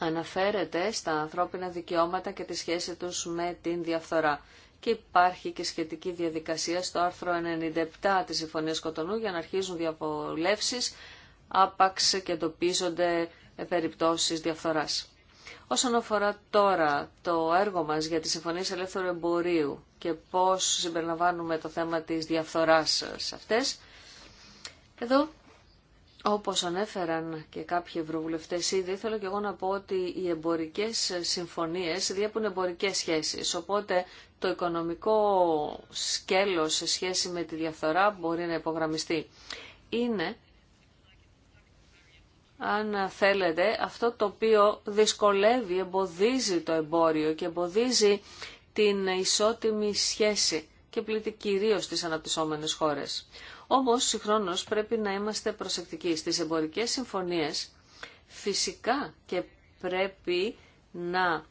αναφέρεται στα ανθρώπινα δικαιώματα και τη σχέση τους με την διαφθορά. Και υπάρχει και σχετική διαδικασία στο άρθρο 97 της Συμφωνίας Κοτονού για να αρχίζουν διαβολεύσεις άπαξ και εντοπίζονται περιπτώσεις διαφθοράς. Όσον αφορά τώρα το έργο μας για τη Συμφωνία Ελεύθερου Εμπορίου και πώς συμπεριλαμβάνουμε το θέμα της διαφθοράς σε αυτές, εδώ όπως ανέφεραν και κάποιοι ευρωβουλευτές ήδη, θέλω και εγώ να πω ότι οι εμπορικές συμφωνίες διέπουν εμπορικές σχέσεις, οπότε το οικονομικό σκέλος σε σχέση με τη διαφθορά μπορεί να υπογραμμιστεί. Είναι, αν θέλετε, αυτό το οποίο δυσκολεύει, εμποδίζει το εμπόριο και εμποδίζει την ισότιμη σχέση και πλήττει κυρίως τις αναπτυσσόμενες χώρες. Όμω, συγχρόνως πρέπει να είμαστε προσεκτικοί. Στις εμπορικές συμφωνίες φυσικά και πρέπει να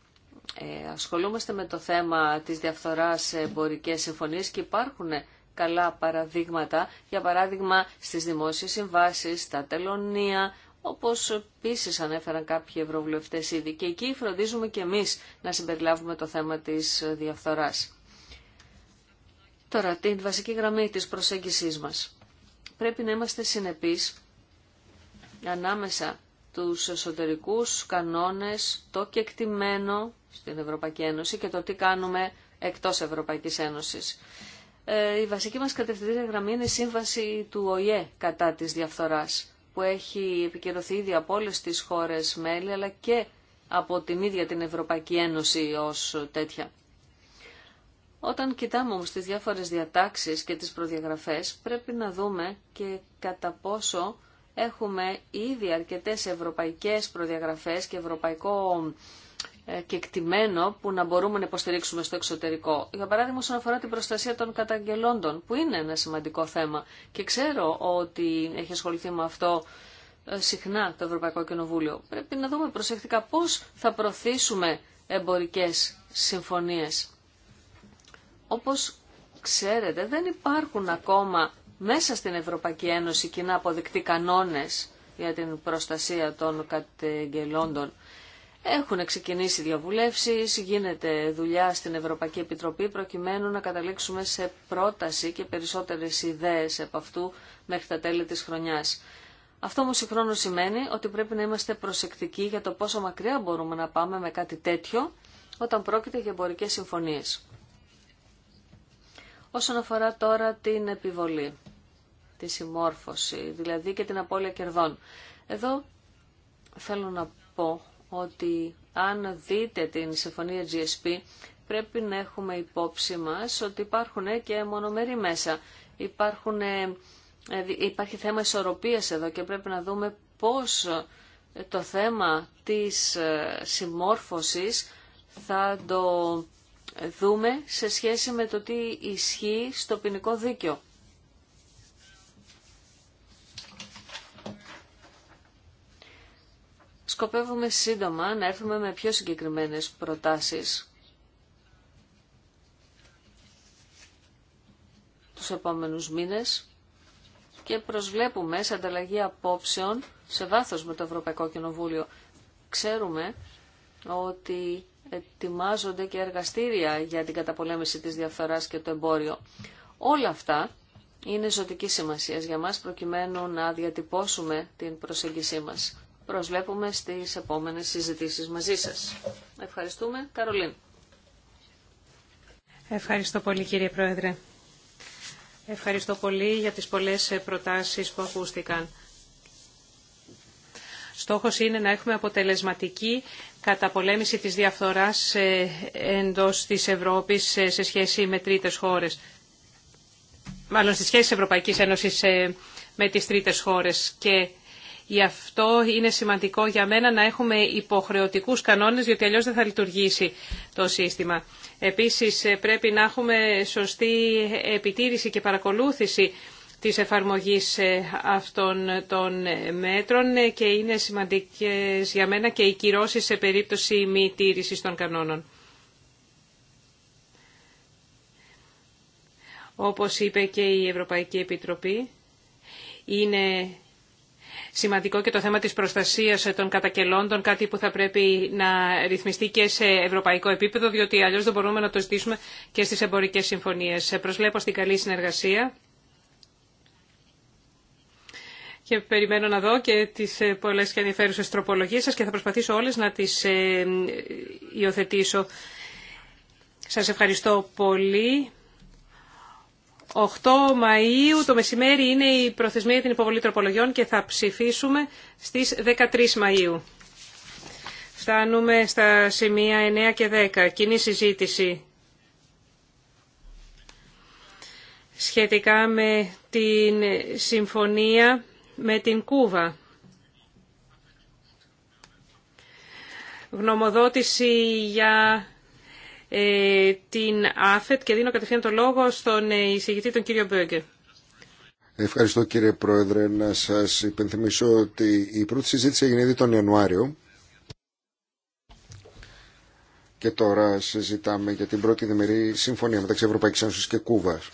ε, ασχολούμαστε με το θέμα της διαφθοράς σε εμπορικές συμφωνίες και υπάρχουν καλά παραδείγματα, για παράδειγμα στις δημόσιες συμβάσει, στα τελωνία, όπως επίση ανέφεραν κάποιοι ευρωβουλευτέ ήδη. Και εκεί φροντίζουμε και εμεί να συμπεριλάβουμε το θέμα τη διαφθοράς. Τώρα, την βασική γραμμή της προσέγγισής μας. Πρέπει να είμαστε συνεπείς ανάμεσα τους εσωτερικούς κανόνες, το κεκτημένο στην Ευρωπαϊκή Ένωση και το τι κάνουμε εκτός Ευρωπαϊκής Ένωσης. Ε, η βασική μας κατευθυντήρια γραμμή είναι η σύμβαση του ΟΗΕ κατά της διαφθοράς, που έχει επικυρωθεί ήδη από όλε τις χώρες μέλη, αλλά και από την ίδια την Ευρωπαϊκή Ένωση ως τέτοια. Όταν κοιτάμε όμως τις διάφορες διατάξεις και τις προδιαγραφές, πρέπει να δούμε και κατά πόσο έχουμε ήδη αρκετές ευρωπαϊκές προδιαγραφές και ευρωπαϊκό ε, κεκτημένο που να μπορούμε να υποστηρίξουμε στο εξωτερικό. Για παράδειγμα, όσον αφορά την προστασία των καταγγελόντων, που είναι ένα σημαντικό θέμα. Και ξέρω ότι έχει ασχοληθεί με αυτό ε, συχνά το Ευρωπαϊκό Κοινοβούλιο. Πρέπει να δούμε προσεκτικά πώς θα προωθήσουμε εμπορικές συμφωνίες. Όπως ξέρετε δεν υπάρχουν ακόμα μέσα στην Ευρωπαϊκή Ένωση κοινά αποδεικτοί κανόνες για την προστασία των κατεγγελόντων. Έχουν ξεκινήσει διαβουλεύσεις, γίνεται δουλειά στην Ευρωπαϊκή Επιτροπή προκειμένου να καταλήξουμε σε πρόταση και περισσότερες ιδέες από αυτού μέχρι τα τέλη της χρονιάς. Αυτό όμως συγχρόνω σημαίνει ότι πρέπει να είμαστε προσεκτικοί για το πόσο μακριά μπορούμε να πάμε με κάτι τέτοιο όταν πρόκειται για εμπορικέ συμφωνίες. Όσον αφορά τώρα την επιβολή, τη συμμόρφωση, δηλαδή και την απώλεια κερδών. Εδώ θέλω να πω ότι αν δείτε την συμφωνία GSP, πρέπει να έχουμε υπόψη μας ότι υπάρχουν και μονομέροι μέσα. Υπάρχουν, ε, υπάρχει θέμα ισορροπίας εδώ και πρέπει να δούμε πώς ε, το θέμα της ε, συμμόρφωσης θα το δούμε σε σχέση με το τι ισχύει στο ποινικό δίκαιο. Σκοπεύουμε σύντομα να έρθουμε με πιο συγκεκριμένες προτάσεις τους επόμενους μήνες και προσβλέπουμε σε ανταλλαγή απόψεων σε βάθος με το Ευρωπαϊκό Κοινοβούλιο. Ξέρουμε ότι ετοιμάζονται και εργαστήρια για την καταπολέμηση της διαφθοράς και το εμπόριο. Όλα αυτά είναι ζωτική σημασία για μας προκειμένου να διατυπώσουμε την προσέγγισή μας. Προσβλέπουμε στις επόμενες συζητήσεις μαζί σας. Ευχαριστούμε. Καρολίν. Ευχαριστώ πολύ κύριε Πρόεδρε. Ευχαριστώ πολύ για τις πολλές ε, προτάσεις που ακούστηκαν. Στόχος είναι να έχουμε αποτελεσματική καταπολέμηση της διαφθοράς ε, εντός της Ευρώπης ε, σε σχέση με τρίτες χώρες. Μάλλον σχέση της Ευρωπαϊκής Ένωσης ε, με τις τρίτες χώρες και Γι' αυτό είναι σημαντικό για μένα να έχουμε υποχρεωτικούς κανόνες, διότι αλλιώς δεν θα λειτουργήσει το σύστημα. Επίσης πρέπει να έχουμε σωστή επιτήρηση και παρακολούθηση της εφαρμογής ε, αυτών των ε, μέτρων ε, και είναι σημαντικές για μένα και οι κυρώσεις σε περίπτωση μη τήρησης των κανόνων. Όπως είπε και η Ευρωπαϊκή Επιτροπή, είναι σημαντικό και το θέμα της προστασίας των κατακελώντων, κάτι που θα πρέπει να ρυθμιστεί και σε ευρωπαϊκό επίπεδο, διότι αλλιώς δεν μπορούμε να το ζητήσουμε και στις εμπορικές συμφωνίες. Προσβλέπω στην καλή συνεργασία και περιμένω να δω και τις ε, πολλέ και ενδιαφέρουσε τροπολογίες σα και θα προσπαθήσω όλες να τις ε, υιοθετήσω. Σας ευχαριστώ πολύ. 8 Μαΐου το μεσημέρι είναι η προθεσμία για την υποβολή τροπολογιών και θα ψηφίσουμε στις 13 Μαΐου. Φτάνουμε στα σημεία 9 και 10. Κοινή συζήτηση σχετικά με την συμφωνία με την Κούβα. Γνωμοδότηση για ε, την ΑΦΕΤ και δίνω κατευθείαν το λόγο στον ε, εισηγητή τον κύριο Μπέγκε. Ευχαριστώ κύριε Πρόεδρε. Να σας υπενθυμίσω ότι η πρώτη συζήτηση έγινε ήδη τον Ιανουάριο και τώρα συζητάμε για την πρώτη δημερή συμφωνία μεταξύ Ευρωπαϊκής Ένωσης και Κούβας.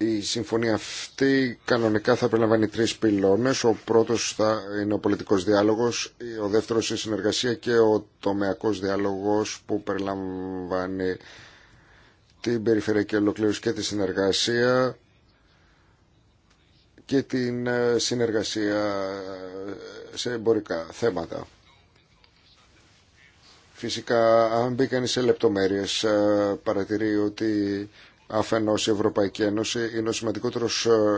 Η συμφωνία αυτή κανονικά θα περιλαμβάνει τρεις πυλώνες. Ο πρώτος θα είναι ο πολιτικός διάλογος, ο δεύτερος η συνεργασία και ο τομεακός διάλογος που περιλαμβάνει την περιφερειακή ολοκλήρωση και τη συνεργασία και την ε, συνεργασία ε, σε εμπορικά θέματα. Φυσικά, αν μπήκαν σε λεπτομέρειες, ε, παρατηρεί ότι Αφενό η Ευρωπαϊκή Ένωση είναι ο σημαντικότερο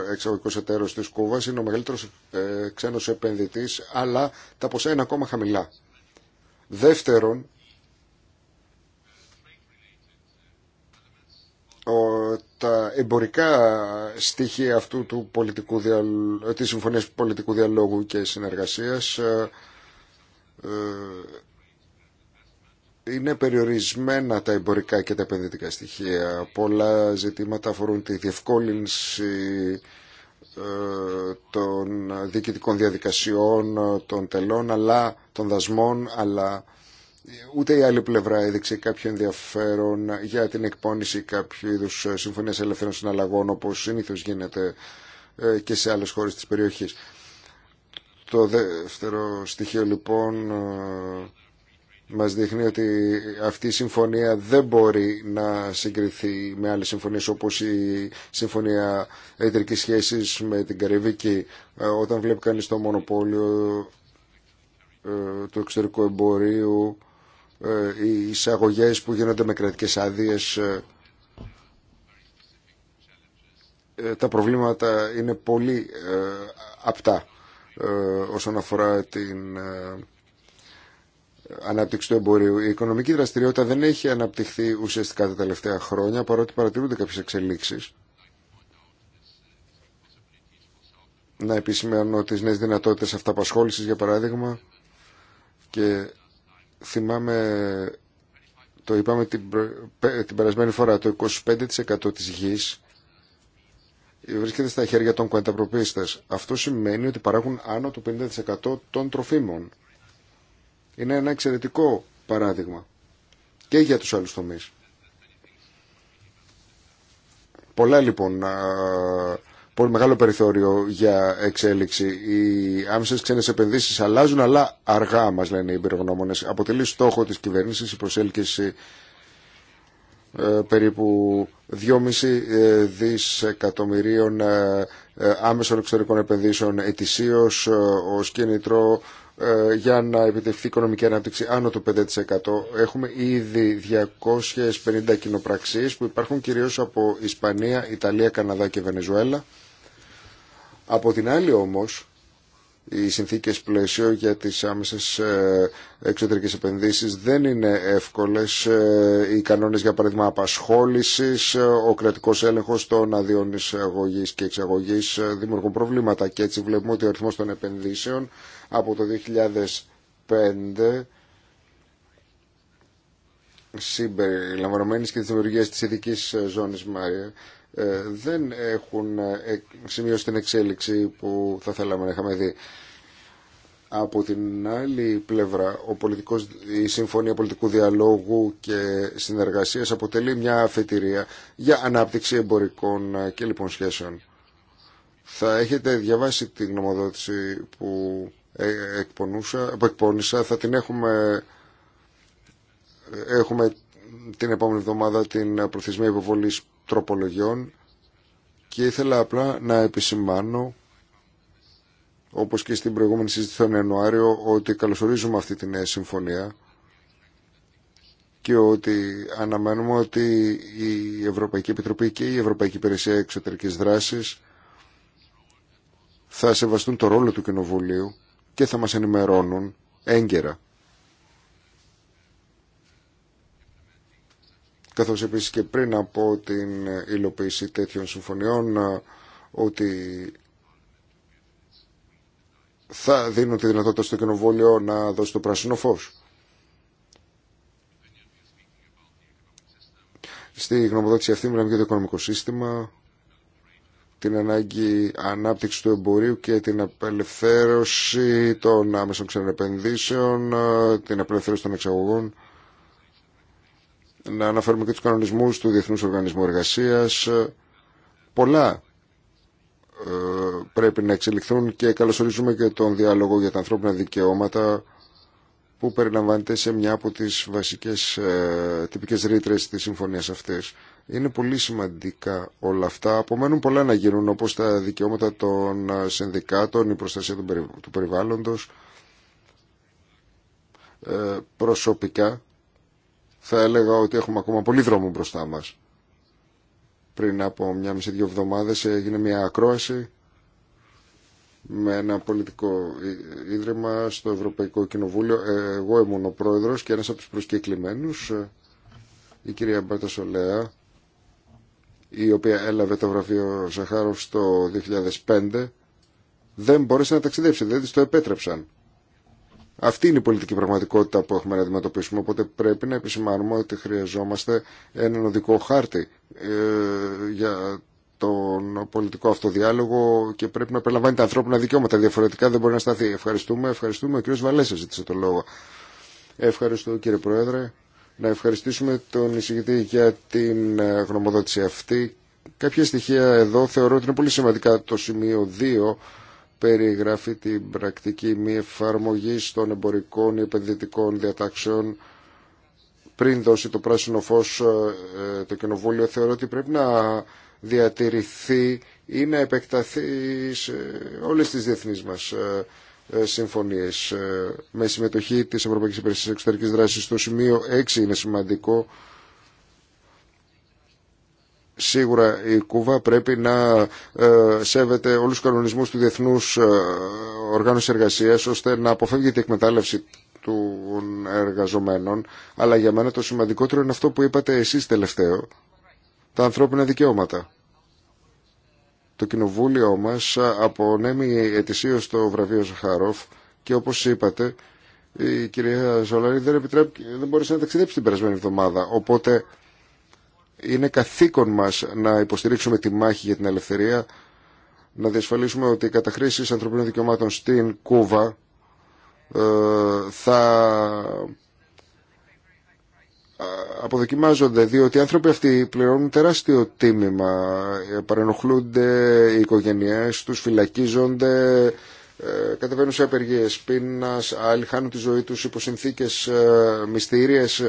ε, εξαγωγικό εταίρο τη Κούβα, είναι ο μεγαλύτερο ε, ξένο επενδυτή, αλλά τα ποσά είναι ακόμα χαμηλά. Δεύτερον, τα εμπορικά στοιχεία αυτού του πολιτικού ε, της Συμφωνίας Πολιτικού Διαλόγου και Συνεργασίας είναι περιορισμένα τα εμπορικά και τα επενδυτικά στοιχεία. Πολλά ζητήματα αφορούν τη διευκόλυνση ε, των διοικητικών διαδικασιών, των τελών, αλλά των δασμών, αλλά ούτε η άλλη πλευρά έδειξε κάποιο ενδιαφέρον για την εκπόνηση κάποιου είδους συμφωνίας ελευθερών συναλλαγών, όπως συνήθως γίνεται ε, και σε άλλες χώρες της περιοχής. Το δεύτερο στοιχείο λοιπόν ε, μας δείχνει ότι αυτή η συμφωνία δεν μπορεί να συγκριθεί με άλλες συμφωνίες όπως η Συμφωνία Εταιρικής Σχέσης με την Καρυβίκη. Ε, όταν βλέπει κανείς το μονοπόλιο ε, του εξωτερικού εμπορίου, ε, οι εισαγωγές που γίνονται με κρατικές άδειες, τα προβλήματα είναι πολύ απτά όσον αφορά την ανάπτυξη του εμπορίου. Η οικονομική δραστηριότητα δεν έχει αναπτυχθεί ουσιαστικά τα τελευταία χρόνια, παρότι παρατηρούνται κάποιε εξελίξει. Να επισημαίνω τι νέε δυνατότητε αυταπασχόλησης, για παράδειγμα, και θυμάμαι, το είπαμε την, περασμένη φορά, το 25% τη γη βρίσκεται στα χέρια των κουενταπροπίστε. Αυτό σημαίνει ότι παράγουν άνω του 50% των τροφίμων είναι ένα εξαιρετικό παράδειγμα και για τους άλλους τομείς. Πολλά λοιπόν, πολύ μεγάλο περιθώριο για εξέλιξη. Οι άμεσες ξένες επενδύσεις αλλάζουν, αλλά αργά μας λένε οι υπερογνώμονες. Αποτελεί στόχο της κυβέρνησης η προσέλκυση ε, περίπου 2,5 ε, δισεκατομμυρίων ε, άμεσων εξωτερικών επενδύσεων ετησίως ως κίνητρο ε, για να επιτευχθεί οικονομική ανάπτυξη άνω του 5%. Έχουμε ήδη 250 κοινοπραξίες που υπάρχουν κυρίως από Ισπανία, Ιταλία, Καναδά και Βενεζουέλα. Από την άλλη όμως οι συνθήκες πλαίσιο για τις άμεσες ε, εξωτερικές επενδύσεις δεν είναι εύκολες. Ε, οι κανόνες για παράδειγμα απασχόλησης, ε, ο κρατικός έλεγχος των αδειών εισαγωγής και εξαγωγής δημιουργούν προβλήματα και έτσι βλέπουμε ότι ο αριθμός των επενδύσεων από το 2005 συμπεριλαμβανομένης και της δημιουργίας της ειδικής ζώνης Μάρια ε, δεν έχουν ε, σημειώσει την εξέλιξη που θα θέλαμε να είχαμε δει. Από την άλλη πλευρά, ο πολιτικός, η Συμφωνία Πολιτικού Διαλόγου και Συνεργασίας αποτελεί μια αφετηρία για ανάπτυξη εμπορικών ε, και λοιπόν σχέσεων. Θα έχετε διαβάσει την γνωμοδότηση που, εκπονούσα, θα την έχουμε, έχουμε την επόμενη εβδομάδα την προθεσμία υποβολή τροπολογιών και ήθελα απλά να επισημάνω όπως και στην προηγούμενη συζήτηση τον Ιανουάριο ότι καλωσορίζουμε αυτή τη νέα συμφωνία και ότι αναμένουμε ότι η Ευρωπαϊκή Επιτροπή και η Ευρωπαϊκή Υπηρεσία Εξωτερικής Δράσης θα σεβαστούν το ρόλο του Κοινοβουλίου και θα μας ενημερώνουν έγκαιρα καθώς επίσης και πριν από την υλοποίηση τέτοιων συμφωνιών ε, ότι θα δίνουν τη δυνατότητα στο κοινοβούλιο να δώσει το πράσινο φως. Στη γνωμοδότηση αυτή μιλάμε για το οικονομικό σύστημα, την ανάγκη ανάπτυξη του εμπορίου και την απελευθέρωση των άμεσων ξενεπενδύσεων, ε, την απελευθέρωση των εξαγωγών να αναφέρουμε και τους κανονισμούς του Διεθνούς Οργανισμού Εργασίας. Πολλά ε, πρέπει να εξελιχθούν και καλωσορίζουμε και τον διάλογο για τα ανθρώπινα δικαιώματα που περιλαμβάνεται σε μια από τις βασικές ε, τυπικές ρήτρες της συμφωνίας αυτής. Είναι πολύ σημαντικά όλα αυτά. Απομένουν πολλά να γίνουν όπως τα δικαιώματα των ε, συνδικάτων, η προστασία του περιβάλλοντος, προσωπικά θα έλεγα ότι έχουμε ακόμα πολύ δρόμο μπροστά μας. Πριν από μια μισή-δυο εβδομάδες έγινε μια ακρόαση με ένα πολιτικό ίδρυμα στο Ευρωπαϊκό Κοινοβούλιο. Ε, εγώ ήμουν ο πρόεδρος και ένας από τους προσκεκλημένους, ε, η κυρία Μπάρτα Σολέα, η οποία έλαβε το βραβείο Ζαχάροφ το 2005, δεν μπόρεσε να ταξιδέψει, δεν δηλαδή της το επέτρεψαν. Αυτή είναι η πολιτική πραγματικότητα που έχουμε να αντιμετωπίσουμε, οπότε πρέπει να επισημάνουμε ότι χρειαζόμαστε έναν οδικό χάρτη ε, για τον πολιτικό αυτοδιάλογο και πρέπει να περιλαμβάνει τα ανθρώπινα δικαιώματα. Διαφορετικά δεν μπορεί να σταθεί. Ευχαριστούμε, ευχαριστούμε. Ο κ. Βαλέσσα ζήτησε το λόγο. Ευχαριστώ κύριε Πρόεδρε. Να ευχαριστήσουμε τον εισηγητή για την ε, γνωμοδότηση αυτή. Κάποια στοιχεία εδώ θεωρώ ότι είναι πολύ σημαντικά. Το σημείο 2 περιγράφει την πρακτική μη εφαρμογή των εμπορικών ή επενδυτικών διατάξεων πριν δώσει το πράσινο φως ε, ε, το Κοινοβούλιο θεωρώ ότι πρέπει να διατηρηθεί ή να επεκταθεί σε όλες τις διεθνείς μας ε, συμφωνίες. Με συμμετοχή της Ευρωπαϊκής Υπηρεσίας Εξωτερικής Δράσης στο σημείο 6 είναι σημαντικό Σίγουρα η Κούβα πρέπει να ε, σέβεται όλους τους κανονισμούς του Διεθνούς ε, Οργάνωση Εργασίας ώστε να αποφεύγει την εκμετάλλευση των εργαζομένων. Αλλά για μένα το σημαντικότερο είναι αυτό που είπατε εσείς τελευταίο, τα ανθρώπινα δικαιώματα. Το κοινοβούλιο μας απονέμει ετησίως το βραβείο Ζαχάροφ και όπως είπατε η κυρία Ζολαρή δεν, δεν μπορούσε να ταξιδέψει την περασμένη εβδομάδα. Οπότε είναι καθήκον μας να υποστηρίξουμε τη μάχη για την ελευθερία, να διασφαλίσουμε ότι οι καταχρήσεις ανθρωπίνων δικαιωμάτων στην Κούβα ε, θα ε, αποδοκιμάζονται διότι οι άνθρωποι αυτοί πληρώνουν τεράστιο τίμημα παρενοχλούνται οι οικογένειές τους φυλακίζονται ε, κατεβαίνουν σε απεργίες πείνας άλλοι χάνουν τη ζωή τους υπό συνθήκες μυστήριες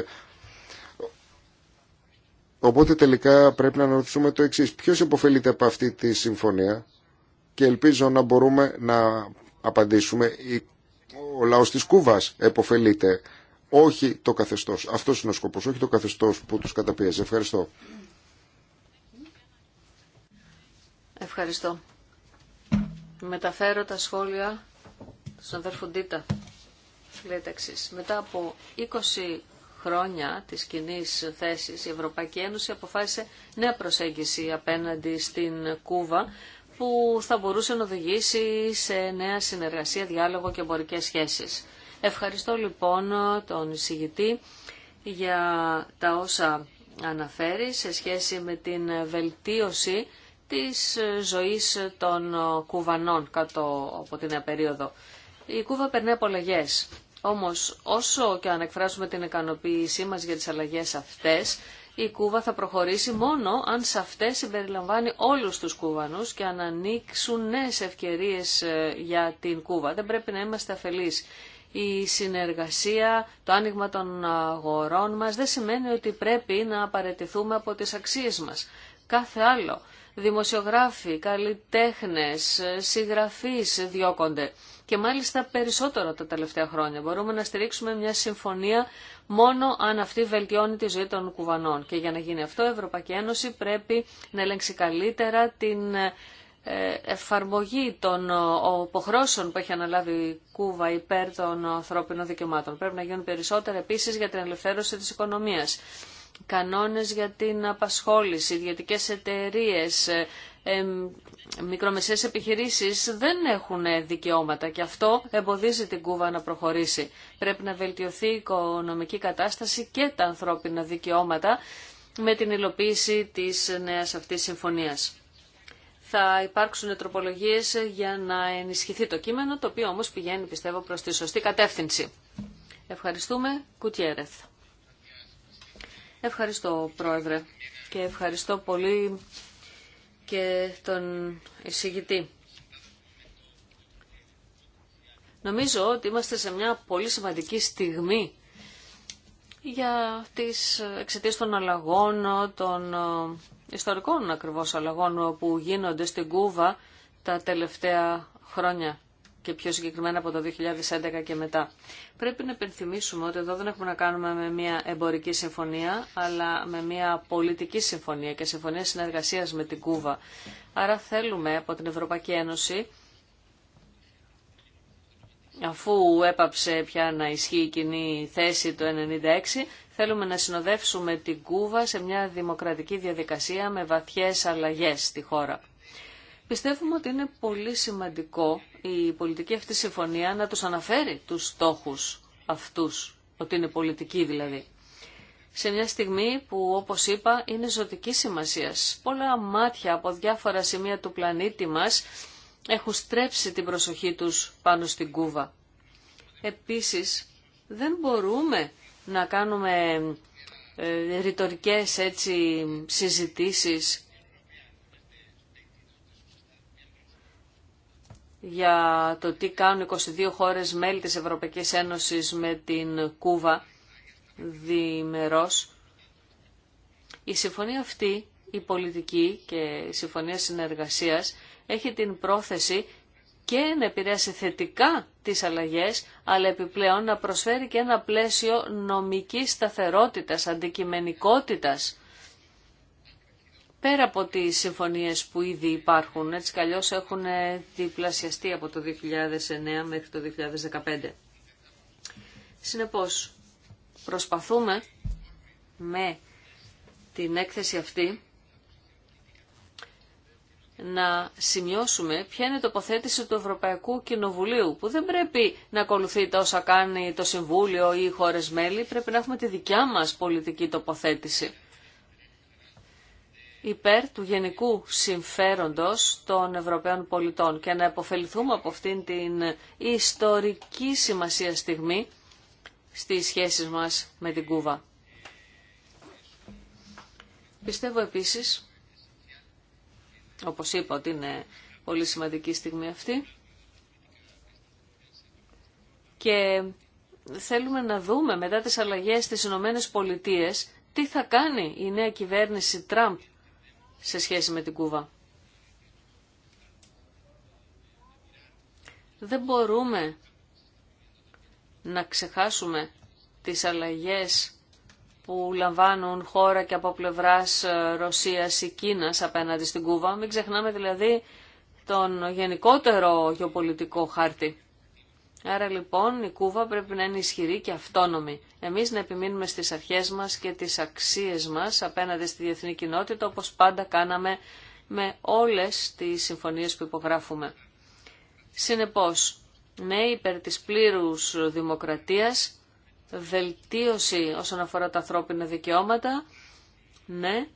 Οπότε τελικά πρέπει να αναρωτηθούμε το εξής. Ποιος υποφελείται από αυτή τη συμφωνία και ελπίζω να μπορούμε να απαντήσουμε ο λαός της Κούβας εποφελείται όχι το καθεστώς. Αυτός είναι ο σκοπός, όχι το καθεστώς που τους καταπίεζε. Ευχαριστώ. Ευχαριστώ. Μεταφέρω τα σχόλια στον αδερφοντήτα. Μετά από 20 χρόνια της κοινή θέσης η Ευρωπαϊκή Ένωση αποφάσισε νέα προσέγγιση απέναντι στην Κούβα που θα μπορούσε να οδηγήσει σε νέα συνεργασία, διάλογο και εμπορικέ σχέσεις. Ευχαριστώ λοιπόν τον εισηγητή για τα όσα αναφέρει σε σχέση με την βελτίωση της ζωής των Κουβανών κάτω από την περίοδο. Η Κούβα περνάει όμως όσο και αν εκφράσουμε την ικανοποίησή μας για τις αλλαγές αυτές, η Κούβα θα προχωρήσει μόνο αν σε αυτές συμπεριλαμβάνει όλους τους Κούβανους και αν ανοίξουν νέες ευκαιρίες ε, για την Κούβα. Δεν πρέπει να είμαστε αφελείς. Η συνεργασία, το άνοιγμα των αγορών μας δεν σημαίνει ότι πρέπει να απαρατηθούμε από τις αξίες μας. Κάθε άλλο δημοσιογράφοι, καλλιτέχνες, συγγραφείς διώκονται. Και μάλιστα περισσότερο τα τελευταία χρόνια. Μπορούμε να στηρίξουμε μια συμφωνία μόνο αν αυτή βελτιώνει τη ζωή των κουβανών. Και για να γίνει αυτό η Ευρωπαϊκή Ένωση πρέπει να ελέγξει καλύτερα την ε, εφαρμογή των υποχρώσεων ε, που έχει αναλάβει η Κούβα υπέρ των ανθρώπινων δικαιωμάτων. Πρέπει να γίνουν περισσότερα επίσης για την ελευθέρωση της οικονομίας κανόνες για την απασχόληση, ιδιωτικές εταιρείες, ε, μικρομεσαίες επιχειρήσεις δεν έχουν δικαιώματα και αυτό εμποδίζει την Κούβα να προχωρήσει. Πρέπει να βελτιωθεί η οικονομική κατάσταση και τα ανθρώπινα δικαιώματα με την υλοποίηση της νέας αυτής συμφωνίας. Θα υπάρξουν τροπολογίες για να ενισχυθεί το κείμενο, το οποίο όμως πηγαίνει πιστεύω προς τη σωστή κατεύθυνση. Ευχαριστούμε. Κουτιέρεθ. Ευχαριστώ, Πρόεδρε, και ευχαριστώ πολύ και τον εισηγητή. Νομίζω ότι είμαστε σε μια πολύ σημαντική στιγμή για τις εξαιτίας των αλλαγών, των ε, ιστορικών ακριβώς αλλαγών που γίνονται στην Κούβα τα τελευταία χρόνια και πιο συγκεκριμένα από το 2011 και μετά. Πρέπει να υπενθυμίσουμε ότι εδώ δεν έχουμε να κάνουμε με μια εμπορική συμφωνία, αλλά με μια πολιτική συμφωνία και συμφωνία συνεργασίας με την Κούβα. Άρα θέλουμε από την Ευρωπαϊκή Ένωση, αφού έπαψε πια να ισχύει η κοινή θέση το 1996, θέλουμε να συνοδεύσουμε την Κούβα σε μια δημοκρατική διαδικασία με βαθιές αλλαγές στη χώρα. Πιστεύουμε ότι είναι πολύ σημαντικό η πολιτική αυτή συμφωνία να τους αναφέρει τους στόχους αυτούς, ότι είναι πολιτική δηλαδή. Σε μια στιγμή που, όπως είπα, είναι ζωτική σημασίας. Πολλά μάτια από διάφορα σημεία του πλανήτη μας έχουν στρέψει την προσοχή τους πάνω στην Κούβα. Επίσης, δεν μπορούμε να κάνουμε ε, ρητορικές έτσι συζητήσεις για το τι κάνουν 22 χώρες μέλη της Ευρωπαϊκής Ένωσης με την Κούβα διμερός. Η συμφωνία αυτή, η πολιτική και η συμφωνία συνεργασίας, έχει την πρόθεση και να επηρεάσει θετικά τις αλλαγές, αλλά επιπλέον να προσφέρει και ένα πλαίσιο νομικής σταθερότητας, αντικειμενικότητας πέρα από τις συμφωνίες που ήδη υπάρχουν, έτσι αλλιώ έχουν διπλασιαστεί από το 2009 μέχρι το 2015. Συνεπώς, προσπαθούμε με την έκθεση αυτή να σημειώσουμε ποια είναι η τοποθέτηση του Ευρωπαϊκού Κοινοβουλίου, που δεν πρέπει να ακολουθεί τα όσα κάνει το Συμβούλιο ή οι χώρες μέλη, πρέπει να έχουμε τη δικιά μας πολιτική τοποθέτηση υπέρ του γενικού συμφέροντος των Ευρωπαίων πολιτών και να επωφεληθούμε από αυτήν την ιστορική σημασία στιγμή στις σχέσεις μας με την Κούβα. Πιστεύω επίσης, όπως είπα ότι είναι πολύ σημαντική στιγμή αυτή, και θέλουμε να δούμε μετά τις αλλαγές στις Ηνωμένε Πολιτείες τι θα κάνει η νέα κυβέρνηση Τραμπ σε σχέση με την Κούβα. Δεν μπορούμε να ξεχάσουμε τις αλλαγές που λαμβάνουν χώρα και από πλευράς ε, Ρωσίας ή Κίνας απέναντι στην Κούβα. Μην ξεχνάμε δηλαδή τον γενικότερο γεωπολιτικό χάρτη. Άρα λοιπόν η Κούβα πρέπει να είναι ισχυρή και αυτόνομη. Εμείς να επιμείνουμε στις αρχές μας και τις αξίες μας απέναντι στη διεθνή κοινότητα όπως πάντα κάναμε με όλες τις συμφωνίες που υπογράφουμε. Συνεπώς, ναι υπέρ της πλήρους δημοκρατίας, βελτίωση όσον αφορά τα ανθρώπινα δικαιώματα, ναι,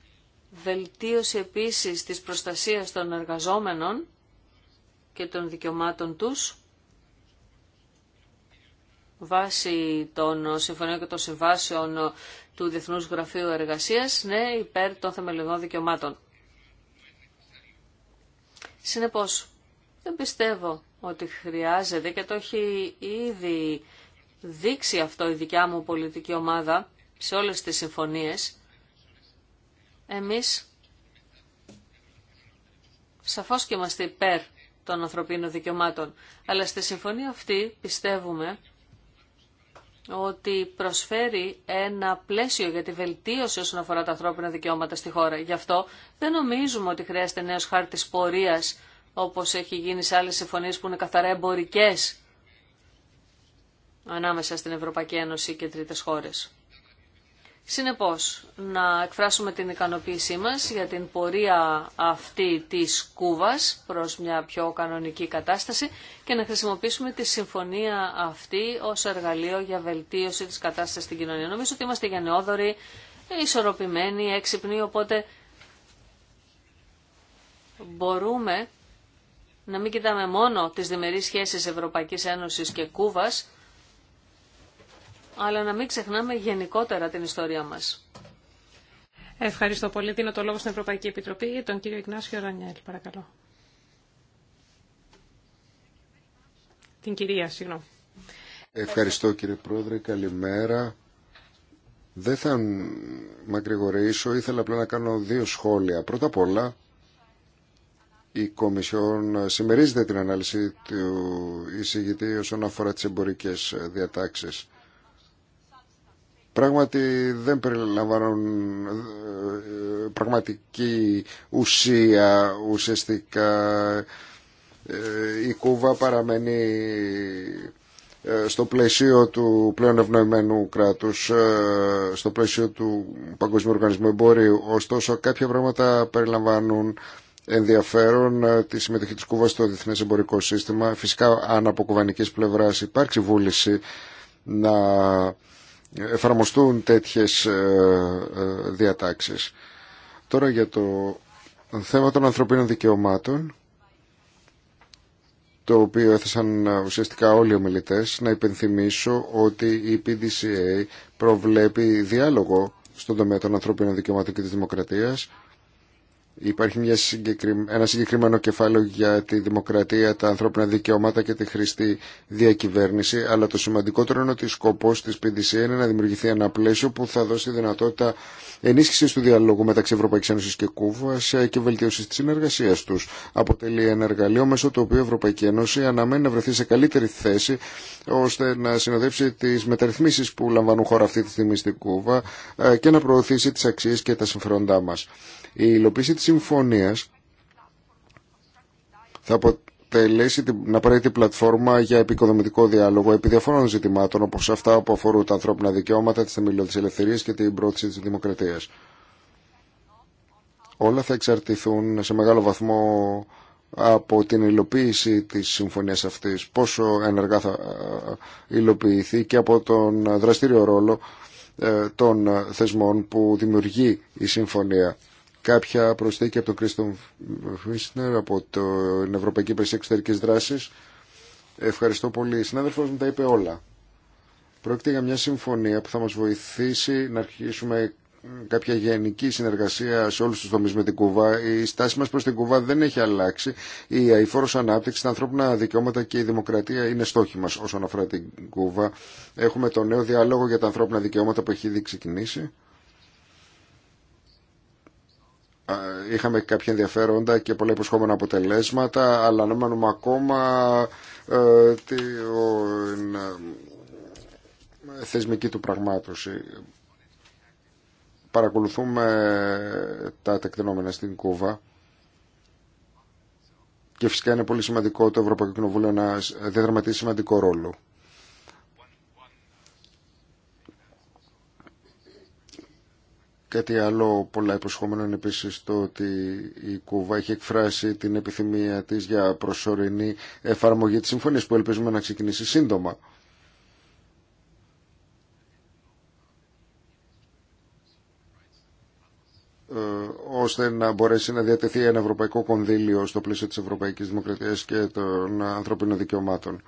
βελτίωση επίσης της προστασίας των εργαζόμενων και των δικαιωμάτων τους, βάσει των συμφωνίων και των συμβάσεων του Διεθνούς Γραφείου Εργασίας, ναι, υπέρ των θεμελιωδών δικαιωμάτων. Συνεπώς, δεν πιστεύω ότι χρειάζεται και το έχει ήδη δείξει αυτό η δικιά μου πολιτική ομάδα σε όλες τις συμφωνίες. Εμείς σαφώς και είμαστε υπέρ των ανθρωπίνων δικαιωμάτων. Αλλά στη συμφωνία αυτή πιστεύουμε ότι προσφέρει ένα πλαίσιο για τη βελτίωση όσον αφορά τα ανθρώπινα δικαιώματα στη χώρα. Γι' αυτό δεν νομίζουμε ότι χρειάζεται νέος χάρτης πορείας, όπως έχει γίνει σε άλλες συμφωνίες που είναι καθαρά εμπορικές ανάμεσα στην Ευρωπαϊκή Ένωση και τρίτες χώρες. Συνεπώς, να εκφράσουμε την ικανοποίησή μας για την πορεία αυτή της Κούβας προς μια πιο κανονική κατάσταση και να χρησιμοποιήσουμε τη συμφωνία αυτή ως εργαλείο για βελτίωση της κατάστασης στην κοινωνία. Νομίζω ότι είμαστε γενναιόδοροι, ισορροπημένοι, έξυπνοι, οπότε μπορούμε να μην κοιτάμε μόνο τις διμερείς σχέσεις Ευρωπαϊκής Ένωσης και Κούβας, αλλά να μην ξεχνάμε γενικότερα την ιστορία μας. Ευχαριστώ πολύ. Δίνω το λόγο στην Ευρωπαϊκή Επιτροπή, τον κύριο Ιγνάσιο Ρανιέλ, παρακαλώ. Την κυρία, συγγνώμη. Ευχαριστώ κύριε Πρόεδρε, καλημέρα. Δεν θα μακρηγορήσω, ήθελα απλά να κάνω δύο σχόλια. Πρώτα απ' όλα, η Κομισιόν συμμερίζεται την ανάλυση του εισηγητή όσον αφορά τις εμπορικές διατάξεις. Πράγματι δεν περιλαμβάνουν ε, πραγματική ουσία ουσιαστικά. Ε, η Κούβα παραμένει ε, στο πλαίσιο του πλέον ευνοημένου κράτους, στο πλαίσιο του Παγκοσμίου Οργανισμού Εμπορίου. Ωστόσο κάποια πράγματα περιλαμβάνουν ενδιαφέρον τη συμμετοχή της Κούβας στο διεθνές εμπορικό σύστημα. Φυσικά αν από κουβανικής πλευράς υπάρξει βούληση να εφαρμοστούν τέτοιες ε, ε, διατάξεις. Τώρα για το θέμα των ανθρωπίνων δικαιωμάτων, το οποίο έθεσαν ε, ουσιαστικά όλοι οι ομιλητές, να υπενθυμίσω ότι η PDCA προβλέπει διάλογο στον τομέα των ανθρωπίνων δικαιωμάτων και της δημοκρατίας, Υπάρχει μια συγκεκρι... ένα συγκεκριμένο κεφάλαιο για τη δημοκρατία, τα ανθρώπινα δικαιώματα και τη χρηστή διακυβέρνηση, αλλά το σημαντικότερο είναι ότι ο σκοπός της PDC είναι να δημιουργηθεί ένα πλαίσιο που θα δώσει δυνατότητα ενίσχυσης του διαλόγου μεταξύ Ευρωπαϊκής Ένωσης και Κούβα ε, και βελτίωση της συνεργασίας τους. Αποτελεί ένα εργαλείο μέσω του οποίου η Ευρωπαϊκή Ένωση αναμένει να βρεθεί σε καλύτερη θέση ώστε να συνοδεύσει τις μεταρρυθμίσεις που λαμβάνουν χώρα αυτή τη στιγμή στην Κούβα ε, και να προωθήσει τις αξίες και τα συμφέροντά μας. Η υλοποίηση της συμφωνίας θα αποτελέσει την πλατφόρμα για επικοδομητικό διάλογο επί διαφόρων ζητημάτων όπως αυτά που αφορούν τα ανθρώπινα δικαιώματα, τις θεμελιώδεις ελευθερίες και την πρόθεση της δημοκρατίας. Όλα θα εξαρτηθούν σε μεγάλο βαθμό από την υλοποίηση της συμφωνίας αυτής, πόσο ενεργά θα ε, υλοποιηθεί και από τον δραστήριο ρόλο ε, των θεσμών που δημιουργεί η συμφωνία κάποια προσθήκη από τον Κρίστον Φίσνερ από την Ευρωπαϊκή Υπηρεσία Εξωτερική Δράση. Ευχαριστώ πολύ. Συνάδελφο μου τα είπε όλα. Πρόκειται για μια συμφωνία που θα μα βοηθήσει να αρχίσουμε κάποια γενική συνεργασία σε όλου του τομεί με την Κουβά. Η στάση μα προ την Κουβά δεν έχει αλλάξει. Η αηφόρο ανάπτυξη, τα ανθρώπινα δικαιώματα και η δημοκρατία είναι στόχοι μα όσον αφορά την Κουβά. Έχουμε το νέο διάλογο για τα ανθρώπινα δικαιώματα που έχει ήδη ξεκινήσει είχαμε κάποια ενδιαφέροντα και πολλά υποσχόμενα αποτελέσματα, αλλά αναμένουμε ακόμα ε, ε, θεσμική του πραγμάτωση. Παρακολουθούμε τα τεκτενόμενα στην Κούβα και φυσικά είναι πολύ σημαντικό το Ευρωπαϊκό Κοινοβούλιο να διαδραματίσει σημαντικό ρόλο. Κάτι άλλο πολλά υποσχόμενο είναι επίσης το ότι η Κούβα έχει εκφράσει την επιθυμία της για προσωρινή εφαρμογή της συμφωνίας που ελπίζουμε να ξεκινήσει σύντομα. Ε, ώστε να μπορέσει να διατεθεί ένα ευρωπαϊκό κονδύλιο στο πλαίσιο της Ευρωπαϊκής Δημοκρατίας και των ανθρωπίνων δικαιωμάτων.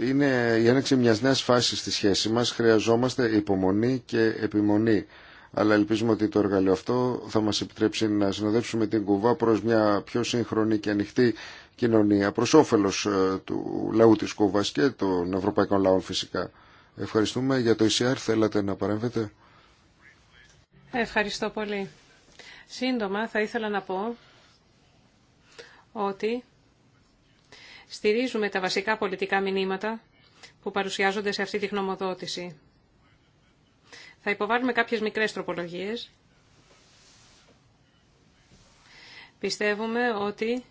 είναι η άνοιξη μιας νέα φάσης στη σχέση μα. Χρειαζόμαστε υπομονή και επιμονή. Αλλά ελπίζουμε ότι το εργαλείο αυτό θα μας επιτρέψει να συνοδεύσουμε την κουβά προς μια πιο σύγχρονη και ανοιχτή κοινωνία προ όφελο ε, του λαού τη Κούβα και των ευρωπαϊκών λαών φυσικά. Ευχαριστούμε. Για το ECR θέλατε να παρέμβετε. Ευχαριστώ πολύ. Σύντομα θα ήθελα να πω ότι Στηρίζουμε τα βασικά πολιτικά μηνύματα που παρουσιάζονται σε αυτή τη γνωμοδότηση. Θα υποβάλουμε κάποιες μικρές τροπολογίες. Πιστεύουμε ότι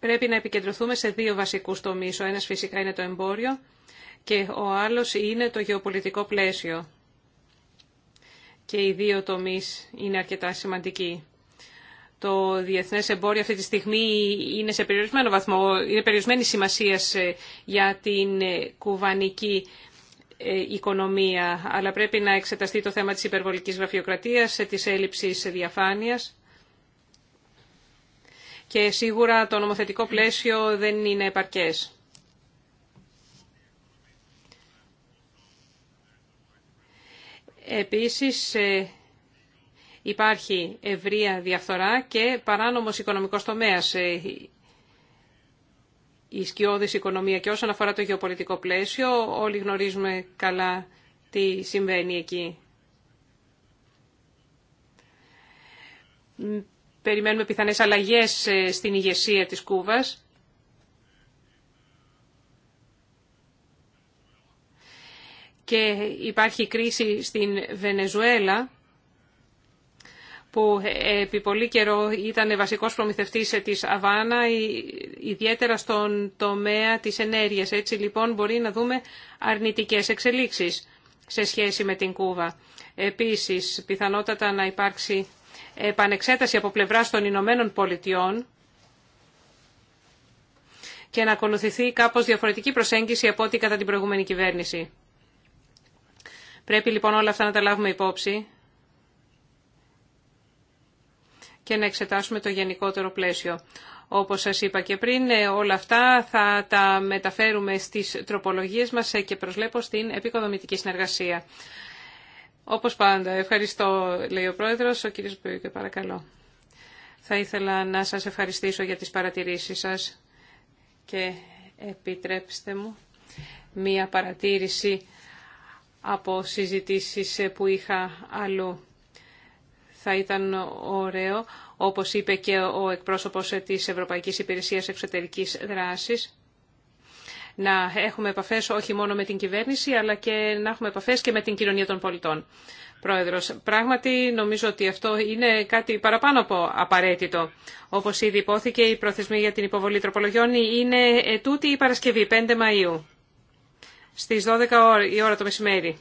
πρέπει να επικεντρωθούμε σε δύο βασικούς τομείς. Ο ένας φυσικά είναι το εμπόριο και ο άλλος είναι το γεωπολιτικό πλαίσιο. Και οι δύο τομείς είναι αρκετά σημαντικοί το διεθνές εμπόριο αυτή τη στιγμή είναι σε περιορισμένο βαθμό, είναι περιορισμένη σημασία για την ε, κουβανική ε, οικονομία, αλλά πρέπει να εξεταστεί το θέμα της υπερβολικής γραφειοκρατίας, ε, της έλλειψης διαφάνειας και σίγουρα το νομοθετικό πλαίσιο δεν είναι επαρκές. Επίσης, υπάρχει ευρεία διαφθορά και παράνομος οικονομικός τομέας ε, η σκιώδης οικονομία και όσον αφορά το γεωπολιτικό πλαίσιο όλοι γνωρίζουμε καλά τι συμβαίνει εκεί. Περιμένουμε πιθανές αλλαγές ε, στην ηγεσία της Κούβας. Και υπάρχει κρίση στην Βενεζουέλα που επί πολύ καιρό ήταν βασικός προμηθευτής της Αβάνα, ιδιαίτερα στον τομέα της ενέργειας. Έτσι λοιπόν μπορεί να δούμε αρνητικές εξελίξεις σε σχέση με την Κούβα. Επίσης, πιθανότατα να υπάρξει επανεξέταση από πλευράς των Ηνωμένων Πολιτειών και να ακολουθηθεί κάπως διαφορετική προσέγγιση από ό,τι κατά την προηγούμενη κυβέρνηση. Πρέπει λοιπόν όλα αυτά να τα λάβουμε υπόψη και να εξετάσουμε το γενικότερο πλαίσιο. Όπως σας είπα και πριν, ε, όλα αυτά θα τα μεταφέρουμε στις τροπολογίες μας ε, και προσλέπω στην επικοδομητική συνεργασία. Όπως πάντα, ευχαριστώ, λέει ο Πρόεδρος, ο κύριος και παρακαλώ. Θα ήθελα να σας ευχαριστήσω για τις παρατηρήσεις σας και επιτρέψτε μου μία παρατήρηση από συζητήσεις που είχα αλλού θα ήταν ωραίο, όπως είπε και ο εκπρόσωπος της Ευρωπαϊκής Υπηρεσίας Εξωτερικής Δράσης, να έχουμε επαφές όχι μόνο με την κυβέρνηση, αλλά και να έχουμε επαφές και με την κοινωνία των πολιτών. Πρόεδρος, πράγματι νομίζω ότι αυτό είναι κάτι παραπάνω από απαραίτητο. Όπως ήδη υπόθηκε, η προθεσμοί για την υποβολή τροπολογιών είναι τούτη η Παρασκευή, 5 Μαΐου, στις 12 η ώρα το μεσημέρι.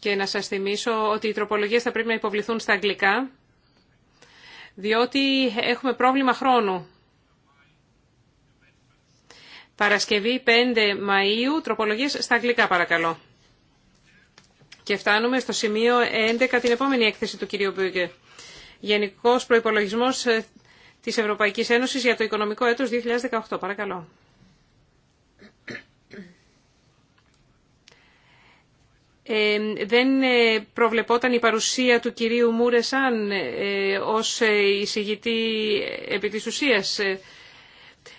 και να σας θυμίσω ότι οι τροπολογίες θα πρέπει να υποβληθούν στα αγγλικά, διότι έχουμε πρόβλημα χρόνου. Παρασκευή 5 Μαΐου, τροπολογίες στα αγγλικά παρακαλώ. Και φτάνουμε στο σημείο 11, την επόμενη έκθεση του κυρίου Μπούγκε. Γενικός προϋπολογισμός ε, της Ευρωπαϊκής Ένωσης για το οικονομικό έτος 2018. Παρακαλώ. Ε, δεν ε, προβλεπόταν η παρουσία του κυρίου Μούρεσαν ε, ως εισηγητή επί της ουσίας.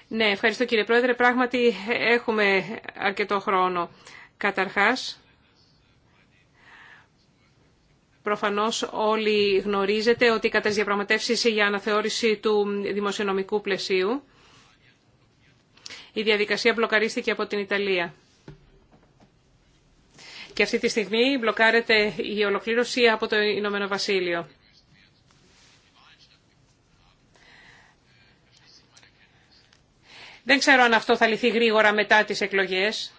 Ναι, ευχαριστώ κύριε Πρόεδρε. Πράγματι έχουμε αρκετό χρόνο. Καταρχάς, προφανώς όλοι γνωρίζετε ότι κατά τις διαπραγματεύσεις για αναθεώρηση του δημοσιονομικού πλαισίου η διαδικασία μπλοκαρίστηκε από την Ιταλία και αυτή τη στιγμή μπλοκάρεται η ολοκλήρωση από το Ηνωμένο Βασίλειο. Δεν ξέρω αν αυτό θα λυθεί γρήγορα μετά τις εκλογές.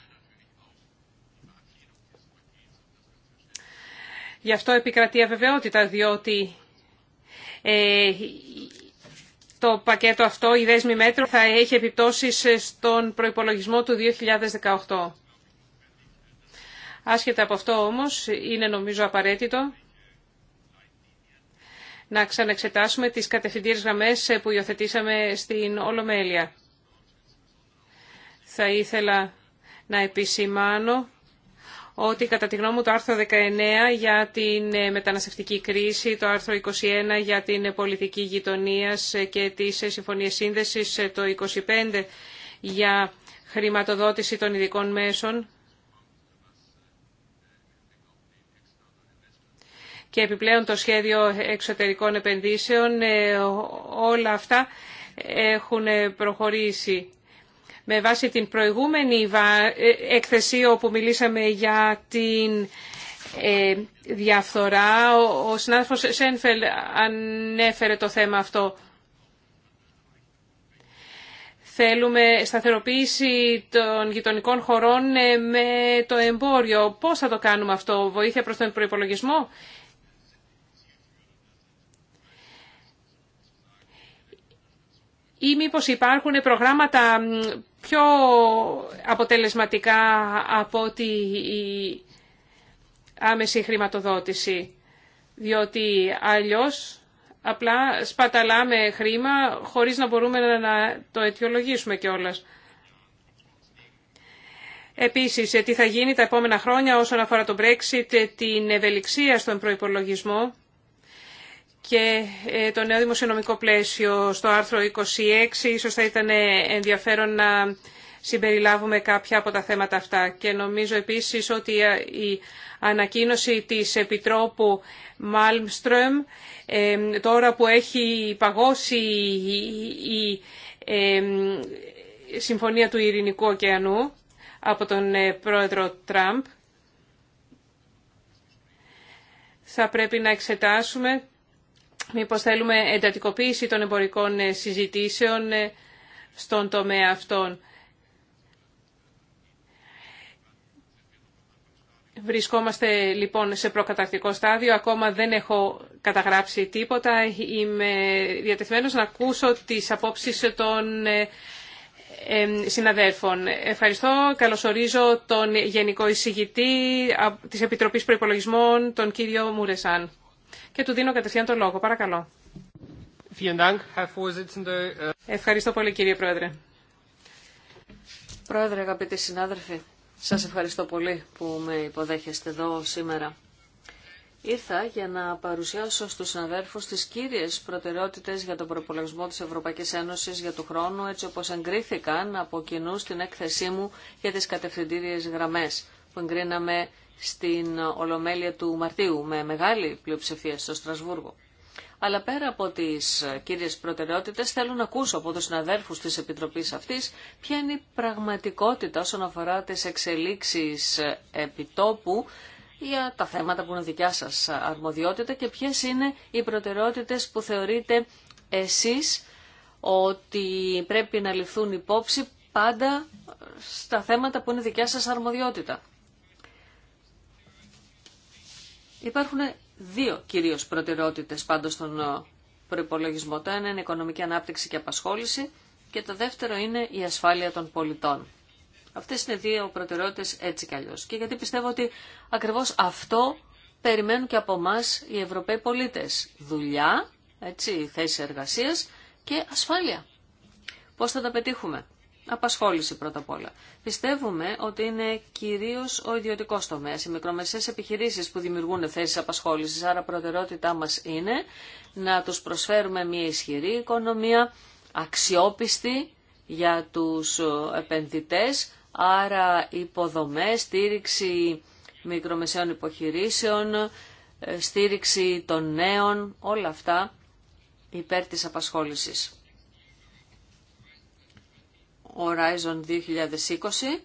Γι' αυτό επικρατεί αβεβαιότητα, διότι ε, το πακέτο αυτό, η δέσμη μέτρων, θα έχει επιπτώσεις στον προϋπολογισμό του 2018. Άσχετα από αυτό όμως είναι νομίζω απαραίτητο να ξαναεξετάσουμε τις κατευθυντήρες γραμμές που υιοθετήσαμε στην Ολομέλεια. Θα ήθελα να επισημάνω ότι κατά τη γνώμη μου το άρθρο 19 για την μεταναστευτική κρίση, το άρθρο 21 για την πολιτική γειτονία και τις συμφωνίες σύνδεσης, το 25 για χρηματοδότηση των ειδικών μέσων, και επιπλέον το σχέδιο εξωτερικών επενδύσεων, ε, όλα αυτά έχουν προχωρήσει. Με βάση την προηγούμενη ε, έκθεση όπου μιλήσαμε για την ε, διαφθορά, ο συνάδελφος Σένφελ ανέφερε το θέμα αυτό. Θέλουμε σταθεροποίηση των γειτονικών χωρών με το εμπόριο. Πώς θα το κάνουμε αυτό, βοήθεια προς τον προϋπολογισμό ή μήπως υπάρχουν προγράμματα πιο αποτελεσματικά από ότι η άμεση χρηματοδότηση. Διότι αλλιώς απλά σπαταλάμε χρήμα χωρίς να μπορούμε να το αιτιολογήσουμε κιόλας. Επίσης, ε, τι θα γίνει τα επόμενα χρόνια όσον αφορά το Brexit, ε, την ευελιξία στον προϋπολογισμό και ε, το νέο δημοσιονομικό πλαίσιο στο άρθρο 26. Ίσως θα ήταν ενδιαφέρον να συμπεριλάβουμε κάποια από τα θέματα αυτά. Και νομίζω επίσης ότι ε, η ανακοίνωση της Επιτρόπου Μάλμστρομ, ε, τώρα που έχει παγώσει η Συμφωνία του Ειρηνικού Ωκεανού από τον πρόεδρο Τραμπ, θα πρέπει να εξετάσουμε μήπως θέλουμε εντατικοποίηση των εμπορικών ε, συζητήσεων ε, στον τομέα αυτών. Βρισκόμαστε λοιπόν σε προκαταρκτικό στάδιο, ακόμα δεν έχω καταγράψει τίποτα. Είμαι διατεθειμένος να ακούσω τις απόψεις των ε, συναδέρφων. Ευχαριστώ. Καλωσορίζω τον Γενικό Εισηγητή της Επιτροπής Προϋπολογισμών, τον κύριο Μουρεσάν και του δίνω κατευθείαν τον λόγο. Παρακαλώ. Ευχαριστώ πολύ κύριε Πρόεδρε. Πρόεδρε, αγαπητοί συνάδελφοι, σας ευχαριστώ πολύ που με υποδέχεστε εδώ σήμερα. Ήρθα για να παρουσιάσω στους συναδέρφους τις κύριες προτεραιότητες για τον προπολογισμό της Ευρωπαϊκής Ένωσης για του χρόνο έτσι όπως εγκρίθηκαν από κοινού στην έκθεσή μου για τις κατευθυντήριες γραμμές που εγκρίναμε στην Ολομέλεια του Μαρτίου με μεγάλη πλειοψηφία στο Στρασβούργο. Αλλά πέρα από τις κύριες προτεραιότητες θέλω να ακούσω από τους συναδέρφους της Επιτροπής αυτής ποια είναι η πραγματικότητα όσον αφορά τις εξελίξεις επιτόπου για τα θέματα που είναι δικιά σας αρμοδιότητα και ποιες είναι οι προτεραιότητες που θεωρείτε εσείς ότι πρέπει να ληφθούν υπόψη πάντα στα θέματα που είναι δικιά σας αρμοδιότητα. Υπάρχουν δύο κυρίω προτεραιότητες πάντως στον ε, προπολογισμό. Το ένα είναι η οικονομική ανάπτυξη και απασχόληση και το δεύτερο είναι η ασφάλεια των πολιτών. Αυτές είναι δύο προτεραιότητες έτσι κι αλλιώ. Και γιατί πιστεύω ότι ακριβώς αυτό περιμένουν και από εμά οι Ευρωπαίοι πολίτες. Δουλειά, έτσι, θέση εργασία και ασφάλεια. Πώ θα τα πετύχουμε. Απασχόληση πρώτα απ' όλα. Πιστεύουμε ότι είναι κυρίω ο ιδιωτικό τομέα, οι μικρομεσαίε επιχειρήσει που δημιουργούν θέσει απασχόληση. Άρα, προτεραιότητά μα είναι να του προσφέρουμε μια ισχυρή οικονομία, αξιόπιστη για του επενδυτέ. Άρα, υποδομέ, στήριξη μικρομεσαίων επιχειρήσεων, στήριξη των νέων, όλα αυτά υπέρ της απασχόλησης. Horizon 2020,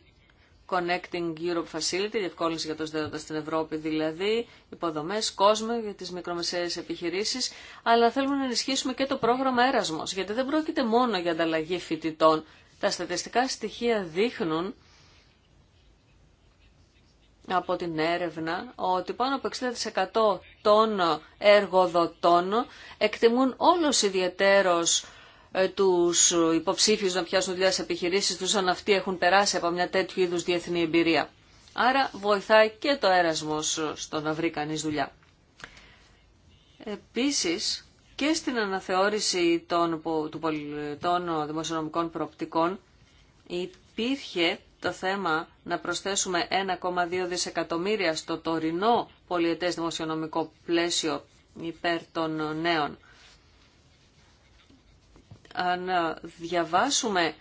Connecting Europe Facility, διευκόλυνση για το δέοντα στην Ευρώπη δηλαδή, υποδομές, κόσμο για τις μικρομεσαίες επιχειρήσεις, αλλά θέλουμε να ενισχύσουμε και το πρόγραμμα έρασμο. γιατί δεν πρόκειται μόνο για ανταλλαγή φοιτητών. Τα στατιστικά στοιχεία δείχνουν από την έρευνα ότι πάνω από 60% των εργοδοτών εκτιμούν όλος ιδιαίτερος ε, τους υποψήφιους να πιάσουν δουλειά σε επιχειρήσεις τους αν αυτοί έχουν περάσει από μια τέτοιου είδους διεθνή εμπειρία. Άρα βοηθάει και το έρασμο στο να βρει κανείς δουλειά. Επίσης και στην αναθεώρηση των, των δημοσιονομικών προοπτικών υπήρχε το θέμα να προσθέσουμε 1,2 δισεκατομμύρια στο τωρινό πολιετές δημοσιονομικό πλαίσιο υπέρ των νέων. Αν ε, διαβάσουμε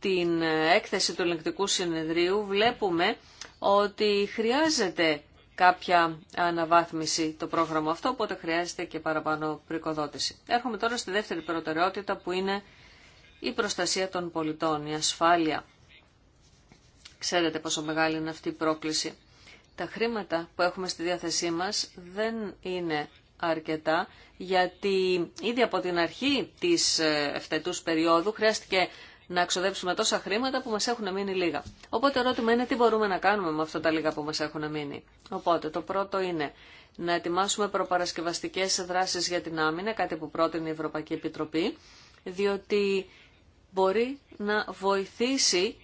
την ε, έκθεση του ελεγκτικού συνεδρίου βλέπουμε ότι χρειάζεται κάποια αναβάθμιση το πρόγραμμα αυτό, οπότε χρειάζεται και παραπάνω πρικοδότηση. Έρχομαι τώρα στη δεύτερη προτεραιότητα που είναι η προστασία των πολιτών, η ασφάλεια. Ξέρετε πόσο μεγάλη είναι αυτή η πρόκληση. Τα χρήματα που έχουμε στη διάθεσή μας δεν είναι αρκετά, γιατί ήδη από την αρχή της ε, εφτετούς περίοδου χρειάστηκε να ξοδέψουμε τόσα χρήματα που μας έχουν μείνει λίγα. Οπότε ερώτημα είναι τι μπορούμε να κάνουμε με αυτά τα λίγα που μας έχουν μείνει. Οπότε το πρώτο είναι να ετοιμάσουμε προπαρασκευαστικές δράσεις για την άμυνα, κάτι που πρότεινε η Ευρωπαϊκή Επιτροπή, διότι μπορεί να βοηθήσει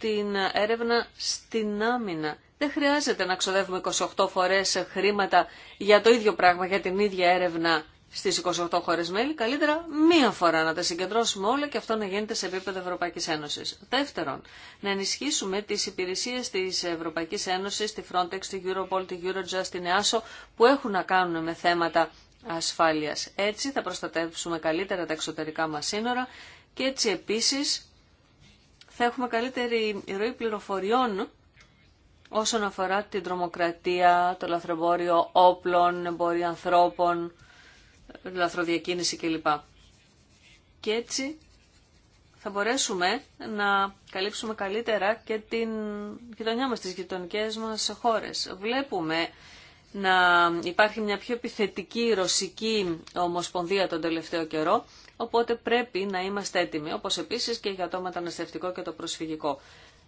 την έρευνα στην άμυνα δεν χρειάζεται να ξοδεύουμε 28 φορές χρήματα για το ίδιο πράγμα, για την ίδια έρευνα στις 28 χώρες μέλη. Καλύτερα μία φορά να τα συγκεντρώσουμε όλα και αυτό να γίνεται σε επίπεδο Ευρωπαϊκής Ένωσης. Δεύτερον, να ενισχύσουμε τις υπηρεσίες της Ευρωπαϊκής Ένωσης, τη Frontex, τη Europol, τη Eurojust, την EASO, που έχουν να κάνουν με θέματα ασφάλειας. Έτσι θα προστατεύσουμε καλύτερα τα εξωτερικά μας σύνορα και έτσι επίσης θα έχουμε καλύτερη ροή πληροφοριών όσον αφορά την τρομοκρατία, το λαθρεμπόριο όπλων, εμπόριο ανθρώπων, λαθροδιακίνηση κλπ. Και έτσι θα μπορέσουμε να καλύψουμε καλύτερα και την γειτονιά μας, τις γειτονικές μας χώρες. Βλέπουμε να υπάρχει μια πιο επιθετική ρωσική ομοσπονδία τον τελευταίο καιρό, οπότε πρέπει να είμαστε έτοιμοι, όπως επίσης και για το μεταναστευτικό και το προσφυγικό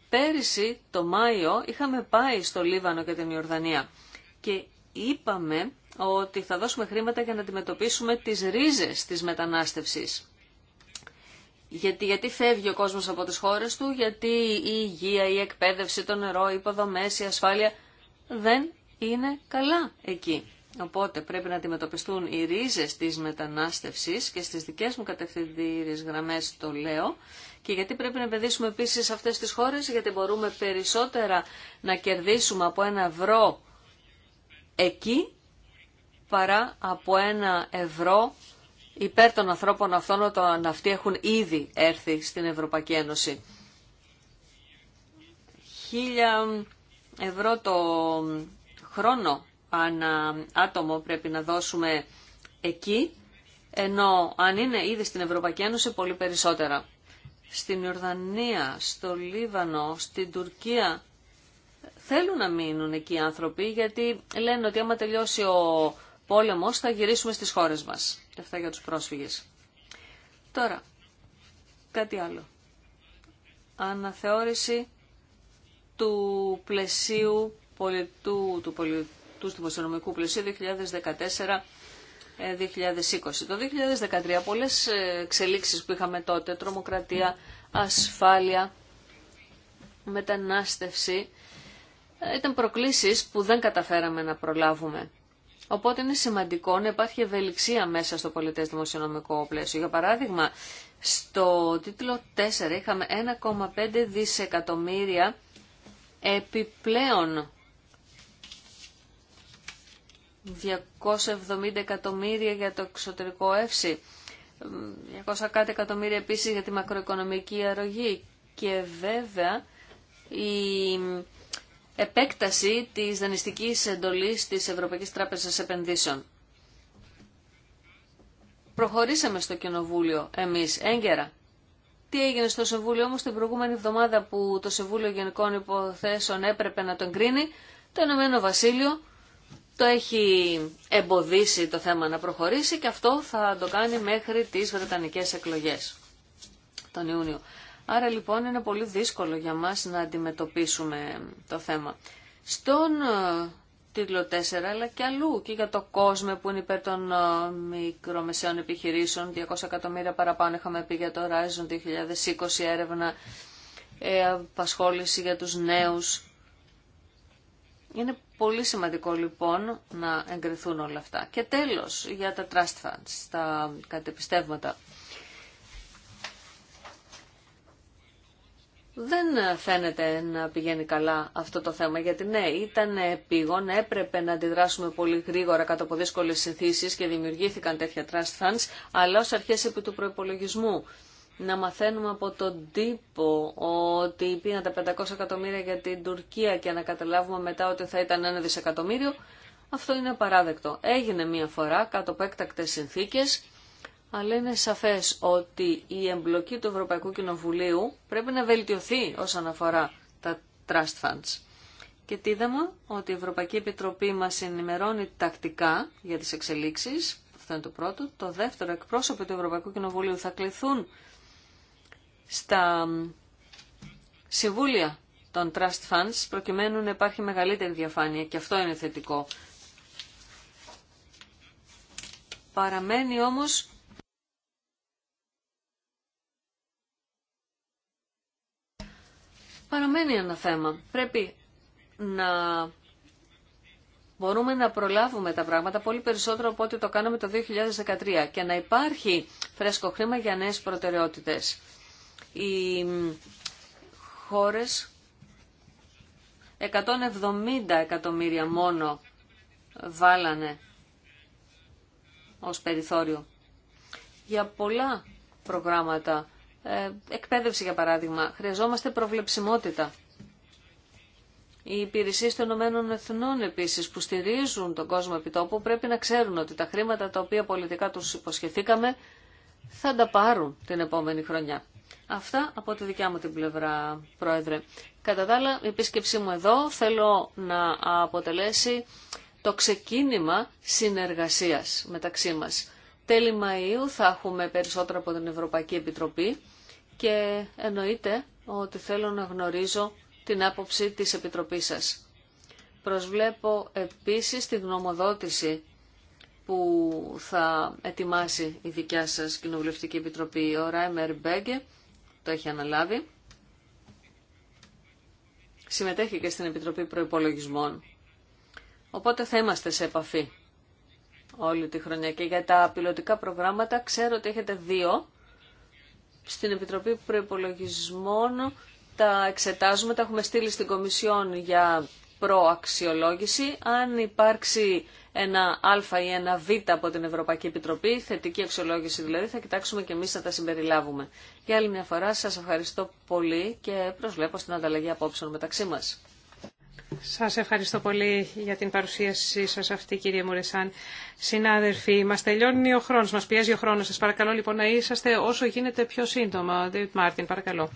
πέρυσι το Μάιο είχαμε πάει στο Λίβανο και την Ιορδανία και είπαμε ότι θα δώσουμε χρήματα για να αντιμετωπίσουμε τις ρίζες της μετανάστευσης. Γιατί, γιατί φεύγει ο κόσμος από τις χώρες του, γιατί η υγεία, η εκπαίδευση, το νερό, οι υποδομές, η ασφάλεια δεν είναι καλά εκεί. Οπότε πρέπει να αντιμετωπιστούν οι ρίζες της μετανάστευσης και στις δικές μου κατευθυντήριες γραμμές το λέω και γιατί πρέπει να επενδύσουμε επίση σε αυτέ τι χώρε, γιατί μπορούμε περισσότερα να κερδίσουμε από ένα ευρώ εκεί παρά από ένα ευρώ υπέρ των ανθρώπων αυτών όταν αυτοί έχουν ήδη έρθει στην Ευρωπαϊκή Ένωση. Χίλια ευρώ το χρόνο ανά άτομο πρέπει να δώσουμε εκεί, ενώ αν είναι ήδη στην Ευρωπαϊκή Ένωση πολύ περισσότερα στην Ιορδανία, στο Λίβανο, στην Τουρκία θέλουν να μείνουν εκεί οι άνθρωποι γιατί λένε ότι άμα τελειώσει ο πόλεμος θα γυρίσουμε στις χώρες μας. Και αυτά για τους πρόσφυγες. Τώρα, κάτι άλλο. Αναθεώρηση του πλαισίου πολιτού, του πολιτού του δημοσιονομικού πλαισίου 2014 2020. Ε, Το 2013 πολλές ε, εξελίξεις που είχαμε τότε, τρομοκρατία, ασφάλεια, μετανάστευση, ε, ήταν προκλήσεις που δεν καταφέραμε να προλάβουμε. Οπότε είναι σημαντικό να υπάρχει ευελιξία μέσα στο πολιτές δημοσιονομικό πλαίσιο. Για παράδειγμα, στο τίτλο 4 είχαμε 1,5 δισεκατομμύρια επιπλέον 270 εκατομμύρια για το εξωτερικό εύση, 200 εκατομμύρια επίσης για τη μακροοικονομική αρρωγή και βέβαια η επέκταση της δανειστικής εντολής της Ευρωπαϊκής Τράπεζας Επενδύσεων. Προχωρήσαμε στο Κοινοβούλιο εμείς έγκαιρα. Τι έγινε στο Συμβούλιο όμως την προηγούμενη εβδομάδα που το Συμβούλιο Γενικών Υποθέσεων έπρεπε να τον κρίνει, το Ενωμένο Βασίλειο το έχει εμποδίσει το θέμα να προχωρήσει και αυτό θα το κάνει μέχρι τις Βρετανικές εκλογές τον Ιούνιο. Άρα λοιπόν είναι πολύ δύσκολο για μας να αντιμετωπίσουμε το θέμα. Στον ε, τίτλο 4 αλλά και αλλού και για το κόσμο που είναι υπέρ των ε, μικρομεσαίων επιχειρήσεων 200 εκατομμύρια παραπάνω είχαμε πει για το Horizon 2020 έρευνα ε, απασχόληση για τους νέους είναι πολύ σημαντικό λοιπόν να εγκριθούν όλα αυτά. Και τέλος για τα trust funds, τα κατεπιστεύματα. Δεν φαίνεται να πηγαίνει καλά αυτό το θέμα, γιατί ναι, ήταν πήγον, έπρεπε να αντιδράσουμε πολύ γρήγορα κάτω από δύσκολε συνθήσεις και δημιουργήθηκαν τέτοια trust funds, αλλά ως αρχές επί του προπολογισμού να μαθαίνουμε από τον τύπο ότι πήγαν τα 500 εκατομμύρια για την Τουρκία και να καταλάβουμε μετά ότι θα ήταν ένα δισεκατομμύριο, αυτό είναι απαράδεκτο. Έγινε μία φορά κάτω από έκτακτες συνθήκες, αλλά είναι σαφές ότι η εμπλοκή του Ευρωπαϊκού Κοινοβουλίου πρέπει να βελτιωθεί όσον αφορά τα trust funds. Και τι είδαμε, ότι η Ευρωπαϊκή Επιτροπή μας ενημερώνει τακτικά για τις εξελίξεις, αυτό είναι το πρώτο. Το δεύτερο, εκπρόσωποι του Ευρωπαϊκού Κοινοβουλίου θα κληθούν στα συμβούλια των trust funds προκειμένου να υπάρχει μεγαλύτερη διαφάνεια και αυτό είναι θετικό. Παραμένει όμως Παραμένει ένα θέμα. Πρέπει να μπορούμε να προλάβουμε τα πράγματα πολύ περισσότερο από ό,τι το κάναμε το 2013 και να υπάρχει φρέσκο χρήμα για νέες προτεραιότητες οι χώρες 170 εκατομμύρια μόνο βάλανε ως περιθώριο. Για πολλά προγράμματα, ε, εκπαίδευση για παράδειγμα, χρειαζόμαστε προβλεψιμότητα. Οι υπηρεσίε των Ηνωμένων Εθνών επίση που στηρίζουν τον κόσμο επιτόπου πρέπει να ξέρουν ότι τα χρήματα τα οποία πολιτικά τους υποσχεθήκαμε θα τα πάρουν την επόμενη χρονιά. Αυτά από τη δικιά μου την πλευρά, Πρόεδρε. Κατά τα άλλα, η επίσκεψή μου εδώ θέλω να αποτελέσει το ξεκίνημα συνεργασίας μεταξύ μας. Τέλη Μαΐου θα έχουμε περισσότερα από την Ευρωπαϊκή Επιτροπή και εννοείται ότι θέλω να γνωρίζω την άποψη της Επιτροπής σας. Προσβλέπω επίσης τη γνωμοδότηση που θα ετοιμάσει η δικιά σας Κοινοβουλευτική Επιτροπή, ο Ράιμερ Μπέγκε, το έχει αναλάβει. Συμμετέχει και στην Επιτροπή Προϋπολογισμών. Οπότε θα είμαστε σε επαφή όλη τη χρονιά. Και για τα πιλωτικά προγράμματα ξέρω ότι έχετε δύο. Στην Επιτροπή Προϋπολογισμών τα εξετάζουμε, τα έχουμε στείλει στην Κομισιόν για προαξιολόγηση. Αν υπάρξει ένα α ή ένα β από την Ευρωπαϊκή Επιτροπή, θετική αξιολόγηση δηλαδή, θα κοιτάξουμε και εμείς να τα συμπεριλάβουμε. Για άλλη μια φορά σας ευχαριστώ πολύ και προσβλέπω στην ανταλλαγή απόψεων μεταξύ μας. Σας ευχαριστώ πολύ για την παρουσίασή σας αυτή κύριε Μουρεσάν. Συνάδελφοι, μας τελειώνει ο χρόνος, μας πιέζει ο χρόνος. Σας παρακαλώ λοιπόν να είσαστε όσο γίνεται πιο σύντομα. David Μάρτιν, παρακαλώ.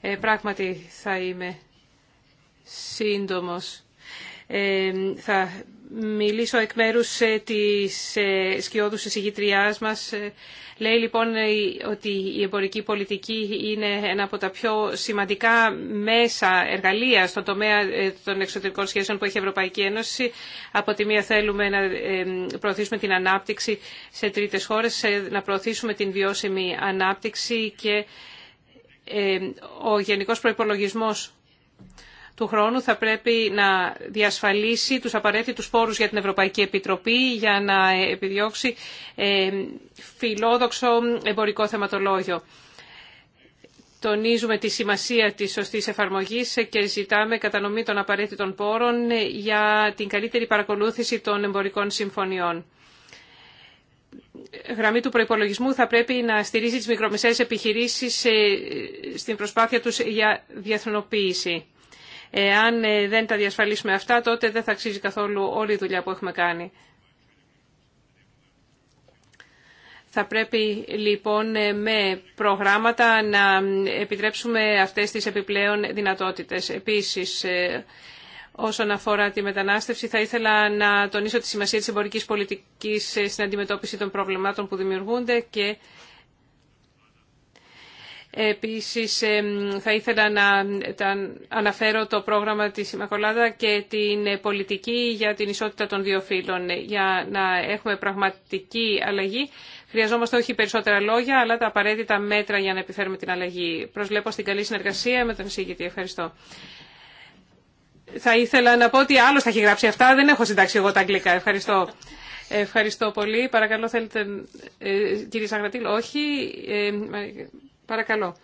Ε, πράγματι θα είμαι σύντομος. Ε, θα μιλήσω εκ μέρους ε, της ε, σκιώδους εισηγητριάς μας. Λέει λοιπόν ότι η εμπορική πολιτική είναι ένα από τα πιο σημαντικά μέσα εργαλεία στον τομέα των εξωτερικών σχέσεων που έχει η Ευρωπαϊκή Ένωση. Από τη μία θέλουμε να προωθήσουμε την ανάπτυξη σε τρίτες χώρες, να προωθήσουμε την βιώσιμη ανάπτυξη και ο γενικός προϋπολογισμός του χρόνου θα πρέπει να διασφαλίσει τους απαραίτητους πόρους για την Ευρωπαϊκή Επιτροπή για να επιδιώξει ε, φιλόδοξο εμπορικό θεματολόγιο. Τονίζουμε τη σημασία της σωστής εφαρμογής και ζητάμε κατανομή των απαραίτητων πόρων για την καλύτερη παρακολούθηση των εμπορικών συμφωνιών γραμμή του προϋπολογισμού θα πρέπει να στηρίζει τις μικρομεσαίες επιχειρήσεις ε, στην προσπάθεια τους για διεθνοποίηση. Εάν ε, δεν τα διασφαλίσουμε αυτά, τότε δεν θα αξίζει καθόλου όλη η δουλειά που έχουμε κάνει. Θα πρέπει λοιπόν ε, με προγράμματα να επιτρέψουμε αυτές τις επιπλέον δυνατότητες. Επίσης, ε, όσον αφορά τη μετανάστευση, θα ήθελα να τονίσω τη σημασία της εμπορικής πολιτικής στην αντιμετώπιση των προβλημάτων που δημιουργούνται και Επίσης θα ήθελα να αναφέρω το πρόγραμμα της Μακολάδα και την πολιτική για την ισότητα των δύο φύλων. Για να έχουμε πραγματική αλλαγή χρειαζόμαστε όχι περισσότερα λόγια αλλά τα απαραίτητα μέτρα για να επιφέρουμε την αλλαγή. Προσβλέπω στην καλή συνεργασία με τον εισηγητή. Ευχαριστώ. Θα ήθελα να πω ότι άλλο θα έχει γράψει αυτά. Δεν έχω συντάξει εγώ τα αγγλικά. Ευχαριστώ. Ευχαριστώ πολύ. Παρακαλώ θέλετε... Ε, κύριε Σαγρατήλ, όχι. Ε, Παρακαλώ.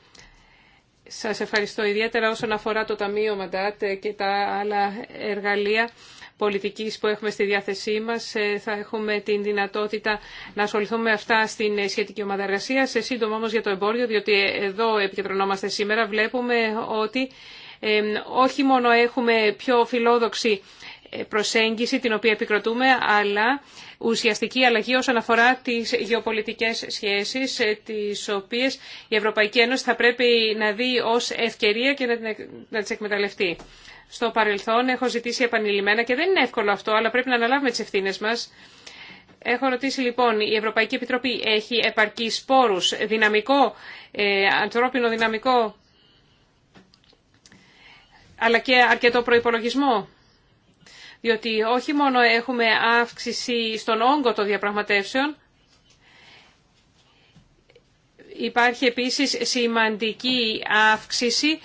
Σας ευχαριστώ ιδιαίτερα όσον αφορά το Ταμείο Μαντάτ και τα άλλα εργαλεία πολιτικής που έχουμε στη διάθεσή μας. Ε, θα έχουμε την δυνατότητα να ασχοληθούμε με αυτά στην σχετική ομάδα εργασία. Σε σύντομα όμω για το εμπόριο, διότι εδώ επικεντρωνόμαστε σήμερα, βλέπουμε ότι ε, όχι μόνο έχουμε πιο φιλόδοξη προσέγγιση την οποία επικροτούμε, αλλά ουσιαστική αλλαγή όσον αφορά τις γεωπολιτικές σχέσεις, ε, τις οποίες η Ευρωπαϊκή Ένωση θα πρέπει να δει ως ευκαιρία και να τις εκμεταλλευτεί. Στο παρελθόν έχω ζητήσει επανειλημμένα και δεν είναι εύκολο αυτό, αλλά πρέπει να αναλάβουμε τις ευθύνες μας. Έχω ρωτήσει λοιπόν, η Ευρωπαϊκή Επιτροπή έχει επαρκή σπόρους, δυναμικό, ε, ανθρώπινο δυναμικό, αλλά και αρκετό προϋπολογισμό διότι όχι μόνο έχουμε αύξηση στον όγκο των διαπραγματεύσεων, υπάρχει επίσης σημαντική αύξηση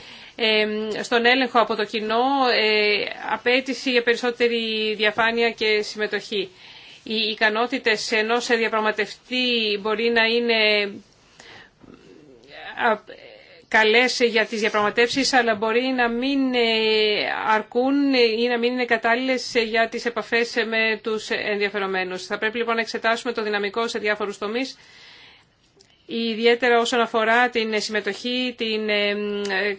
στον έλεγχο από το κοινό, ε, απέτηση για περισσότερη διαφάνεια και συμμετοχή. Οι ικανότητες ενός διαπραγματευτή μπορεί να είναι καλές για τις διαπραγματεύσεις, αλλά μπορεί να μην ε, αρκούν ή να μην είναι κατάλληλες για τις επαφές με τους ενδιαφερομένους. Θα πρέπει λοιπόν να εξετάσουμε το δυναμικό σε διάφορους τομείς, ιδιαίτερα όσον αφορά την συμμετοχή, την ε, ε,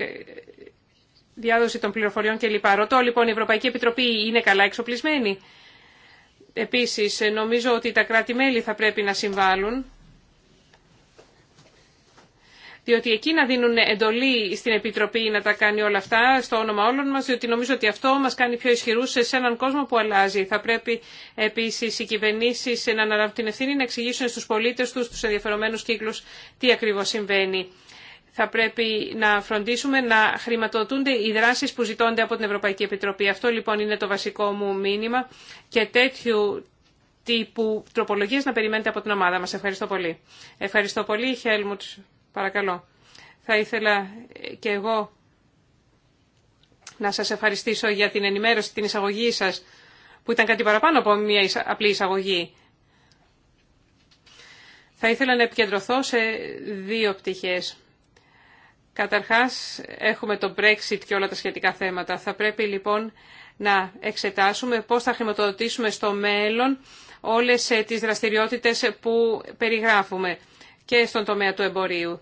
διάδοση των πληροφοριών κλπ. Ρωτώ λοιπόν η Ευρωπαϊκή Επιτροπή είναι καλά εξοπλισμένη. Επίσης νομίζω ότι τα κράτη-μέλη θα πρέπει να συμβάλλουν διότι εκεί να δίνουν εντολή στην Επιτροπή να τα κάνει όλα αυτά στο όνομα όλων μας, διότι νομίζω ότι αυτό μας κάνει πιο ισχυρούς σε έναν κόσμο που αλλάζει. Θα πρέπει επίσης οι κυβερνήσεις να αναλάβουν την ευθύνη να εξηγήσουν στους πολίτες τους, στους ενδιαφερομένους κύκλους, τι ακριβώς συμβαίνει. Θα πρέπει να φροντίσουμε να χρηματοδοτούνται οι δράσεις που ζητώνται από την Ευρωπαϊκή Επιτροπή. Αυτό λοιπόν είναι το βασικό μου μήνυμα και τέτοιου τύπου τροπολογίες να περιμένετε από την ομάδα μας. Ευχαριστώ πολύ. Ευχαριστώ πολύ, Χέλμουτ Παρακαλώ. Θα ήθελα και εγώ να σας ευχαριστήσω για την ενημέρωση, την εισαγωγή σας, που ήταν κάτι παραπάνω από μια απλή εισαγωγή. Θα ήθελα να επικεντρωθώ σε δύο πτυχές. Καταρχάς, έχουμε το Brexit και όλα τα σχετικά θέματα. Θα πρέπει λοιπόν να εξετάσουμε πώς θα χρηματοδοτήσουμε στο μέλλον όλες ε, τις δραστηριότητες που περιγράφουμε και στον τομέα του εμπορίου.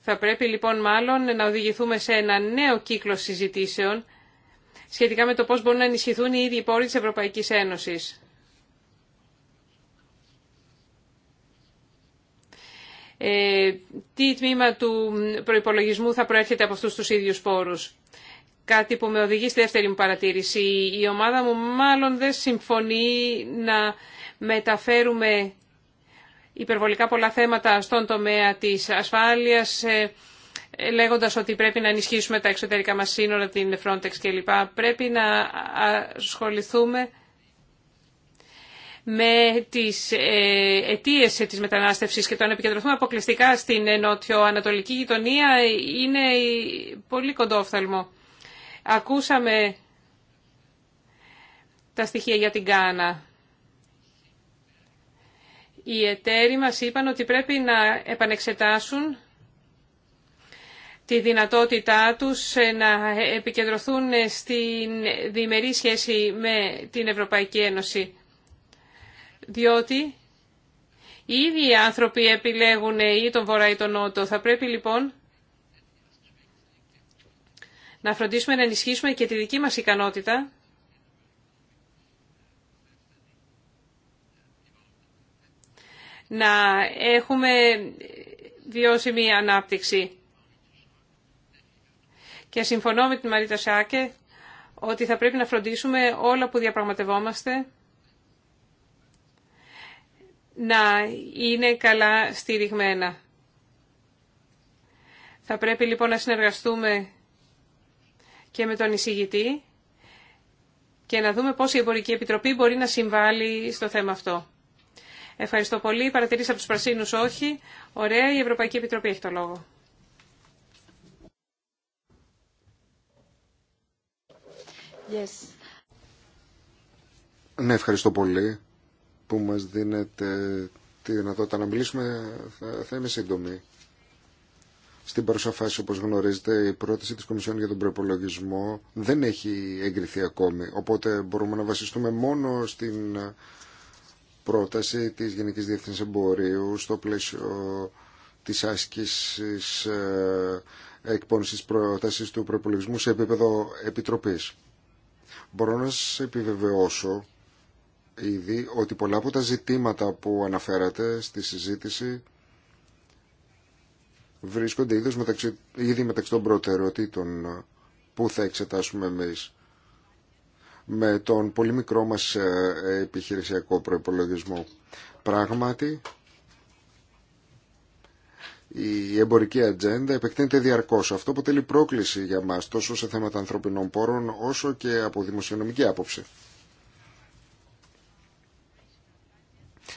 Θα πρέπει λοιπόν μάλλον να οδηγηθούμε σε ένα νέο κύκλο συζητήσεων σχετικά με το πώς μπορούν να ενισχυθούν οι ίδιοι πόροι της Ευρωπαϊκής Ένωσης. Ε, τι τμήμα του προϋπολογισμού θα προέρχεται από αυτούς τους ίδιους πόρους. Κάτι που με οδηγεί στη δεύτερη μου παρατήρηση. Η ομάδα μου μάλλον δεν συμφωνεί να μεταφέρουμε υπερβολικά πολλά θέματα στον τομέα της ασφάλειας, ε, λέγοντας ότι πρέπει να ενισχύσουμε τα εξωτερικά μας σύνορα, την Frontex κλπ. Πρέπει να ασχοληθούμε με τις ε, αιτίες της μετανάστευσης και το να επικεντρωθούμε αποκλειστικά στην νότιο-ανατολική γειτονία είναι πολύ κοντόφθαλμο. Ακούσαμε τα στοιχεία για την Κάνα οι εταίροι μας είπαν ότι πρέπει να επανεξετάσουν τη δυνατότητά τους να επικεντρωθούν στην διμερή σχέση με την Ευρωπαϊκή Ένωση. Διότι οι ίδιοι άνθρωποι επιλέγουν ή τον Βορρά ή τον Νότο. Θα πρέπει λοιπόν να φροντίσουμε να ενισχύσουμε και τη δική μας ικανότητα να έχουμε βιώσιμη ανάπτυξη. Και συμφωνώ με την Μαρίτα Σάκε ότι θα πρέπει να φροντίσουμε όλα που διαπραγματευόμαστε να είναι καλά στηριγμένα. Θα πρέπει λοιπόν να συνεργαστούμε και με τον εισηγητή και να δούμε πώς η Εμπορική Επιτροπή μπορεί να συμβάλλει στο θέμα αυτό. Ευχαριστώ πολύ. Παρατηρήσα του τους Πρασίνους όχι. Ωραία, η Ευρωπαϊκή Επιτροπή έχει το λόγο. Yes. Ναι, ευχαριστώ πολύ που μας δίνετε τη δυνατότητα να μιλήσουμε. Θα, θα είμαι σύντομη. Στην παρούσα φάση, όπως γνωρίζετε, η πρόταση της Κομισιόν για τον προπολογισμό δεν έχει εγκριθεί ακόμη, οπότε μπορούμε να βασιστούμε μόνο στην πρόταση της Γενικής Διεύθυνσης Εμπορίου στο πλαίσιο της άσκησης ε, εκπόνησης πρότασης του προπολογισμού σε επίπεδο επιτροπής. Μπορώ να σας επιβεβαιώσω ήδη ότι πολλά από τα ζητήματα που αναφέρατε στη συζήτηση βρίσκονται ήδη μεταξύ, ήδη μεταξύ των προτεραιοτήτων που θα εξετάσουμε εμείς με τον πολύ μικρό μας ε, επιχειρησιακό προϋπολογισμό. Πράγματι, η εμπορική ατζέντα επεκτείνεται διαρκώς. Αυτό αποτελεί πρόκληση για μας τόσο σε θέματα ανθρωπινών πόρων όσο και από δημοσιονομική άποψη.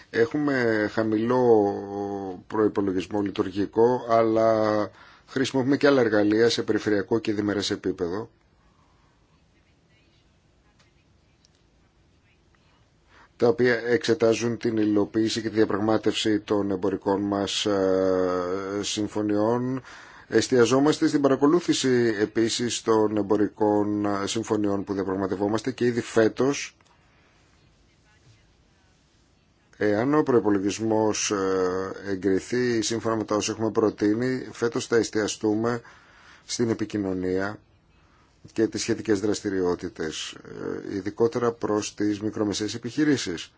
Έχουμε χαμηλό προϋπολογισμό λειτουργικό, αλλά χρησιμοποιούμε και άλλα εργαλεία σε περιφερειακό και δημερές επίπεδο τα οποία εξετάζουν την υλοποίηση και τη διαπραγμάτευση των εμπορικών μας ε, συμφωνιών. Εστιαζόμαστε στην παρακολούθηση επίσης των εμπορικών ε, συμφωνιών που διαπραγματευόμαστε και ήδη φέτος Εάν ο προπολογισμό ε, εγκριθεί σύμφωνα με τα όσα έχουμε προτείνει, φέτος θα εστιαστούμε στην επικοινωνία και τις σχετικές δραστηριότητες, ε, ειδικότερα προς τις μικρομεσαίες επιχειρήσεις.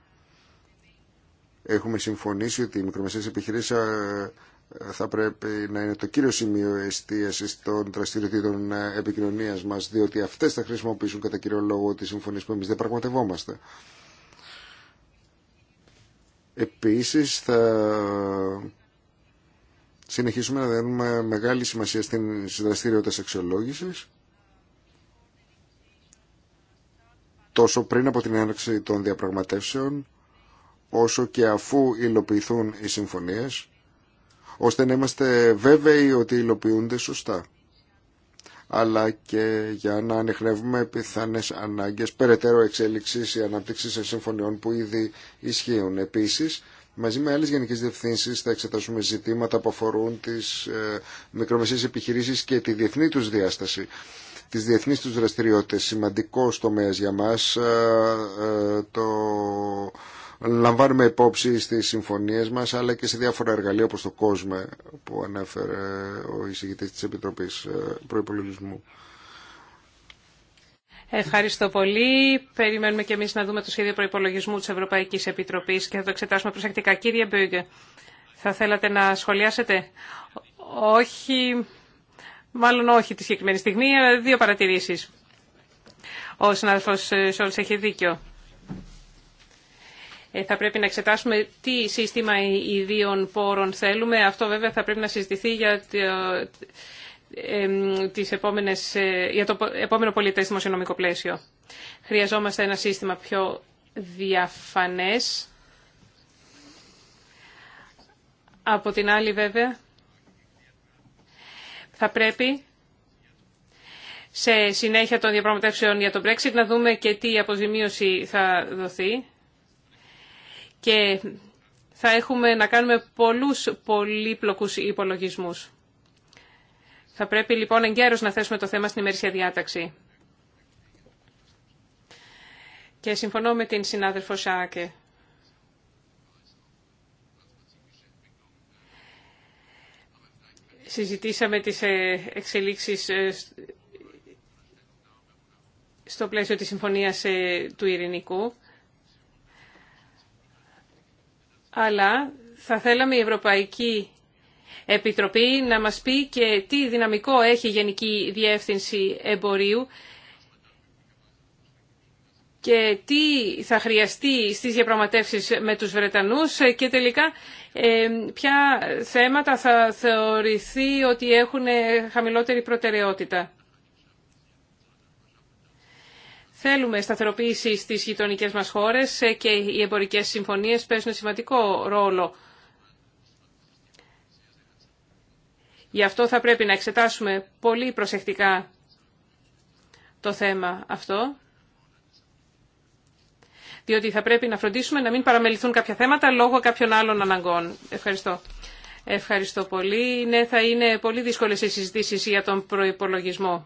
Έχουμε συμφωνήσει ότι οι μικρομεσαίες επιχειρήσεις ε, ε, θα πρέπει να είναι το κύριο σημείο εστίαση των δραστηριοτήτων επικοινωνία μα, διότι αυτέ θα χρησιμοποιήσουν κατά κύριο λόγο τι συμφωνίε που εμεί δεν πραγματευόμαστε. Επίση, θα συνεχίσουμε να δίνουμε μεγάλη σημασία στι δραστηριότητε αξιολόγηση τόσο πριν από την έναρξη των διαπραγματεύσεων, όσο και αφού υλοποιηθούν οι συμφωνίες, ώστε να είμαστε βέβαιοι ότι υλοποιούνται σωστά, αλλά και για να ανεχνεύουμε πιθανές ανάγκες περαιτέρω εξέλιξης ή ανάπτυξης σε συμφωνιών που ήδη ισχύουν. Επίσης, Μαζί με άλλες γενικές διευθύνσεις θα εξετάσουμε ζητήματα που αφορούν τις ε, μικρομεσαίες επιχειρήσεις και τη διεθνή τους διάσταση τις διεθνείς τους δραστηριότητες. Σημαντικό τομέας για μας ε, ε, το λαμβάνουμε υπόψη στις συμφωνίες μας αλλά και σε διάφορα εργαλεία όπως το κόσμο που ανέφερε ο εισηγητής της Επιτροπής ε, Προϋπολογισμού. Ευχαριστώ πολύ. Περιμένουμε και εμείς να δούμε το σχέδιο προϋπολογισμού της Ευρωπαϊκής Επιτροπής και θα το εξετάσουμε προσεκτικά. Κύριε Μπέγκε, θα θέλατε να σχολιάσετε. Όχι, Μάλλον όχι τη συγκεκριμένη στιγμή, αλλά ε, δύο παρατηρήσεις. Ο συνάδελφο ε, Σόλτ έχει δίκιο. Ε, θα πρέπει να εξετάσουμε τι σύστημα ιδίων πόρων θέλουμε. Αυτό βέβαια θα πρέπει να συζητηθεί για τις επόμενες, για το επόμενο πολιτές δημοσιονομικό πλαίσιο. Χρειαζόμαστε ένα σύστημα πιο διαφανές. Από την άλλη βέβαια θα πρέπει σε συνέχεια των διαπραγματεύσεων για τον Brexit να δούμε και τι αποζημίωση θα δοθεί. Και θα έχουμε να κάνουμε πολλούς πολύπλοκους υπολογισμούς. Θα πρέπει λοιπόν εγκαίρως να θέσουμε το θέμα στην ημερήσια διάταξη. Και συμφωνώ με την συνάδελφο Σάκε. συζητήσαμε τις ε, εξελίξεις ε, στο πλαίσιο της Συμφωνίας ε, του Ειρηνικού. Αλλά θα θέλαμε η Ευρωπαϊκή Επιτροπή να μας πει και τι δυναμικό έχει η Γενική Διεύθυνση Εμπορίου και τι θα χρειαστεί στις διαπραγματεύσεις με τους Βρετανούς και τελικά ε, ποια θέματα θα θεωρηθεί ότι έχουν χαμηλότερη προτεραιότητα. Θέλουμε σταθεροποίηση στις γειτονικέ μας χώρες ε, και οι εμπορικές συμφωνίες παίζουν σημαντικό ρόλο. Γι' αυτό θα πρέπει να εξετάσουμε πολύ προσεκτικά το θέμα αυτό διότι θα πρέπει να φροντίσουμε να μην παραμεληθούν κάποια θέματα λόγω κάποιων άλλων αναγκών. Ευχαριστώ. Ευχαριστώ πολύ. Ναι, θα είναι πολύ δύσκολες οι συζητήσει για τον προϋπολογισμό.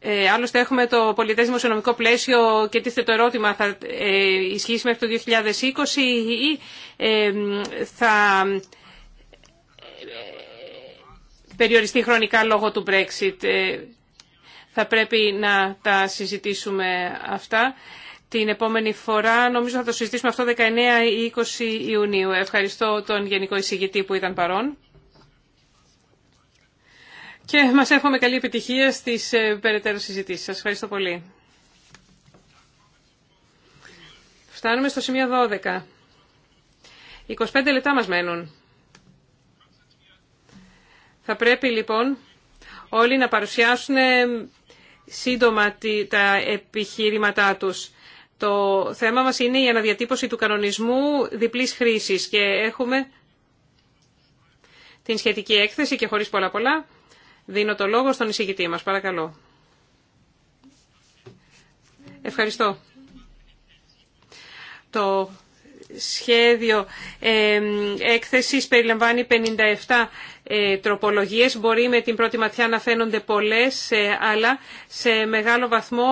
Ε, άλλωστε έχουμε το πολιτές δημοσιονομικό πλαίσιο και τίθεται το ερώτημα θα ε, ισχύσει μέχρι το 2020 ή ε, θα ε, περιοριστεί χρονικά λόγω του Brexit. Ε, θα πρέπει να τα συζητήσουμε αυτά. Την επόμενη φορά νομίζω θα το συζητήσουμε αυτό 19 ή 20 Ιουνίου. Ευχαριστώ τον Γενικό Εισηγητή που ήταν παρόν. Και μας εύχομαι καλή επιτυχία στις ε, περαιτέρω συζητήσεις. Σας ευχαριστώ πολύ. Φτάνουμε στο σημείο 12. 25 λεπτά μας μένουν. Θα πρέπει λοιπόν όλοι να παρουσιάσουν ε, σύντομα τα επιχείρηματά τους. Το θέμα μας είναι η αναδιατύπωση του κανονισμού διπλής χρήσης και έχουμε την σχετική έκθεση και χωρίς πολλά πολλά δίνω το λόγο στον εισηγητή μας. Παρακαλώ. Ευχαριστώ. Το σχέδιο ε, έκθεσης περιλαμβάνει 57 ε, τροπολογίες. Μπορεί με την πρώτη ματιά να φαίνονται πολλές, ε, αλλά σε μεγάλο βαθμό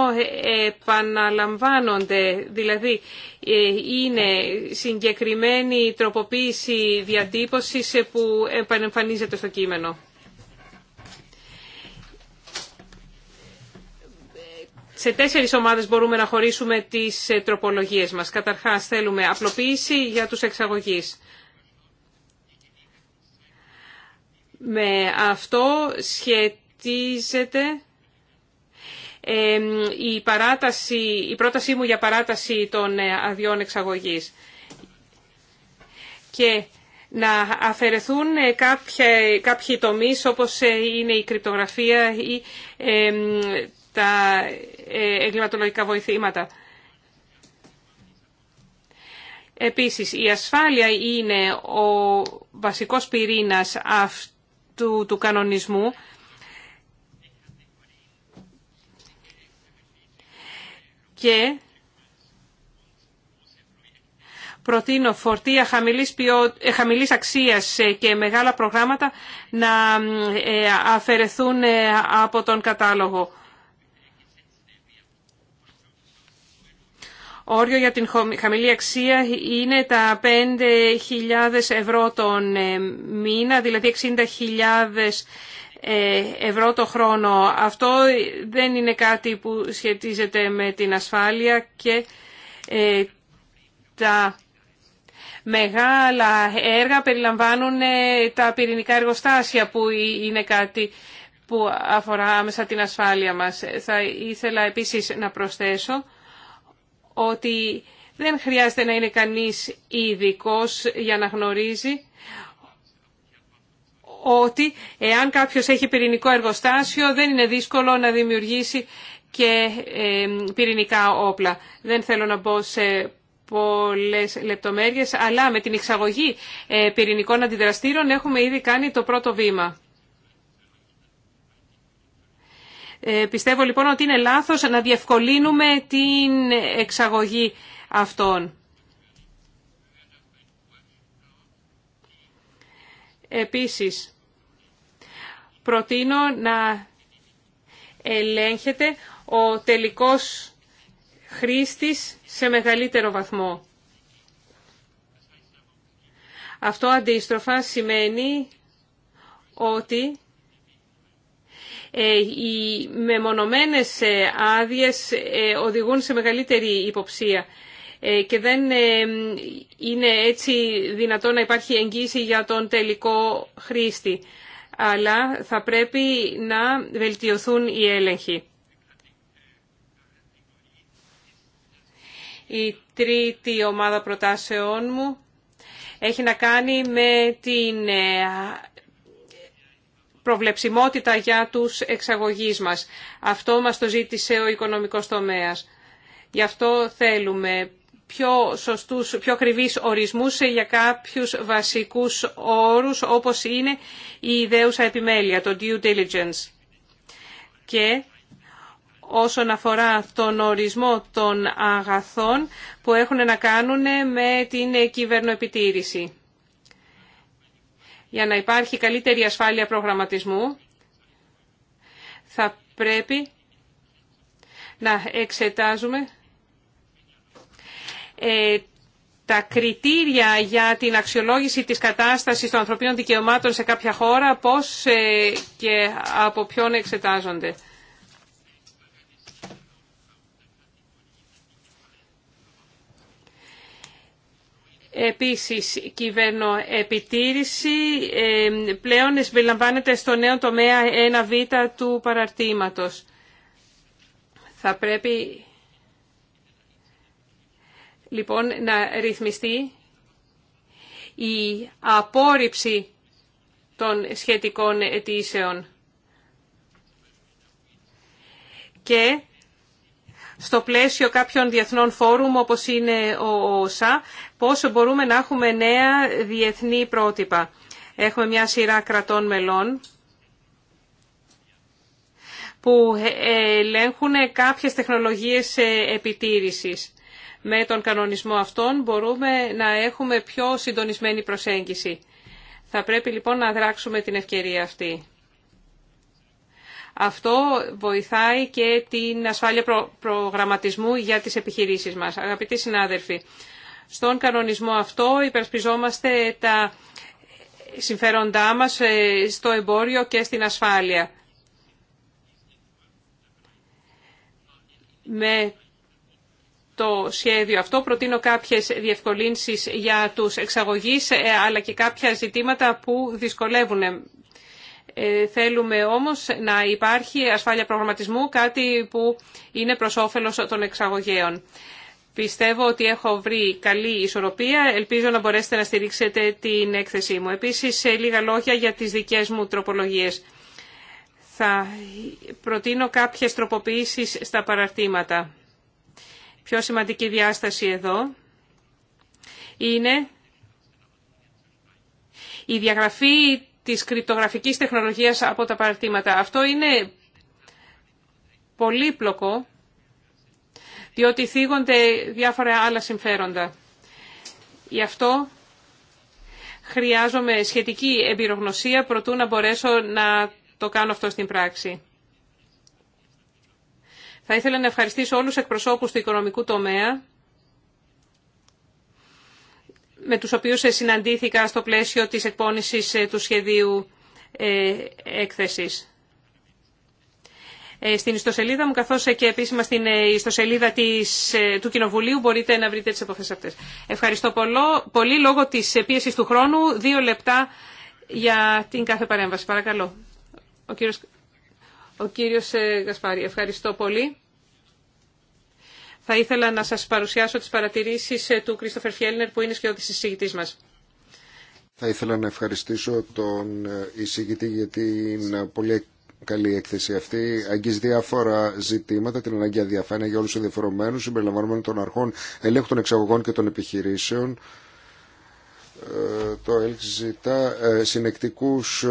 ε, επαναλαμβάνονται. Δηλαδή, είναι συγκεκριμένη τροποποίηση διατύπωσης που επανεμφανίζεται στο κείμενο. Σε τέσσερις ομάδες μπορούμε να χωρίσουμε τις τροπολογίες μας. Καταρχάς θέλουμε απλοποίηση για τους εξαγωγείς. Με αυτό σχετίζεται η, παράταση, η πρότασή μου για παράταση των ε, αδειών εξαγωγής. Και να αφαιρεθούν ε, κάποια, κάποιοι τομείς όπως ε, είναι η κρυπτογραφία ή τα εγκληματολογικά βοηθήματα. Επίσης, η ασφάλεια είναι ο βασικός πυρήνας αυτού του, κανονισμού και προτείνω φορτία χαμηλής, ποιο... Ε, χαμηλής αξίας ε, και μεγάλα προγράμματα να ε, αφαιρεθούν από τον κατάλογο. Όριο για την χαμηλή αξία είναι τα 5.000 ευρώ τον ε, μήνα, δηλαδή 60.000 ε, ευρώ το χρόνο. Αυτό δεν είναι κάτι που σχετίζεται με την ασφάλεια και ε, τα μεγάλα έργα περιλαμβάνουν τα πυρηνικά εργοστάσια που είναι κάτι που αφορά άμεσα την ασφάλεια μας. Θα ήθελα επίσης να προσθέσω ότι δεν χρειάζεται να είναι κανείς ειδικό για να γνωρίζει ότι εάν κάποιος έχει πυρηνικό εργοστάσιο δεν είναι δύσκολο να δημιουργήσει και ε, πυρηνικά όπλα. Δεν θέλω να μπω σε πολλές λεπτομέρειες, αλλά με την εξαγωγή ε, πυρηνικών αντιδραστήρων έχουμε ήδη κάνει το πρώτο βήμα. Ε, πιστεύω λοιπόν ότι είναι λάθος να διευκολύνουμε την εξαγωγή αυτών. Επίσης, προτείνω να ελέγχεται ο τελικός χρήστης σε μεγαλύτερο βαθμό. Αυτό αντίστροφα σημαίνει ότι ε, οι μεμονωμένες ε, άδειες ε, οδηγούν σε μεγαλύτερη υποψία και δεν είναι έτσι δυνατό να υπάρχει εγγύηση για τον τελικό χρήστη. Αλλά θα πρέπει να βελτιωθούν οι έλεγχοι. Η τρίτη ομάδα προτάσεών μου έχει να κάνει με την προβλεψιμότητα για τους εξαγωγείς μας. Αυτό μας το ζήτησε ο οικονομικός τομέας. Γι' αυτό θέλουμε πιο σωστούς, πιο ακριβείς ορισμούς για κάποιους βασικούς όρους όπως είναι η ιδέουσα επιμέλεια, το due diligence. Και όσον αφορά τον ορισμό των αγαθών που έχουν να κάνουν με την κυβερνοεπιτήρηση για να υπάρχει καλύτερη ασφάλεια προγραμματισμού, θα πρέπει να εξετάζουμε ε, τα κριτήρια για την αξιολόγηση της κατάστασης των ανθρωπίνων δικαιωμάτων σε κάποια χώρα, πώς ε, και από ποιον εξετάζονται. Επίσης, κυβερνοεπιτήρηση ε, πλέον συμπεριλαμβάνεται στο νέο τομέα 1β του παραρτήματος. Θα πρέπει λοιπόν να ρυθμιστεί η απόρριψη των σχετικών αιτήσεων. Και στο πλαίσιο κάποιων διεθνών φόρουμ όπως είναι ο ΩΣΑ πόσο μπορούμε να έχουμε νέα διεθνή πρότυπα. Έχουμε μια σειρά κρατών μελών που ελέγχουν κάποιες τεχνολογίες επιτήρησης. Με τον κανονισμό αυτόν μπορούμε να έχουμε πιο συντονισμένη προσέγγιση. Θα πρέπει λοιπόν να δράξουμε την ευκαιρία αυτή. Αυτό βοηθάει και την ασφάλεια προγραμματισμού για τις επιχειρήσεις μας. Αγαπητοί συνάδελφοι, στον κανονισμό αυτό υπερσπιζόμαστε τα συμφέροντά μας ε, στο εμπόριο και στην ασφάλεια. Με το σχέδιο αυτό προτείνω κάποιες διευκολύνσεις για τους εξαγωγείς ε, αλλά και κάποια ζητήματα που δυσκολεύουν. Ε, θέλουμε όμως να υπάρχει ασφάλεια προγραμματισμού, κάτι που είναι προς όφελος των εξαγωγέων. Πιστεύω ότι έχω βρει καλή ισορροπία. Ελπίζω να μπορέσετε να στηρίξετε την έκθεσή μου. Επίσης, σε λίγα λόγια για τις δικές μου τροπολογίες. Θα προτείνω κάποιες τροποποιήσεις στα παραρτήματα. Πιο σημαντική διάσταση εδώ είναι η διαγραφή της κρυπτογραφικής τεχνολογίας από τα παραρτήματα. Αυτό είναι πολύπλοκο διότι θίγονται διάφορα άλλα συμφέροντα. Γι' αυτό χρειάζομαι σχετική εμπειρογνωσία προτού να μπορέσω να το κάνω αυτό στην πράξη. Θα ήθελα να ευχαριστήσω όλους εκπροσώπους του οικονομικού τομέα με τους οποίους συναντήθηκα στο πλαίσιο της εκπόνησης ε, του σχεδίου ε, έκθεσης. Ε, στην ιστοσελίδα μου, καθώς ε, και επίσημα στην ε, ιστοσελίδα της, του Κοινοβουλίου μπορείτε να βρείτε τις επαφές αυτές. Ευχαριστώ πολύ. Λόγω της πίεσης του χρόνου, δύο λεπτά για την κάθε παρέμβαση. Παρακαλώ. Ο κύριος, ο κύριος Γασπάρη, ευχαριστώ πολύ. Θα ήθελα να σας παρουσιάσω τις παρατηρήσεις του Κρίστοφερ Φιέλνερ που είναι σκιώδης εισηγητής μας. Θα ήθελα να ευχαριστήσω τον εισηγητή για την πολύ καλή έκθεση αυτή. Αγγίζει διάφορα ζητήματα, την ανάγκη αδιαφάνεια για όλου του ενδιαφερομένου, συμπεριλαμβανομένων των αρχών ελέγχου των εξαγωγών και των επιχειρήσεων. Ε, το ΕΛΚ ζητά ε, συνεκτικούς ε,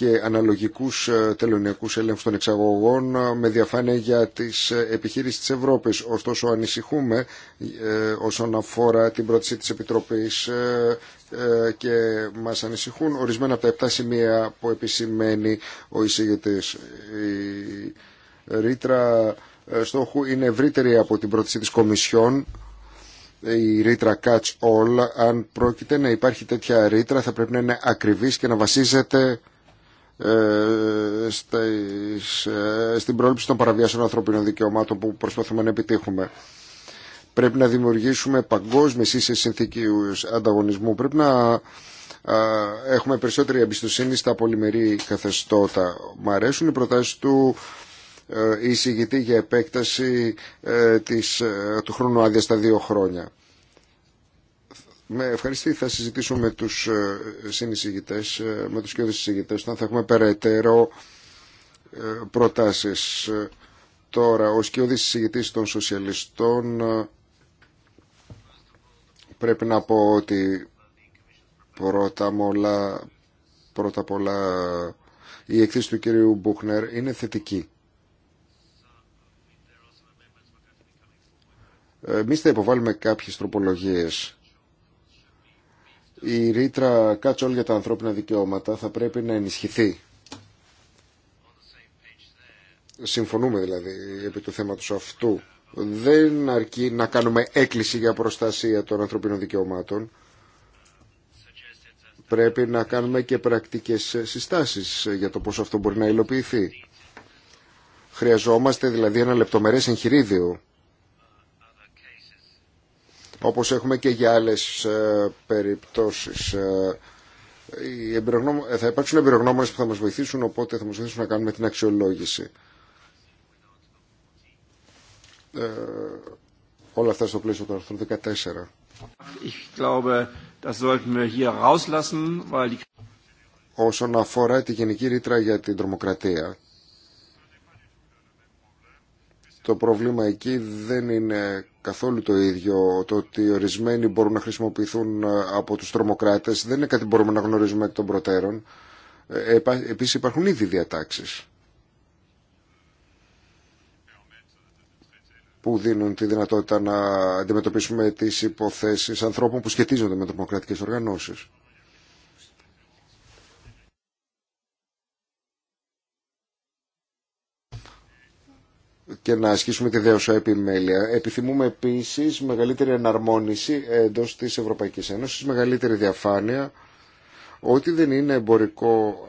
και αναλογικούς ε, τελωνιακού έλεγχους των εξαγωγών ε, με διαφάνεια για τις ε, επιχείρησεις της Ευρώπης. Ωστόσο ανησυχούμε όσον αφορά την πρόταση της Επιτροπής και μας ανησυχούν ορισμένα από τα επτά σημεία που επισημαίνει ο εισηγητής. Η ρήτρα στόχου είναι ευρύτερη από την πρόταση της Κομισιόν η ρήτρα catch all, αν πρόκειται να υπάρχει τέτοια ρήτρα θα πρέπει να είναι ακριβής και να βασίζεται ε, ε, στην πρόληψη των παραβιάσεων ανθρωπίνων δικαιωμάτων που προσπαθούμε να επιτύχουμε. Πρέπει να δημιουργήσουμε παγκόσμιες ίσες συνθήκες ανταγωνισμού. Πρέπει να ε, έχουμε περισσότερη εμπιστοσύνη στα πολυμερή καθεστώτα. Μ' αρέσουν οι προτάσει του εισηγητή για επέκταση της, του χρόνου άδεια στα δύο χρόνια. Με ευχαριστή θα συζητήσω με τους ε, συνεισηγητές, ε, με τους κύριους συζητητές, όταν θα έχουμε περαιτέρω ε, προτάσεις. Τώρα, ο σκιώδης συζητητής των σοσιαλιστών πρέπει να πω ότι πρώτα απ' όλα, πρώτα η εκθέση του κύριου Μπούχνερ είναι θετική. Εμεί θα υποβάλουμε κάποιες τροπολογίες η ρήτρα όλοι για τα ανθρώπινα δικαιώματα θα πρέπει να ενισχυθεί. Συμφωνούμε δηλαδή επί του θέματος αυτού. Δεν αρκεί να κάνουμε έκκληση για προστασία των ανθρωπίνων δικαιωμάτων. Πρέπει να κάνουμε και πρακτικές συστάσεις για το πώς αυτό μπορεί να υλοποιηθεί. Χρειαζόμαστε δηλαδή ένα λεπτομερές εγχειρίδιο όπως έχουμε και για άλλες ε, περιπτώσεις. Ε, ε, θα υπάρξουν εμπειρογνώμονες που θα μας βοηθήσουν, οπότε θα μας βοηθήσουν να κάνουμε την αξιολόγηση. Ε, όλα αυτά στο πλαίσιο του άρθρου 14. Όσον αφορά τη γενική ρήτρα για την τρομοκρατία, το πρόβλημα εκεί δεν είναι καθόλου το ίδιο. Το ότι ορισμένοι μπορούν να χρησιμοποιηθούν ε, από τους τρομοκράτες δεν είναι κάτι που μπορούμε να γνωρίζουμε εκ των προτέρων. Ε, επίσης υπάρχουν ήδη διατάξεις που δίνουν τη δυνατότητα να αντιμετωπίσουμε τις υποθέσεις ανθρώπων που σχετίζονται με τρομοκρατικές οργανώσεις. και να ασκήσουμε τη δεωσα επιμέλεια. Επιθυμούμε επίσης μεγαλύτερη εναρμόνιση εντός της Ευρωπαϊκής Ένωσης, μεγαλύτερη διαφάνεια, ό,τι δεν είναι εμπορικό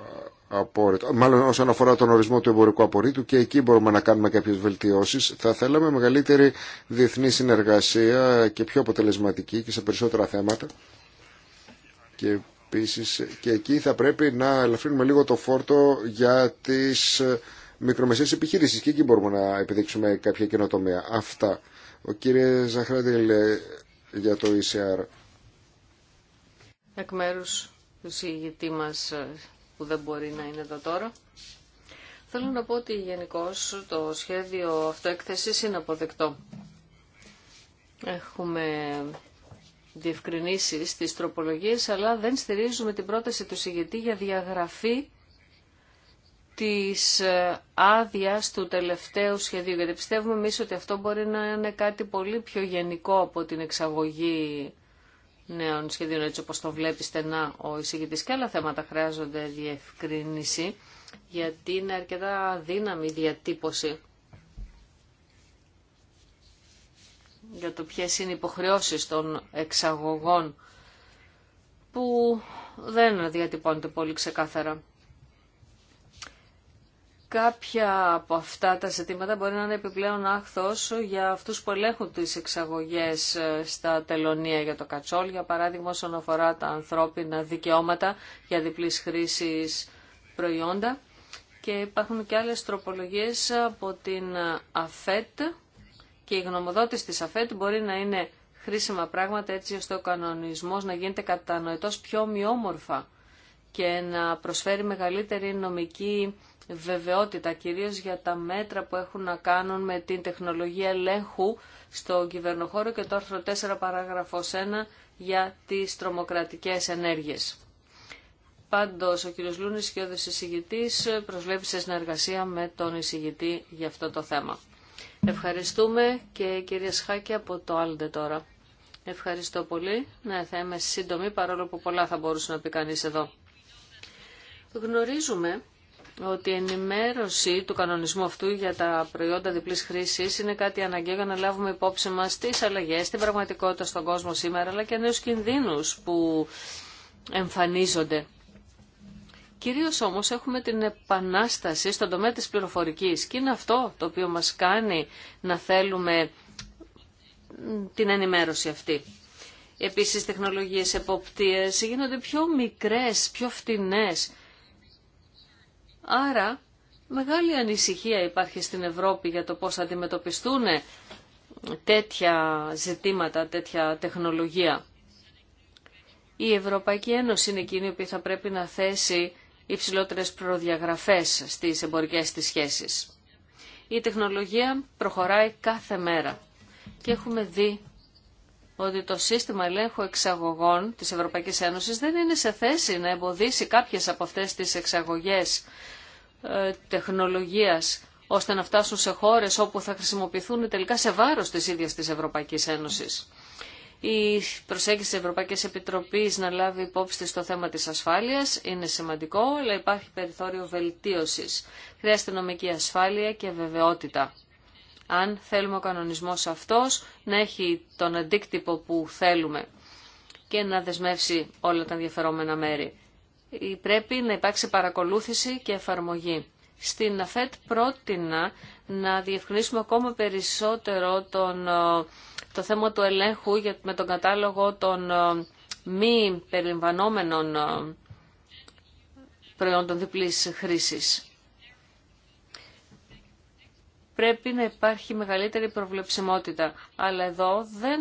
απόρριτο. Μάλλον όσον αφορά τον ορισμό του εμπορικού απορρίτου και εκεί μπορούμε να κάνουμε κάποιες βελτιώσεις. Θα θέλαμε μεγαλύτερη διεθνή συνεργασία και πιο αποτελεσματική και σε περισσότερα θέματα. Και επίσης και εκεί θα πρέπει να ελαφρύνουμε λίγο το φόρτο για τις μικρομεσαίες επιχείρησεις και εκεί μπορούμε να επιδείξουμε κάποια καινοτομία. Αυτά. Ο κύριε Ζαχράντιλ ε, για το ECR. Εκ μέρου του συγητή μα ε, που δεν μπορεί να είναι εδώ τώρα. Θέλω να πω ότι γενικώ το σχέδιο αυτοέκθεσης είναι αποδεκτό. Έχουμε διευκρινήσει στις τροπολογίες, αλλά δεν στηρίζουμε την πρόταση του συγητή για διαγραφή της ε, άδεια του τελευταίου σχεδίου, γιατί πιστεύουμε εμεί ότι αυτό μπορεί να είναι κάτι πολύ πιο γενικό από την εξαγωγή νέων σχεδίων, έτσι όπως το βλέπει στενά ο εισηγητής. Και άλλα θέματα χρειάζονται διευκρίνηση, γιατί είναι αρκετά δύναμη διατύπωση για το ποιε είναι οι υποχρεώσεις των εξαγωγών που δεν διατυπώνεται πολύ ξεκάθαρα κάποια από αυτά τα ζητήματα μπορεί να είναι επιπλέον άχθος για αυτούς που ελέγχουν τις εξαγωγές ε, στα τελωνία για το κατσόλ, για παράδειγμα όσον αφορά τα ανθρώπινα δικαιώματα για διπλής χρήσης προϊόντα. Και υπάρχουν και άλλες τροπολογίες από την ΑΦΕΤ και η γνωμοδότηση της ΑΦΕΤ μπορεί να είναι χρήσιμα πράγματα έτσι ώστε ο κανονισμός να γίνεται κατανοητός πιο ομοιόμορφα και να προσφέρει μεγαλύτερη νομική βεβαιότητα, κυρίως για τα μέτρα που έχουν να κάνουν με την τεχνολογία ελέγχου στο κυβερνοχώρο και το άρθρο 4 παράγραφος 1 για τις τρομοκρατικές ενέργειες. Πάντως, ο κ. Λούνης και ο εισηγητής προσβλέπει σε συνεργασία με τον εισηγητή για αυτό το θέμα. Ευχαριστούμε και κυρία Σχάκη από το Άλντε τώρα. Ευχαριστώ πολύ. Ναι, θα είμαι σύντομη παρόλο που πολλά θα μπορούσε να πει κανεί εδώ. Γνωρίζουμε ότι η ενημέρωση του κανονισμού αυτού για τα προϊόντα διπλής χρήση είναι κάτι αναγκαίο για να λάβουμε υπόψη μας τις αλλαγές, ...στην πραγματικότητα στον κόσμο σήμερα, αλλά και νέου κινδύνου που εμφανίζονται. Κυρίω όμως έχουμε την επανάσταση στον τομέα της πληροφορικής και είναι αυτό το οποίο μας κάνει να θέλουμε την ενημέρωση αυτή. Επίσης τεχνολογίες εποπτείες γίνονται πιο μικρές, πιο φτηνές Άρα μεγάλη ανησυχία υπάρχει στην Ευρώπη για το πώς θα αντιμετωπιστούν τέτοια ζητήματα, τέτοια τεχνολογία. Η Ευρωπαϊκή Ένωση είναι εκείνη που θα πρέπει να θέσει υψηλότερες προδιαγραφές στις εμπορικές της σχέσεις. Η τεχνολογία προχωράει κάθε μέρα και έχουμε δει ότι το σύστημα ελέγχου εξαγωγών της Ευρωπαϊκής Ένωσης δεν είναι σε θέση να εμποδίσει κάποιες από αυτές τις εξαγωγές ε, τεχνολογίας ώστε να φτάσουν σε χώρες όπου θα χρησιμοποιηθούν τελικά σε βάρος της ίδιας της Ευρωπαϊκής Ένωσης. Η προσέγγιση της Ευρωπαϊκής Επιτροπής να λάβει υπόψη στο θέμα της ασφάλειας είναι σημαντικό, αλλά υπάρχει περιθώριο βελτίωσης. Χρειάζεται νομική ασφάλεια και βεβαιότητα αν θέλουμε ο κανονισμός αυτός να έχει τον αντίκτυπο που θέλουμε και να δεσμεύσει όλα τα ενδιαφερόμενα μέρη. Ε, πρέπει να υπάρξει παρακολούθηση και εφαρμογή. Στην ΑΦΕΤ πρότεινα να διευκρινίσουμε ακόμα περισσότερο τον, ε, το θέμα του ελέγχου με τον κατάλογο των ε, μη περιλαμβανόμενων προϊόντων διπλής χρήσης πρέπει να υπάρχει μεγαλύτερη προβλεψιμότητα. Αλλά εδώ δεν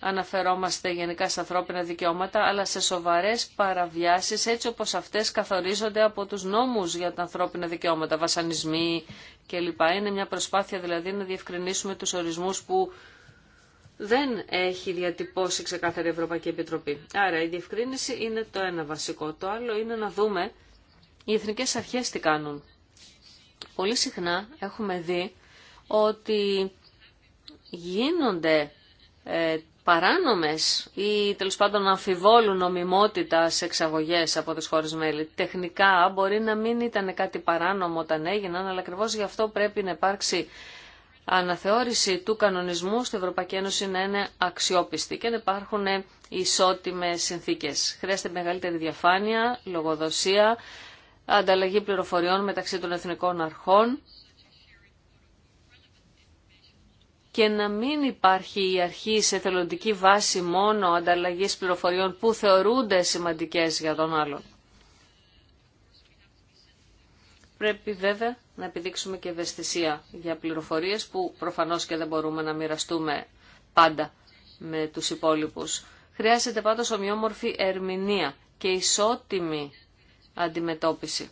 αναφερόμαστε γενικά σε ανθρώπινα δικαιώματα, αλλά σε σοβαρές παραβιάσεις, έτσι όπως αυτές καθορίζονται από τους νόμους για τα ανθρώπινα δικαιώματα, βασανισμοί κλπ. Είναι μια προσπάθεια δηλαδή να διευκρινίσουμε τους ορισμούς που δεν έχει διατυπώσει ξεκάθαρη Ευρωπαϊκή Επιτροπή. Άρα η διευκρίνηση είναι το ένα βασικό. Το άλλο είναι να δούμε οι εθνικές αρχές τι κάνουν. Πολύ συχνά έχουμε δει ότι γίνονται ε, παράνομες ή τέλος πάντων αμφιβόλουν νομιμότητα σε εξαγωγές από τις χώρες μέλη. Τεχνικά μπορεί να μην ήταν κάτι παράνομο όταν έγιναν, αλλά ακριβώ γι' αυτό πρέπει να υπάρξει αναθεώρηση του κανονισμού στην Ευρωπαϊκή Ένωση να είναι αξιόπιστη και να υπάρχουν ισότιμες συνθήκες. Χρειάζεται μεγαλύτερη διαφάνεια, λογοδοσία, ανταλλαγή πληροφοριών μεταξύ των εθνικών αρχών και να μην υπάρχει η αρχή σε θελοντική βάση μόνο ανταλλαγής πληροφοριών που θεωρούνται σημαντικές για τον άλλον. Πρέπει βέβαια να επιδείξουμε και ευαισθησία για πληροφορίες που προφανώς και δεν μπορούμε να μοιραστούμε πάντα με τους υπόλοιπους. Χρειάζεται πάντως ομοιόμορφη ερμηνεία και ισότιμη αντιμετώπιση.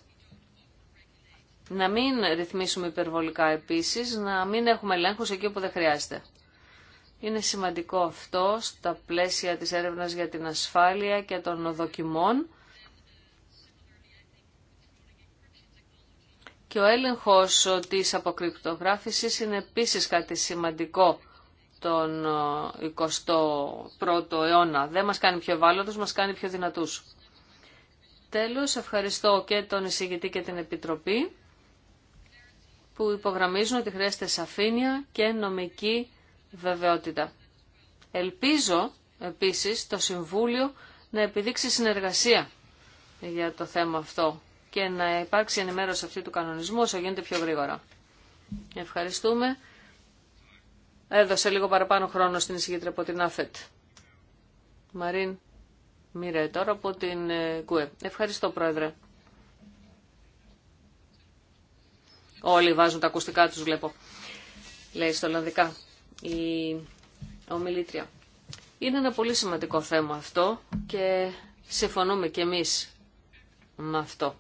Να μην ρυθμίσουμε υπερβολικά επίσης, να μην έχουμε ελέγχου εκεί όπου δεν χρειάζεται. Είναι σημαντικό αυτό στα πλαίσια της έρευνας για την ασφάλεια και των δοκιμών. Και ο έλεγχος της αποκρυπτογράφησης είναι επίσης κάτι σημαντικό τον 21ο ε, αιώνα. Δεν μας κάνει πιο ευάλωτου, μας κάνει πιο δυνατούς. Τέλος, ευχαριστώ και τον εισηγητή και την Επιτροπή που υπογραμμίζουν ότι χρειάζεται σαφήνεια και νομική βεβαιότητα. Ελπίζω επίσης το Συμβούλιο να επιδείξει συνεργασία για το θέμα αυτό και να υπάρξει ενημέρωση αυτή του κανονισμού όσο γίνεται πιο γρήγορα. Ευχαριστούμε. Έδωσε λίγο παραπάνω χρόνο στην εισηγήτρια από την ΑΦΕΤ. Μαρίν Μιρέ τώρα από την ε, ΚΟΕ. Ευχαριστώ Πρόεδρε. Όλοι βάζουν τα ακουστικά τους βλέπω. Λέει στο Ολλανδικά η ομιλήτρια. Είναι ένα πολύ σημαντικό θέμα αυτό και συμφωνούμε και εμείς με αυτό.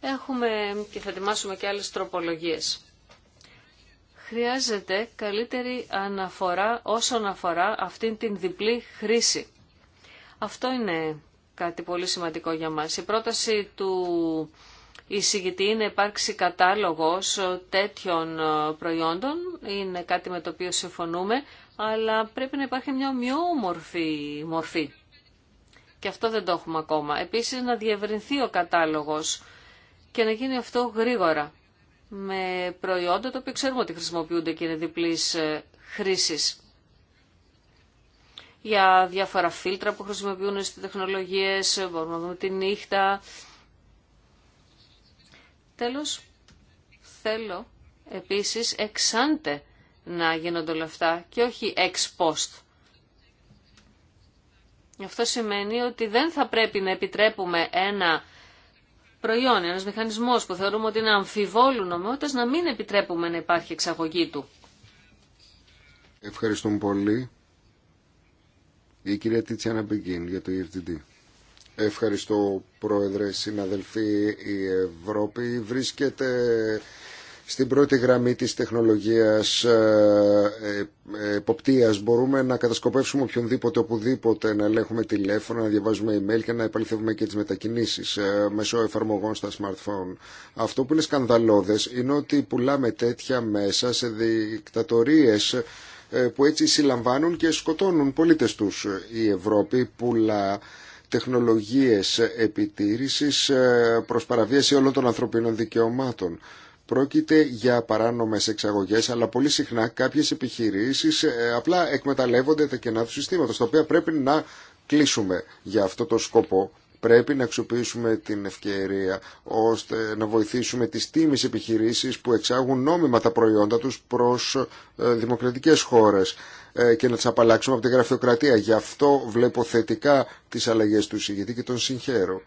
Έχουμε και θα ετοιμάσουμε και άλλες τροπολογίες. Χρειάζεται καλύτερη αναφορά όσον αφορά αυτήν την διπλή χρήση. Αυτό είναι κάτι πολύ σημαντικό για μας. Η πρόταση του εισηγητή να υπάρξει κατάλογος ε, τέτοιων ε, προϊόντων. Είναι κάτι με το οποίο συμφωνούμε, αλλά πρέπει να υπάρχει μια ομοιόμορφη μορφή. Και αυτό δεν το έχουμε ακόμα. Επίσης να διευρυνθεί ο κατάλογος και να γίνει αυτό γρήγορα με προϊόντα το οποία ξέρουμε ότι χρησιμοποιούνται και είναι διπλής ε, χρήσης για διάφορα φίλτρα που χρησιμοποιούν στις τεχνολογίες, μπορούμε να δούμε τη νύχτα, Τέλος, θέλω επίσης εξάντε να γίνονται όλα αυτά και όχι ex post. Αυτό σημαίνει ότι δεν θα πρέπει να επιτρέπουμε ένα προϊόν, ένας μηχανισμός που θεωρούμε ότι είναι αμφιβόλου νομιότητας να μην επιτρέπουμε να υπάρχει εξαγωγή του. Ευχαριστούμε πολύ. Η κυρία Τίτσιανα Μπεγκίν για το EFTD. Ευχαριστώ Πρόεδρε, συναδελφοί. Η Ευρώπη βρίσκεται στην πρώτη γραμμή της τεχνολογίας ε, ε, εποπτείας. Μπορούμε να κατασκοπεύσουμε οποιονδήποτε, οπουδήποτε, να ελέγχουμε τηλέφωνα, να διαβάζουμε email και να επαληθεύουμε και τις μετακινήσεις ε, μέσω εφαρμογών στα smartphone. Αυτό που είναι σκανδαλώδες είναι ότι πουλάμε τέτοια μέσα σε δικτατορίες που έτσι συλλαμβάνουν και σκοτώνουν πολίτες τους. Η Ευρώπη πουλά τεχνολογίες επιτήρησης ε, προς παραβίαση όλων των ανθρωπίνων δικαιωμάτων. Πρόκειται για παράνομες εξαγωγές, αλλά πολύ συχνά κάποιες επιχειρήσεις ε, απλά εκμεταλλεύονται τα κενά του συστήματος, τα οποία πρέπει να κλείσουμε για αυτό το σκοπό. Πρέπει να αξιοποιήσουμε την ευκαιρία ώστε να βοηθήσουμε τις τίμιες επιχειρήσεις που εξάγουν νόμιμα τα προϊόντα τους προς ε, δημοκρατικές χώρες. Ε, και να τι απαλλάξουμε από τη γραφειοκρατία. Γι' αυτό βλέπω θετικά τι αλλαγέ του εισηγητή και τον συγχαίρω.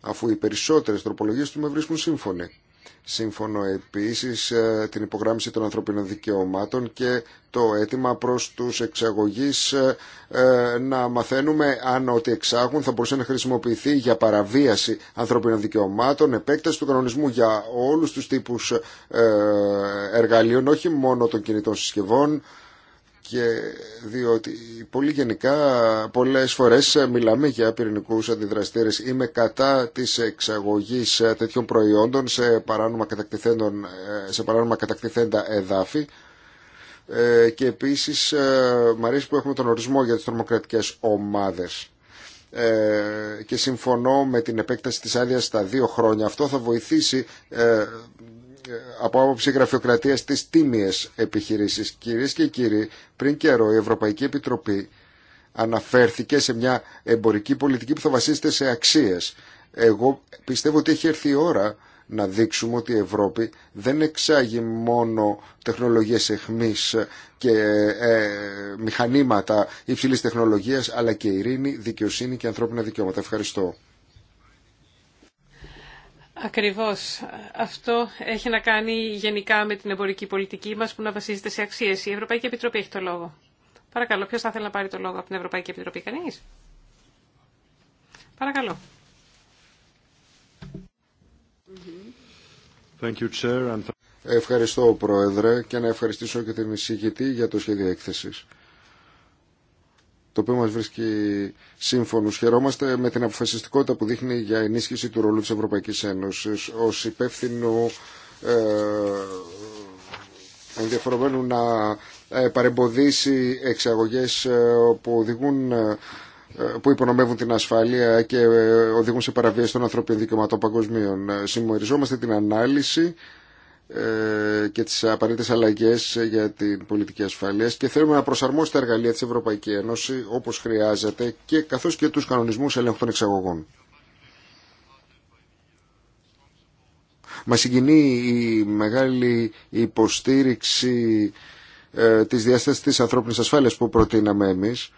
Αφού οι περισσότερε τροπολογίε του με βρίσκουν σύμφωνοι. Σύμφωνο επίσης ε, την υπογράμμιση των ανθρωπίνων δικαιωμάτων και το αίτημα προς τους εξαγωγείς ε, να μαθαίνουμε αν ό,τι εξάγουν θα μπορούσε να χρησιμοποιηθεί για παραβίαση ανθρωπίνων δικαιωμάτων, επέκταση του κανονισμού για όλους τους τύπους εργαλείων, όχι μόνο των κινητών συσκευών, και διότι πολύ γενικά πολλές φορές ε, μιλάμε για πυρηνικούς αντιδραστήρες. με κατά της εξαγωγής ε, τέτοιων προϊόντων σε παράνομα, ε, σε παράνομα κατακτηθέντα εδάφη και επίσης μ' αρέσει που έχουμε τον ορισμό για τις τρομοκρατικές ομάδες και συμφωνώ με την επέκταση της άδειας στα δύο χρόνια. Αυτό θα βοηθήσει από άποψη γραφειοκρατίας στις τίμιες επιχειρήσεις. Κυρίες και κύριοι, πριν καιρό η Ευρωπαϊκή Επιτροπή αναφέρθηκε σε μια εμπορική πολιτική που θα βασίζεται σε αξίες. Εγώ πιστεύω ότι έχει έρθει η ώρα να δείξουμε ότι η Ευρώπη δεν εξάγει μόνο τεχνολογίες εχμής και ε, μηχανήματα υψηλής τεχνολογίας, αλλά και ειρήνη, δικαιοσύνη και ανθρώπινα δικαιώματα. Ευχαριστώ. Ακριβώς. Αυτό έχει να κάνει γενικά με την εμπορική πολιτική μας που να βασίζεται σε αξίες. Η Ευρωπαϊκή Επιτροπή έχει το λόγο. Παρακαλώ, ποιος θα θέλει να πάρει το λόγο από την Ευρωπαϊκή Επιτροπή, κανείς. Παρακαλώ. Thank you, Chair. Ευχαριστώ, Πρόεδρε, και να ευχαριστήσω και την εισηγητή για το σχέδιο έκθεσης το οποίο μας βρίσκει σύμφωνους. Χαιρόμαστε με την αποφασιστικότητα που δείχνει για ενίσχυση του ρόλου της Ευρωπαϊκής Ένωσης ως υπεύθυνο ε, να ε, παρεμποδίσει εξαγωγές ε, που οδηγούν ε, που υπονομεύουν την ασφάλεια και οδηγούν σε παραβίαση των ανθρωπίνων δικαιωμάτων παγκοσμίων. Συμμεριζόμαστε την ανάλυση ε, και τις απαραίτητες αλλαγές για την πολιτική ασφαλείας και θέλουμε να προσαρμόσει τα εργαλεία της Ευρωπαϊκή Ένωση όπως χρειάζεται και καθώς και τους κανονισμούς ελέγχου των εξαγωγών. Μας συγκινεί η μεγάλη υποστήριξη ε, της διάστασης της ανθρώπινης ασφάλειας που προτείναμε εμείς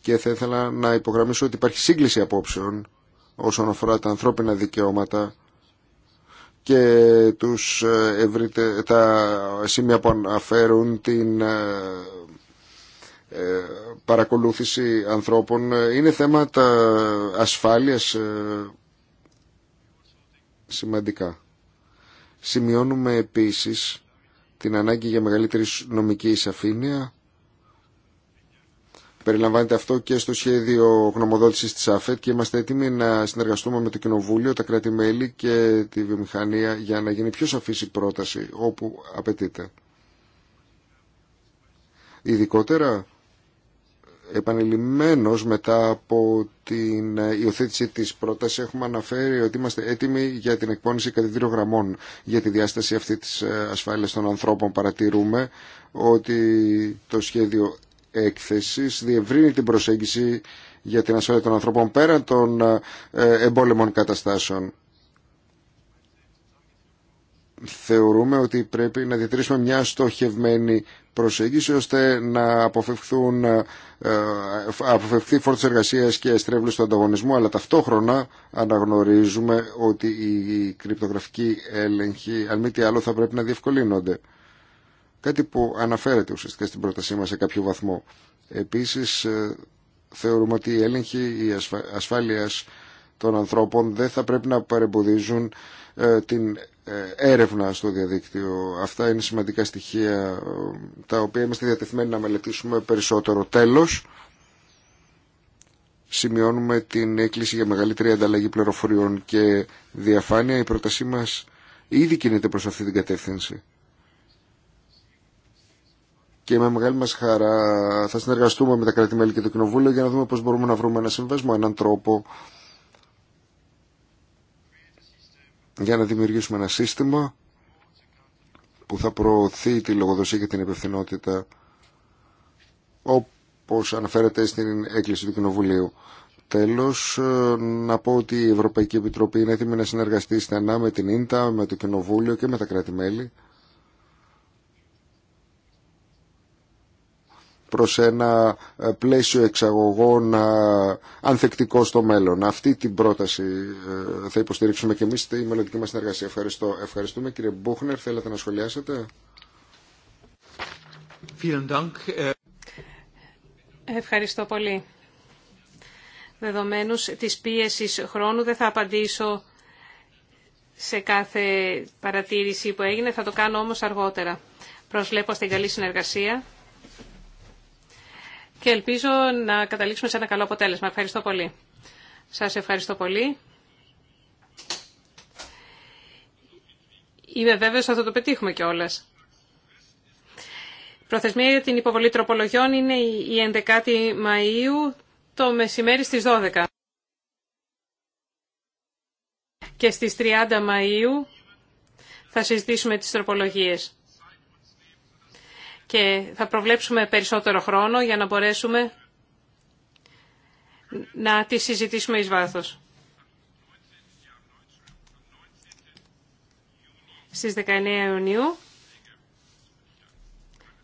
και θα ήθελα να υπογραμμίσω ότι υπάρχει σύγκληση απόψεων όσον αφορά τα ανθρώπινα δικαιώματα και τους ε, ευρύτε, τα σημεία που αναφέρουν την ε, ε, παρακολούθηση ανθρώπων είναι θέματα ασφάλειας σημαντικά. Σημειώνουμε επίσης την ανάγκη για μεγαλύτερη νομική σαφήνεια Περιλαμβάνεται αυτό και στο σχέδιο γνωμοδότησης της ΑΦΕΤ και είμαστε έτοιμοι να συνεργαστούμε με το Κοινοβούλιο, τα κράτη-μέλη και τη βιομηχανία για να γίνει πιο σαφής η πρόταση όπου απαιτείται. Ειδικότερα, επανειλημμένως μετά από την υιοθέτηση της πρότασης έχουμε αναφέρει ότι είμαστε έτοιμοι για την εκπόνηση κατηδύρων γραμμών για τη διάσταση αυτή της ασφάλειας των ανθρώπων. Παρατηρούμε ότι το σχέδιο έκθεσης διευρύνει την προσέγγιση για την ασφάλεια των ανθρώπων πέραν των ε, εμπόλεμων καταστάσεων. Θεωρούμε ότι πρέπει να διατηρήσουμε μια στοχευμένη προσέγγιση ώστε να αποφευχθούν, ε, ε, αποφευχθεί εργασία εργασίας και στρέβλωση του ανταγωνισμού αλλά ταυτόχρονα αναγνωρίζουμε ότι οι κρυπτογραφικοί έλεγχοι αν μη τι άλλο θα πρέπει να διευκολύνονται. Κάτι που αναφέρεται ουσιαστικά στην πρότασή μας σε κάποιο βαθμό. Επίσης, ε, θεωρούμε ότι η έλεγχη η ασφάλειας των ανθρώπων δεν θα πρέπει να παρεμποδίζουν ε, την ε, έρευνα στο διαδίκτυο. Αυτά είναι σημαντικά στοιχεία τα οποία είμαστε διατεθειμένοι να μελετήσουμε περισσότερο. Τέλος, σημειώνουμε την έκκληση για μεγαλύτερη ανταλλαγή πληροφοριών και διαφάνεια. Η πρότασή μας ήδη κινείται προς αυτή την κατεύθυνση και με μεγάλη μας χαρά θα συνεργαστούμε με τα κράτη-μέλη και το Κοινοβούλιο για να δούμε πώς μπορούμε να βρούμε ένα συμβέσμο, έναν τρόπο για να δημιουργήσουμε ένα σύστημα που θα προωθεί τη λογοδοσία και την υπευθυνότητα όπως αναφέρεται στην έκκληση του Κοινοβουλίου. Τέλος, να πω ότι η Ευρωπαϊκή Επιτροπή είναι έτοιμη να συνεργαστεί στενά με την ΙΝΤΑ, με το Κοινοβούλιο και με τα κράτη-μέλη προς ένα ε, πλαίσιο εξαγωγών ε, ανθεκτικό στο μέλλον. Αυτή την πρόταση ε, θα υποστηρίξουμε και εμείς στη μελλοντική μας συνεργασία. Ευχαριστώ. Ευχαριστούμε κύριε Μπούχνερ. Θέλετε να σχολιάσετε. Ευχαριστώ πολύ. Δεδομένου της πίεσης χρόνου δεν θα απαντήσω σε κάθε παρατήρηση που έγινε, θα το κάνω όμως αργότερα. Προσβλέπω στην καλή συνεργασία και ελπίζω να καταλήξουμε σε ένα καλό αποτέλεσμα. Ευχαριστώ πολύ. Σας ευχαριστώ πολύ. Είμαι βέβαιος ότι θα το πετύχουμε κιόλα. Προθεσμία για την υποβολή τροπολογιών είναι η 11η Μαΐου το μεσημέρι στις 12. Και στις 30 Μαΐου θα συζητήσουμε τις τροπολογίες και θα προβλέψουμε περισσότερο χρόνο για να μπορέσουμε να τη συζητήσουμε εις βάθος. Στις 19 Ιουνίου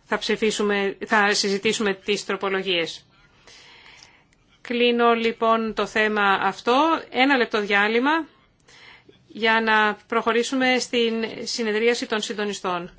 θα, ψηφίσουμε, θα συζητήσουμε τις τροπολογίες. Κλείνω λοιπόν το θέμα αυτό. Ένα λεπτό διάλειμμα για να προχωρήσουμε στην συνεδρίαση των συντονιστών.